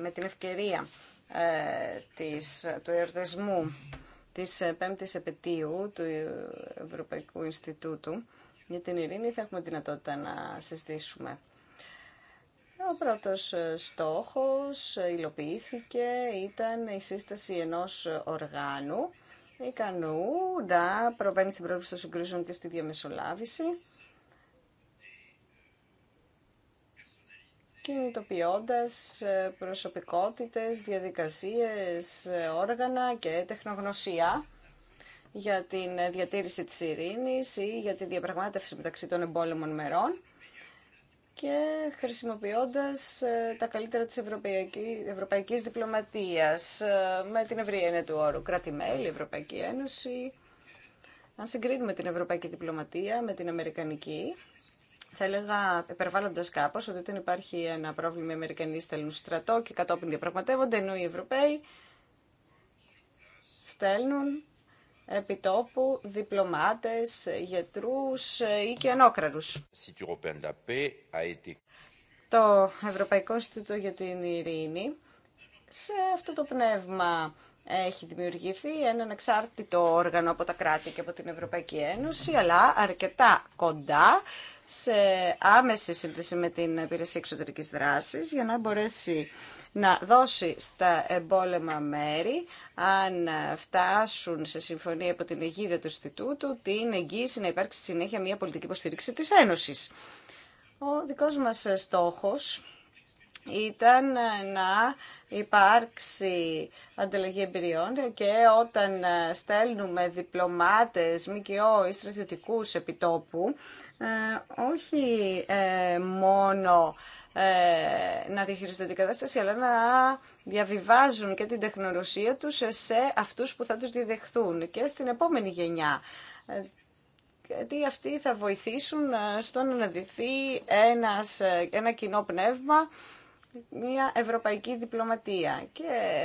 με την ευκαιρία ε, της, του εορτασμού της ε, πέμπτης επαιτίου του Ευρωπαϊκού Ινστιτούτου για την ειρήνη θα έχουμε δυνατότητα να συζητήσουμε. Ο πρώτος ε, στόχος υλοποιήθηκε, ήταν η σύσταση ενός οργάνου ικανού να προβαίνει στην πρόληψη των συγκρούσεων και στη διαμεσολάβηση κινητοποιώντας ε, προσωπικότητες, διαδικασίες, ε, όργανα και τεχνογνωσία για την ε, διατήρηση της ειρήνης ή για τη διαπραγμάτευση μεταξύ των εμπόλεμων μερών και χρησιμοποιώντας τα καλύτερα της ευρωπαϊκής διπλωματίας με την ευρία του όρου κράτη-μέλη, Ευρωπαϊκή Ένωση. Αν συγκρίνουμε την ευρωπαϊκή διπλωματία με την αμερικανική, θα έλεγα, υπερβάλλοντα κάπω, ότι όταν υπάρχει ένα πρόβλημα, οι Αμερικανοί στέλνουν στρατό και κατόπιν διαπραγματεύονται, ενώ οι Ευρωπαίοι στέλνουν επιτόπου διπλωμάτε, γιατρού ε, ή και ανώκρανους. Το Ευρωπαϊκό Ινστιτούτο για την Ειρήνη σε αυτό το πνεύμα έχει δημιουργηθεί έναν εξάρτητο όργανο από τα κράτη και από την Ευρωπαϊκή Ένωση, αλλά αρκετά κοντά σε άμεση σύνδεση με την υπηρεσία εξωτερική δράσης για να μπορέσει να δώσει στα εμπόλεμα μέρη, αν φτάσουν σε συμφωνία από την αιγίδα του Ινστιτούτου, την εγγύηση να υπάρξει συνέχεια μια πολιτική υποστήριξη της Ένωσης. Ο δικός μας στόχος ήταν να υπάρξει ανταλλαγή εμπειριών και όταν στέλνουμε διπλωμάτες, ΜΚΟ ή στρατιωτικούς επιτόπου ε, όχι ε, μόνο ε, να διαχειριστούν την κατάσταση, αλλά να διαβιβάζουν και την τεχνορωσία τους σε αυτούς που θα τους διδεχθούν και στην επόμενη γενιά. Γιατί αυτοί θα βοηθήσουν στο να αναδυθεί ένας, ένα κοινό πνεύμα, μια ευρωπαϊκή διπλωματία. Και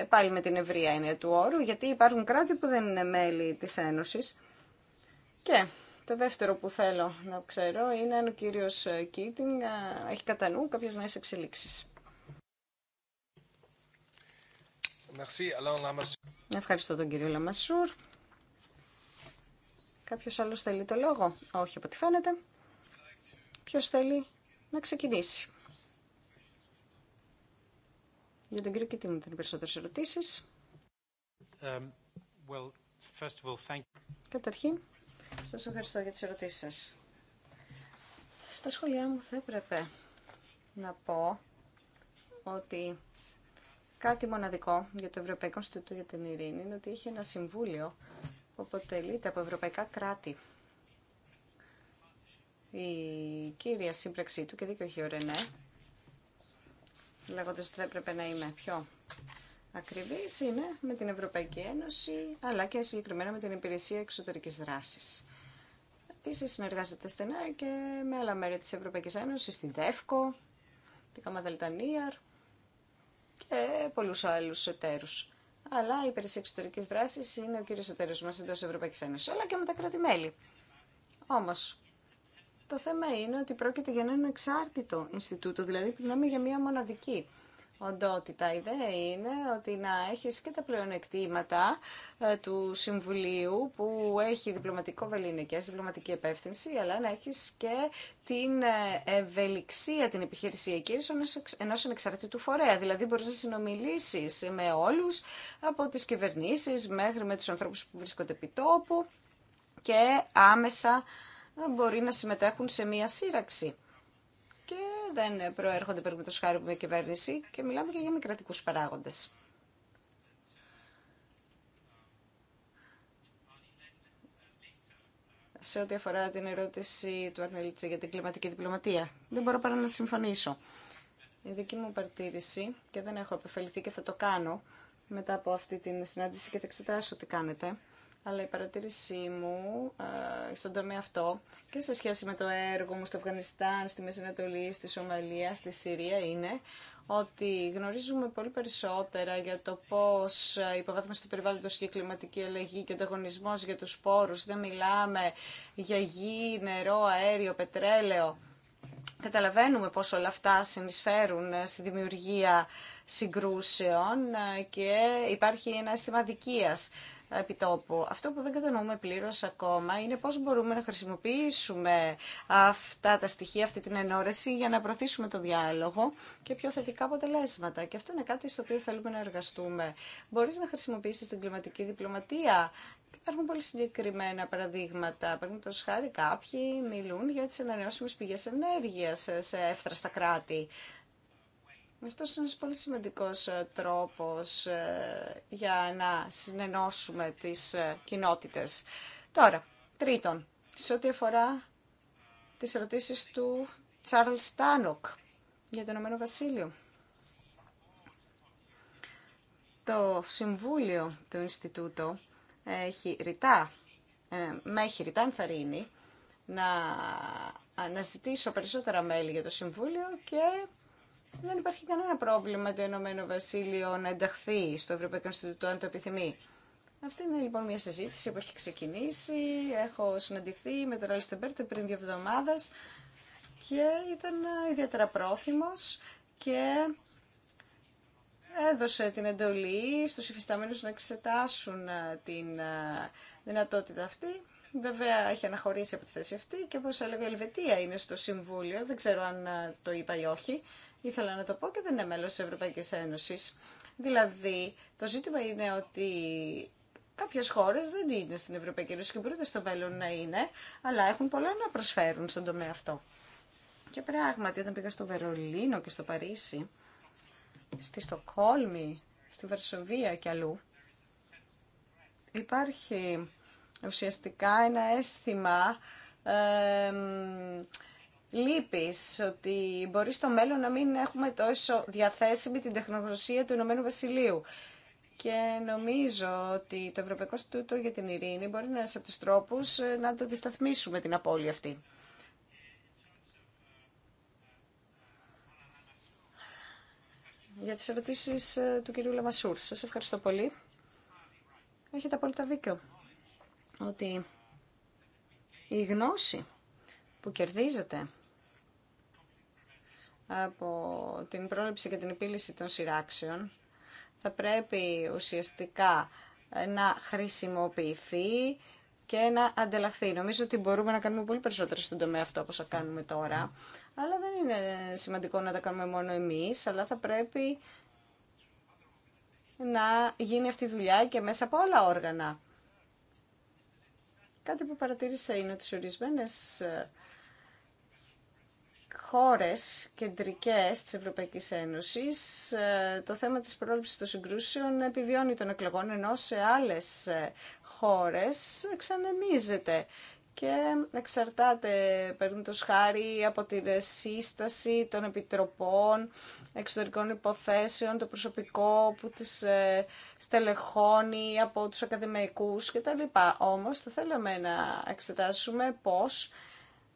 πάλι με την ευρεία είναι του όρου, γιατί υπάρχουν κράτη που δεν είναι μέλη της Ένωσης. Και το δεύτερο που θέλω να ξέρω είναι αν ο κύριος Κίτινγκ ε, έχει κατά νου κάποιες νέες εξελίξεις. Ευχαριστώ τον κύριο Λαμασούρ. Κάποιος άλλος θέλει το λόγο. Όχι από ό,τι φαίνεται. Ποιος θέλει να ξεκινήσει. Για τον κύριο Κίτινγκ ήταν περισσότερες ερωτήσεις. Um, well, Καταρχήν, σας ευχαριστώ για τις ερωτήσεις σας. Στα σχολιά μου θα έπρεπε να πω ότι κάτι μοναδικό για το Ευρωπαϊκό Ινστιτούτο για την Ειρήνη είναι ότι είχε ένα συμβούλιο που αποτελείται από ευρωπαϊκά κράτη. Η κύρια σύμπραξή του, και δίκιο έχει ο Ρενέ, λέγοντας ότι θα έπρεπε να είμαι πιο Ακριβή είναι με την Ευρωπαϊκή Ένωση, αλλά και συγκεκριμένα με την Υπηρεσία εξωτερική δράση. Επίση συνεργάζεται στενά και με άλλα μέρη τη Ευρωπαϊκή Ένωση, την ΔΕΦΚΟ, την Καμαδελτανίαρ και πολλού άλλου εταίρους. Αλλά η υπηρεσία εξωτερική δράση είναι ο κύριο εταίρο μα εντό Ευρωπαϊκή Ένωση, αλλά και με τα κράτη-μέλη. Όμω, το θέμα είναι ότι πρόκειται για ένα εξάρτητο Ινστιτούτο, δηλαδή μιλάμε για μία μοναδική οντότητα. Η ιδέα είναι ότι να έχεις και τα πλεονεκτήματα ε, του Συμβουλίου που έχει διπλωματικό βεληνικές, διπλωματική επεύθυνση, αλλά να έχεις και την ε, ευελιξία την επιχειρησιακή ενό ανεξαρτήτου φορέα. Δηλαδή μπορείς να συνομιλήσεις με όλους, από τις κυβερνήσεις μέχρι με τους ανθρώπους που βρίσκονται επί τόπου και άμεσα ε, μπορεί να συμμετέχουν σε μία σύραξη και δεν προέρχονται περίπου χάρη από κυβέρνηση και μιλάμε και για μη παράγοντες. σε ό,τι αφορά την ερώτηση του Αρνελίτσα για την κλιματική διπλωματία. Δεν μπορώ παρά να συμφωνήσω. Η δική μου παρατήρηση, και δεν έχω επεφελθεί και θα το κάνω μετά από αυτή την συνάντηση και θα εξετάσω τι κάνετε, αλλά η παρατήρησή μου στον τομέα αυτό και σε σχέση με το έργο μου στο Αφγανιστάν, στη Μέση Ανατολή, στη Σομαλία, στη Συρία είναι ότι γνωρίζουμε πολύ περισσότερα για το πώς υποβάθμιση του περιβάλλοντος και κλιματική αλλαγή και ο για τους σπόρους. Δεν μιλάμε για γη, νερό, αέριο, πετρέλαιο. Καταλαβαίνουμε πώς όλα αυτά συνεισφέρουν ε, στη δημιουργία συγκρούσεων ε, και υπάρχει ένα αίσθημα δικίας επιτόπου. Αυτό που δεν κατανοούμε πλήρω ακόμα είναι πώ μπορούμε να χρησιμοποιήσουμε αυτά τα στοιχεία, αυτή την ενόρεση για να προωθήσουμε το διάλογο και πιο θετικά αποτελέσματα. Και αυτό είναι κάτι στο οποίο θέλουμε να εργαστούμε. Μπορεί να χρησιμοποιήσει την κλιματική διπλωματία Υπάρχουν πολύ συγκεκριμένα παραδείγματα. Παραδείγματο χάρη, κάποιοι μιλούν για τι ανανεώσιμε πηγέ ενέργεια σε εύθραστα κράτη. Αυτό είναι ένας πολύ σημαντικός ε, τρόπος ε, για να συνενώσουμε τις ε, κοινότητες. Τώρα, τρίτον, σε ό,τι αφορά τις ερωτήσεις του Τσάρλ Στάνοκ για το Ηνωμένο Βασίλειο. Το Συμβούλιο του Ινστιτούτου έχει ρητά, με έχει ρητά εμφαρίνει να αναζητήσω περισσότερα μέλη για το Συμβούλιο και δεν υπάρχει κανένα πρόβλημα το Ηνωμένο Βασίλειο να ενταχθεί στο Ευρωπαϊκό Ινστιτούτο αν το επιθυμεί. Αυτή είναι λοιπόν μια συζήτηση που έχει ξεκινήσει. Έχω συναντηθεί με τον Ράλιστε Μπέρτε πριν δύο εβδομάδε και ήταν ιδιαίτερα πρόθυμο και έδωσε την εντολή στους υφισταμένους να εξετάσουν ε, την ε, δυνατότητα αυτή. Βέβαια έχει αναχωρήσει από τη θέση αυτή και όπως έλεγα η Ελβετία είναι στο Συμβούλιο, δεν ξέρω αν ε, το είπα ή όχι ήθελα να το πω και δεν είναι μέλος της Ευρωπαϊκής Ένωσης. Δηλαδή, το ζήτημα είναι ότι κάποιες χώρες δεν είναι στην Ευρωπαϊκή Ένωση και μπορούν στο μέλλον να είναι, αλλά έχουν πολλά να προσφέρουν στον τομέα αυτό. Και πράγματι, όταν πήγα στο Βερολίνο και στο Παρίσι, στη Στοκόλμη, στη Βαρσοβία και αλλού, υπάρχει ουσιαστικά ένα αίσθημα ε, λύπης ότι μπορεί στο μέλλον να μην έχουμε τόσο διαθέσιμη την τεχνογνωσία του Ηνωμένου Βασιλείου. Και νομίζω ότι το Ευρωπαϊκό Στούτο για την Ειρήνη μπορεί να είναι από τους τρόπους ε, να το δισταθμίσουμε την απώλεια αυτή. Για τις ερωτήσεις ε, του κυρίου Λαμασούρ. Σας ευχαριστώ πολύ. Έχετε απόλυτα δίκιο ότι η γνώση που κερδίζεται από την πρόληψη και την επίλυση των σειράξεων θα πρέπει ουσιαστικά ε, να χρησιμοποιηθεί και να αντελαχθεί. Νομίζω ότι μπορούμε να κάνουμε πολύ περισσότερο στον τομέα αυτό όπως θα κάνουμε τώρα. Αλλά δεν είναι σημαντικό να τα κάνουμε μόνο εμείς, αλλά θα πρέπει να γίνει αυτή η δουλειά και μέσα από όλα όργανα. Κάτι που παρατήρησα είναι ότι σε ορισμένες ε, χώρες κεντρικές της Ευρωπαϊκής Ένωσης ε, το θέμα της πρόληψης των συγκρούσεων επιβιώνει των εκλογών ενώ σε άλλες ε, χώρες ξανεμίζεται και εξαρτάται το χάρη από τη σύσταση των επιτροπών εξωτερικών υποθέσεων, το προσωπικό που τις ε, στελεχώνει από τους ακαδημαϊκούς κτλ. Όμως θα θέλαμε να εξετάσουμε πώς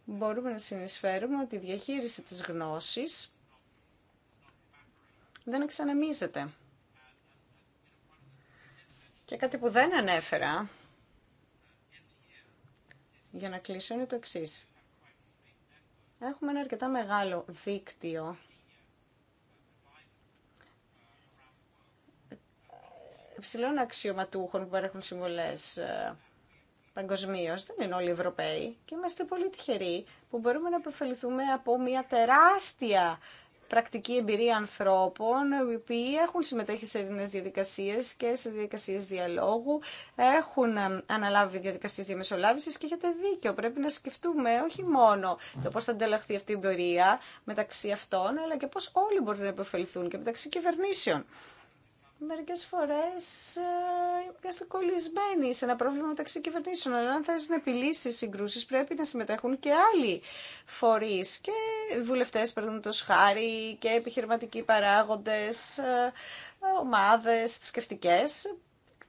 μπορούμε να συνεισφέρουμε ότι η διαχείριση της γνώσης δεν εξανεμίζεται. Και κάτι που δεν ανέφερα, για να κλείσω, είναι το εξή. Έχουμε ένα αρκετά μεγάλο δίκτυο υψηλών αξιωματούχων που παρέχουν συμβολές ε, παγκοσμίω. Δεν είναι όλοι Ευρωπαίοι και είμαστε πολύ τυχεροί που μπορούμε να επωφεληθούμε από μια τεράστια πρακτική εμπειρία ανθρώπων οι οποίοι έχουν συμμετέχει σε ελληνές διαδικασίες και σε διαδικασίες διαλόγου, έχουν ε, αναλάβει διαδικασίες διαμεσολάβησης και έχετε δίκιο. Πρέπει να σκεφτούμε όχι μόνο το πώς θα ανταλλαχθεί αυτή η εμπειρία μεταξύ αυτών, αλλά και πώς όλοι μπορούν να επωφεληθούν και μεταξύ κυβερνήσεων μερικές φορές ε, είμαστε κολλισμένοι σε ένα πρόβλημα μεταξύ κυβερνήσεων, αλλά αν θες να επιλύσει συγκρούσει, πρέπει να συμμετέχουν και άλλοι φορεί. και βουλευτέ, παραδείγματο χάρη, και επιχειρηματικοί παράγοντε, ε, ομάδε, θρησκευτικέ,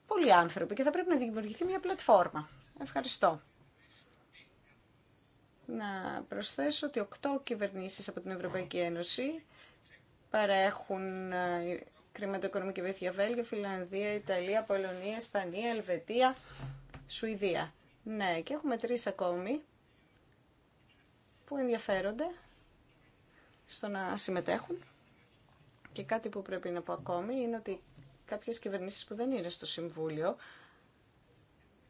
πολλοί άνθρωποι και θα πρέπει να δημιουργηθεί μια πλατφόρμα. Ευχαριστώ. Να προσθέσω ότι οκτώ κυβερνήσεις από την Ευρωπαϊκή Ένωση παρέχουν ε, Κρηματοοικονομική βοήθεια Βέλγιο, Φιλανδία, Ιταλία, Πολωνία, Ισπανία, Ελβετία, Σουηδία. Ναι, και έχουμε τρεις ακόμη που ενδιαφέρονται στο να συμμετέχουν. Και κάτι που πρέπει να πω ακόμη είναι ότι κάποιες κυβερνήσεις που δεν είναι στο Συμβούλιο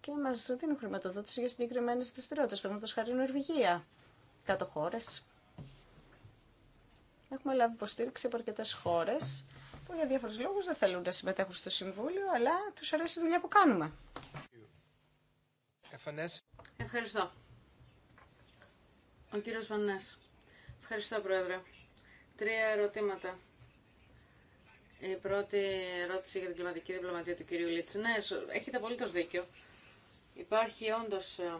και μας δίνουν χρηματοδότηση για συγκεκριμένες δραστηριότητες, παραδείγματος χάρη Ερβηγία κάτω χώρες. Έχουμε λάβει υποστήριξη από αρκετέ χώρες που για διάφορους λόγους δεν θέλουν να συμμετέχουν στο Συμβούλιο, αλλά τους αρέσει η δουλειά που κάνουμε. Ευχαριστώ. Ο κύριος Βανές. Ευχαριστώ, Πρόεδρε. Τρία ερωτήματα. Η πρώτη ερώτηση για την κλιματική διπλωματία του κυρίου Λίτς. Ναι, έχετε απολύτως δίκιο. Υπάρχει όντως ε,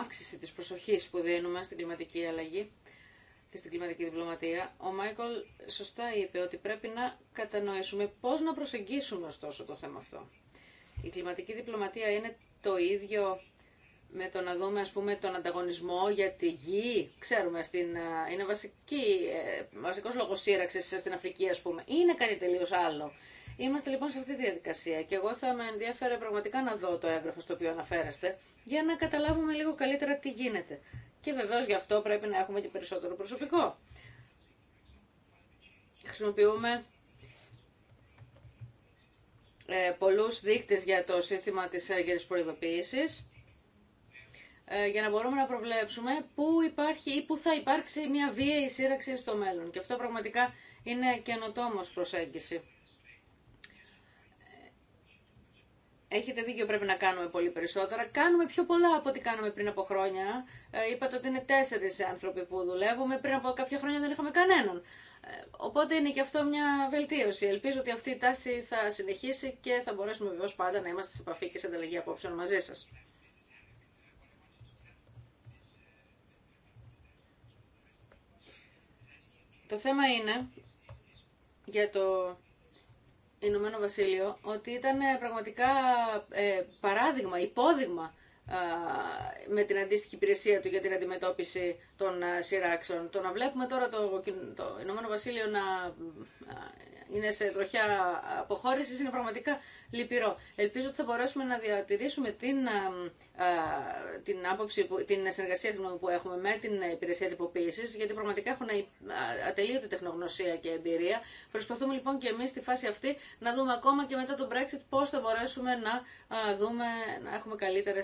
αύξηση της προσοχής που δίνουμε στην κλιματική αλλαγή και στην κλιματική διπλωματία, ο Μάικολ σωστά είπε ότι πρέπει να κατανοήσουμε πώς να προσεγγίσουμε ωστόσο το θέμα αυτό. Η κλιματική διπλωματία είναι το ίδιο με το να δούμε ας πούμε τον ανταγωνισμό για τη γη, ξέρουμε, στην, είναι βασική, ε, βασικός λόγος σύραξης στην Αφρική ας πούμε, είναι κάτι τελείω άλλο. Είμαστε λοιπόν σε αυτή τη διαδικασία και εγώ θα με ενδιαφέρε πραγματικά να δω το έγγραφο στο οποίο αναφέρεστε για να καταλάβουμε λίγο καλύτερα τι γίνεται. Και βεβαίως γι' αυτό πρέπει να έχουμε και περισσότερο προσωπικό. Χρησιμοποιούμε ε, πολλούς δείκτες για το σύστημα της έγκαιρης προειδοποίησης ε, για να μπορούμε να προβλέψουμε πού υπάρχει ή πού θα υπάρξει μια βίαιη σύραξη στο μέλλον. Και αυτό πραγματικά είναι καινοτόμος προσέγγιση. Έχετε δίκιο, πρέπει να κάνουμε πολύ περισσότερα. Κάνουμε πιο πολλά από ό,τι κάναμε πριν από χρόνια. Ε, είπατε ότι είναι τέσσερι άνθρωποι που δουλεύουμε. Πριν από κάποια χρόνια δεν είχαμε κανέναν. Ε, οπότε είναι και αυτό μια βελτίωση. Ελπίζω ότι αυτή η τάση θα συνεχίσει και θα μπορέσουμε βεβαίω πάντα να είμαστε σε επαφή και σε ανταλλαγή απόψεων μαζί σα. Το θέμα είναι για το Ηνωμένο Βασίλειο ότι ήταν ε, πραγματικά ε, παράδειγμα, υπόδειγμα με την αντίστοιχη υπηρεσία του για την αντιμετώπιση των ε, σειράξεων. Το να βλέπουμε τώρα το, το Ηνωμένο Βασίλειο να είναι σε τροχιά αποχώρησης είναι πραγματικά λυπηρό. Ελπίζω ότι θα μπορέσουμε να διατηρήσουμε την ε, την, άποψη, την συνεργασία που έχουμε με την υπηρεσία τυποποίηση, γιατί πραγματικά έχουν ατελείωτη τεχνογνωσία και εμπειρία. Προσπαθούμε λοιπόν και εμεί στη φάση αυτή να δούμε ακόμα και μετά τον Brexit πώ θα μπορέσουμε να, δούμε, να έχουμε καλύτερε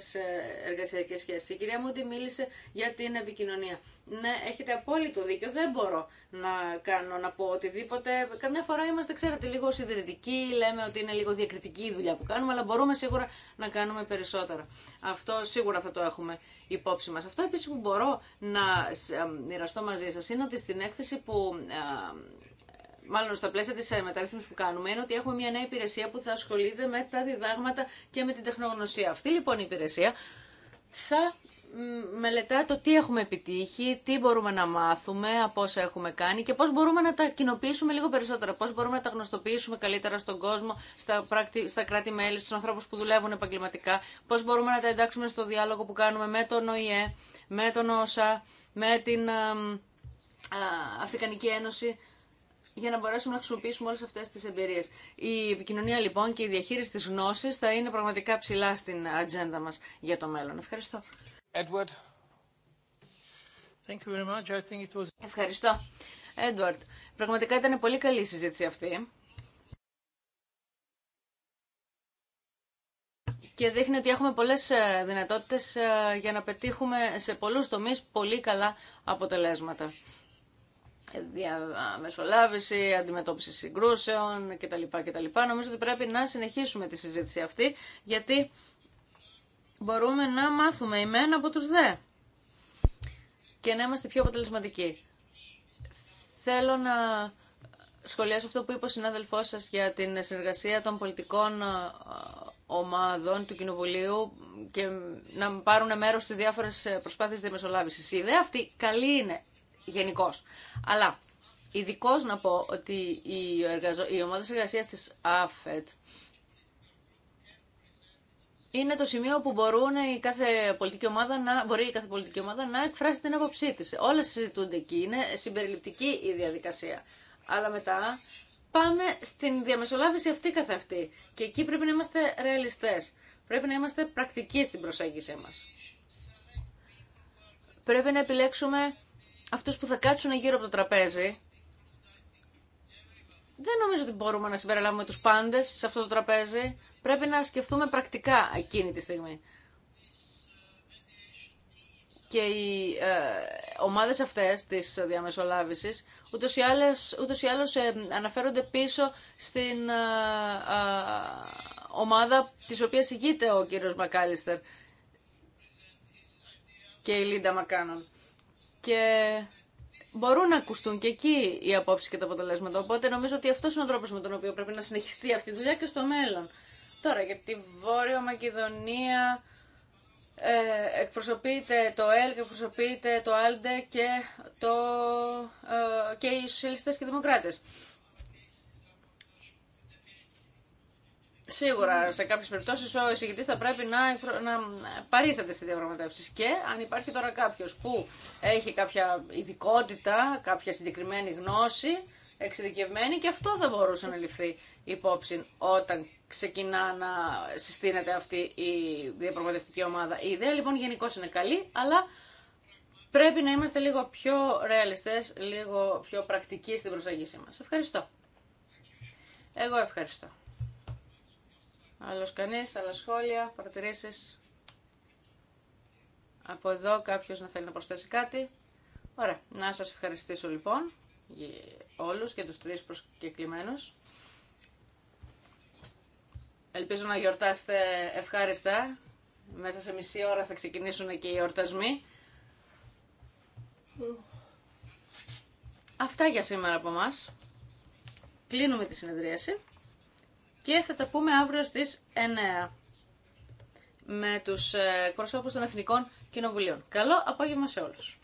εργασιακέ σχέσει. Η κυρία Μούντι μίλησε για την επικοινωνία. Ναι, έχετε απόλυτο δίκιο. Δεν μπορώ να κάνω να πω οτιδήποτε. Καμιά φορά είμαστε, ξέρετε, λίγο συντηρητικοί, λέμε ότι είναι λίγο διακριτική η δουλειά που κάνουμε, αλλά μπορούμε σίγουρα να κάνουμε περισσότερα. Αυτό σίγουρα θα το έχουμε υπόψη μας. Αυτό επίσης που μπορώ να ε, μοιραστώ μαζί σας είναι ότι στην έκθεση που ε, μάλλον στα πλαίσια τη ε, μεταρρύθμιση που κάνουμε, είναι ότι έχουμε μια νέα υπηρεσία που θα ασχολείται με τα διδάγματα και με την τεχνογνωσία. Αυτή λοιπόν η υπηρεσία θα μελετά το τι έχουμε επιτύχει, τι μπορούμε να μάθουμε από όσα έχουμε κάνει και πώς μπορούμε να τα κοινοποιήσουμε λίγο περισσότερα, πώς μπορούμε να τα γνωστοποιήσουμε καλύτερα στον κόσμο, στα, πράκτη, στα κράτη-μέλη, στους ανθρώπους που δουλεύουν επαγγελματικά, πώς μπορούμε να τα εντάξουμε στο διάλογο που κάνουμε με τον ΟΗΕ, με τον ΩΣΑ, με την Αφρικανική Ένωση για να μπορέσουμε να χρησιμοποιήσουμε όλες αυτές τις εμπειρίες. Η επικοινωνία λοιπόν και η διαχείριση της γνώσης θα είναι πραγματικά ψηλά στην ατζέντα μας για το μέλλον. Ευχαριστώ. Ευχαριστώ. Edward, πραγματικά ήταν πολύ καλή η συζήτηση αυτή. Και δείχνει ότι έχουμε πολλές ε, δυνατότητες ε, για να πετύχουμε σε πολλούς τομείς πολύ καλά αποτελέσματα. Διαμεσολάβηση, αντιμετώπιση συγκρούσεων κτλ. κτλ. Νομίζω ότι πρέπει να συνεχίσουμε τη συζήτηση αυτή, γιατί μπορούμε να μάθουμε ημένα από τους δε και να είμαστε πιο αποτελεσματικοί. Θέλω να σχολιάσω αυτό που είπε ο συνάδελφός σας για την συνεργασία των πολιτικών ε, ομάδων του Κοινοβουλίου και να πάρουν μέρος στις διάφορες ε, προσπάθειες διαμεσολάβησης. Η ιδέα αυτή καλή είναι γενικώ. Αλλά ειδικώ να πω ότι η εργαζο... οι ομάδες εργασίας της ΑΦΕΤ είναι το σημείο που μπορούν η κάθε πολιτική ομάδα να, μπορεί η κάθε πολιτική ομάδα να εκφράσει την άποψή τη. Όλα συζητούνται εκεί, είναι συμπεριληπτική η διαδικασία. Αλλά μετά πάμε στην διαμεσολάβηση αυτή καθ' αυτή. Και εκεί πρέπει να είμαστε ρεαλιστέ. Πρέπει να είμαστε πρακτικοί στην προσέγγιση μα. Πρέπει να επιλέξουμε αυτούς που θα κάτσουν γύρω από το τραπέζι. Δεν νομίζω ότι μπορούμε να συμπεριλάβουμε τους πάντες σε αυτό το τραπέζι. Πρέπει να σκεφτούμε πρακτικά εκείνη τη στιγμή. Και οι ε, ομάδες αυτές της διαμεσολάβησης ούτως ή άλλως, ούτως ή ε, αναφέρονται πίσω στην ε, ε, ομάδα της οποίας ηγείται ο κύριος Μακάλιστερ και η Λίντα Μακάνον. Και μπορούν να ακουστούν και εκεί οι απόψεις και τα αποτελέσματα. Οπότε νομίζω ότι αυτό είναι ο τρόπο με τον οποίο πρέπει να συνεχιστεί αυτή η δουλειά και στο μέλλον. Τώρα για τη Βόρειο Μακεδονία ε, εκπροσωπείται το ΕΛΚ, εκπροσωπείται το ΑΛΔΕ και, το, ε, και οι σοσιαλιστές και οι δημοκράτες. Σίγουρα σε κάποιες περιπτώσεις ο εισηγητής θα πρέπει να, να παρίσταται στις διαπραγματεύσει. Και αν υπάρχει τώρα κάποιος που έχει κάποια ειδικότητα, κάποια συγκεκριμένη γνώση, εξειδικευμένη, και αυτό θα μπορούσε να ληφθεί υπόψη όταν ξεκινά να συστήνεται αυτή η διαπραγματευτική ομάδα. Η ιδέα λοιπόν γενικώ είναι καλή, αλλά πρέπει να είμαστε λίγο πιο ρεαλιστές, λίγο πιο πρακτικοί στην προσέγγιση μας. Ευχαριστώ. Εγώ ευχαριστώ. Άλλος κανείς, άλλα σχόλια, παρατηρήσεις. Από εδώ κάποιος να θέλει να προσθέσει κάτι. Ωραία. Να σας ευχαριστήσω λοιπόν όλους και τους τρεις προσκεκλημένους. Ελπίζω να γιορτάσετε ευχάριστα. Μέσα σε μισή ώρα θα ξεκινήσουν και οι εορτασμοί. Αυτά για σήμερα από μας. Κλείνουμε τη συνεδρίαση και θα τα πούμε αύριο στις 9 με τους ε, προσώπους των Εθνικών Κοινοβουλίων. Καλό απόγευμα σε όλους.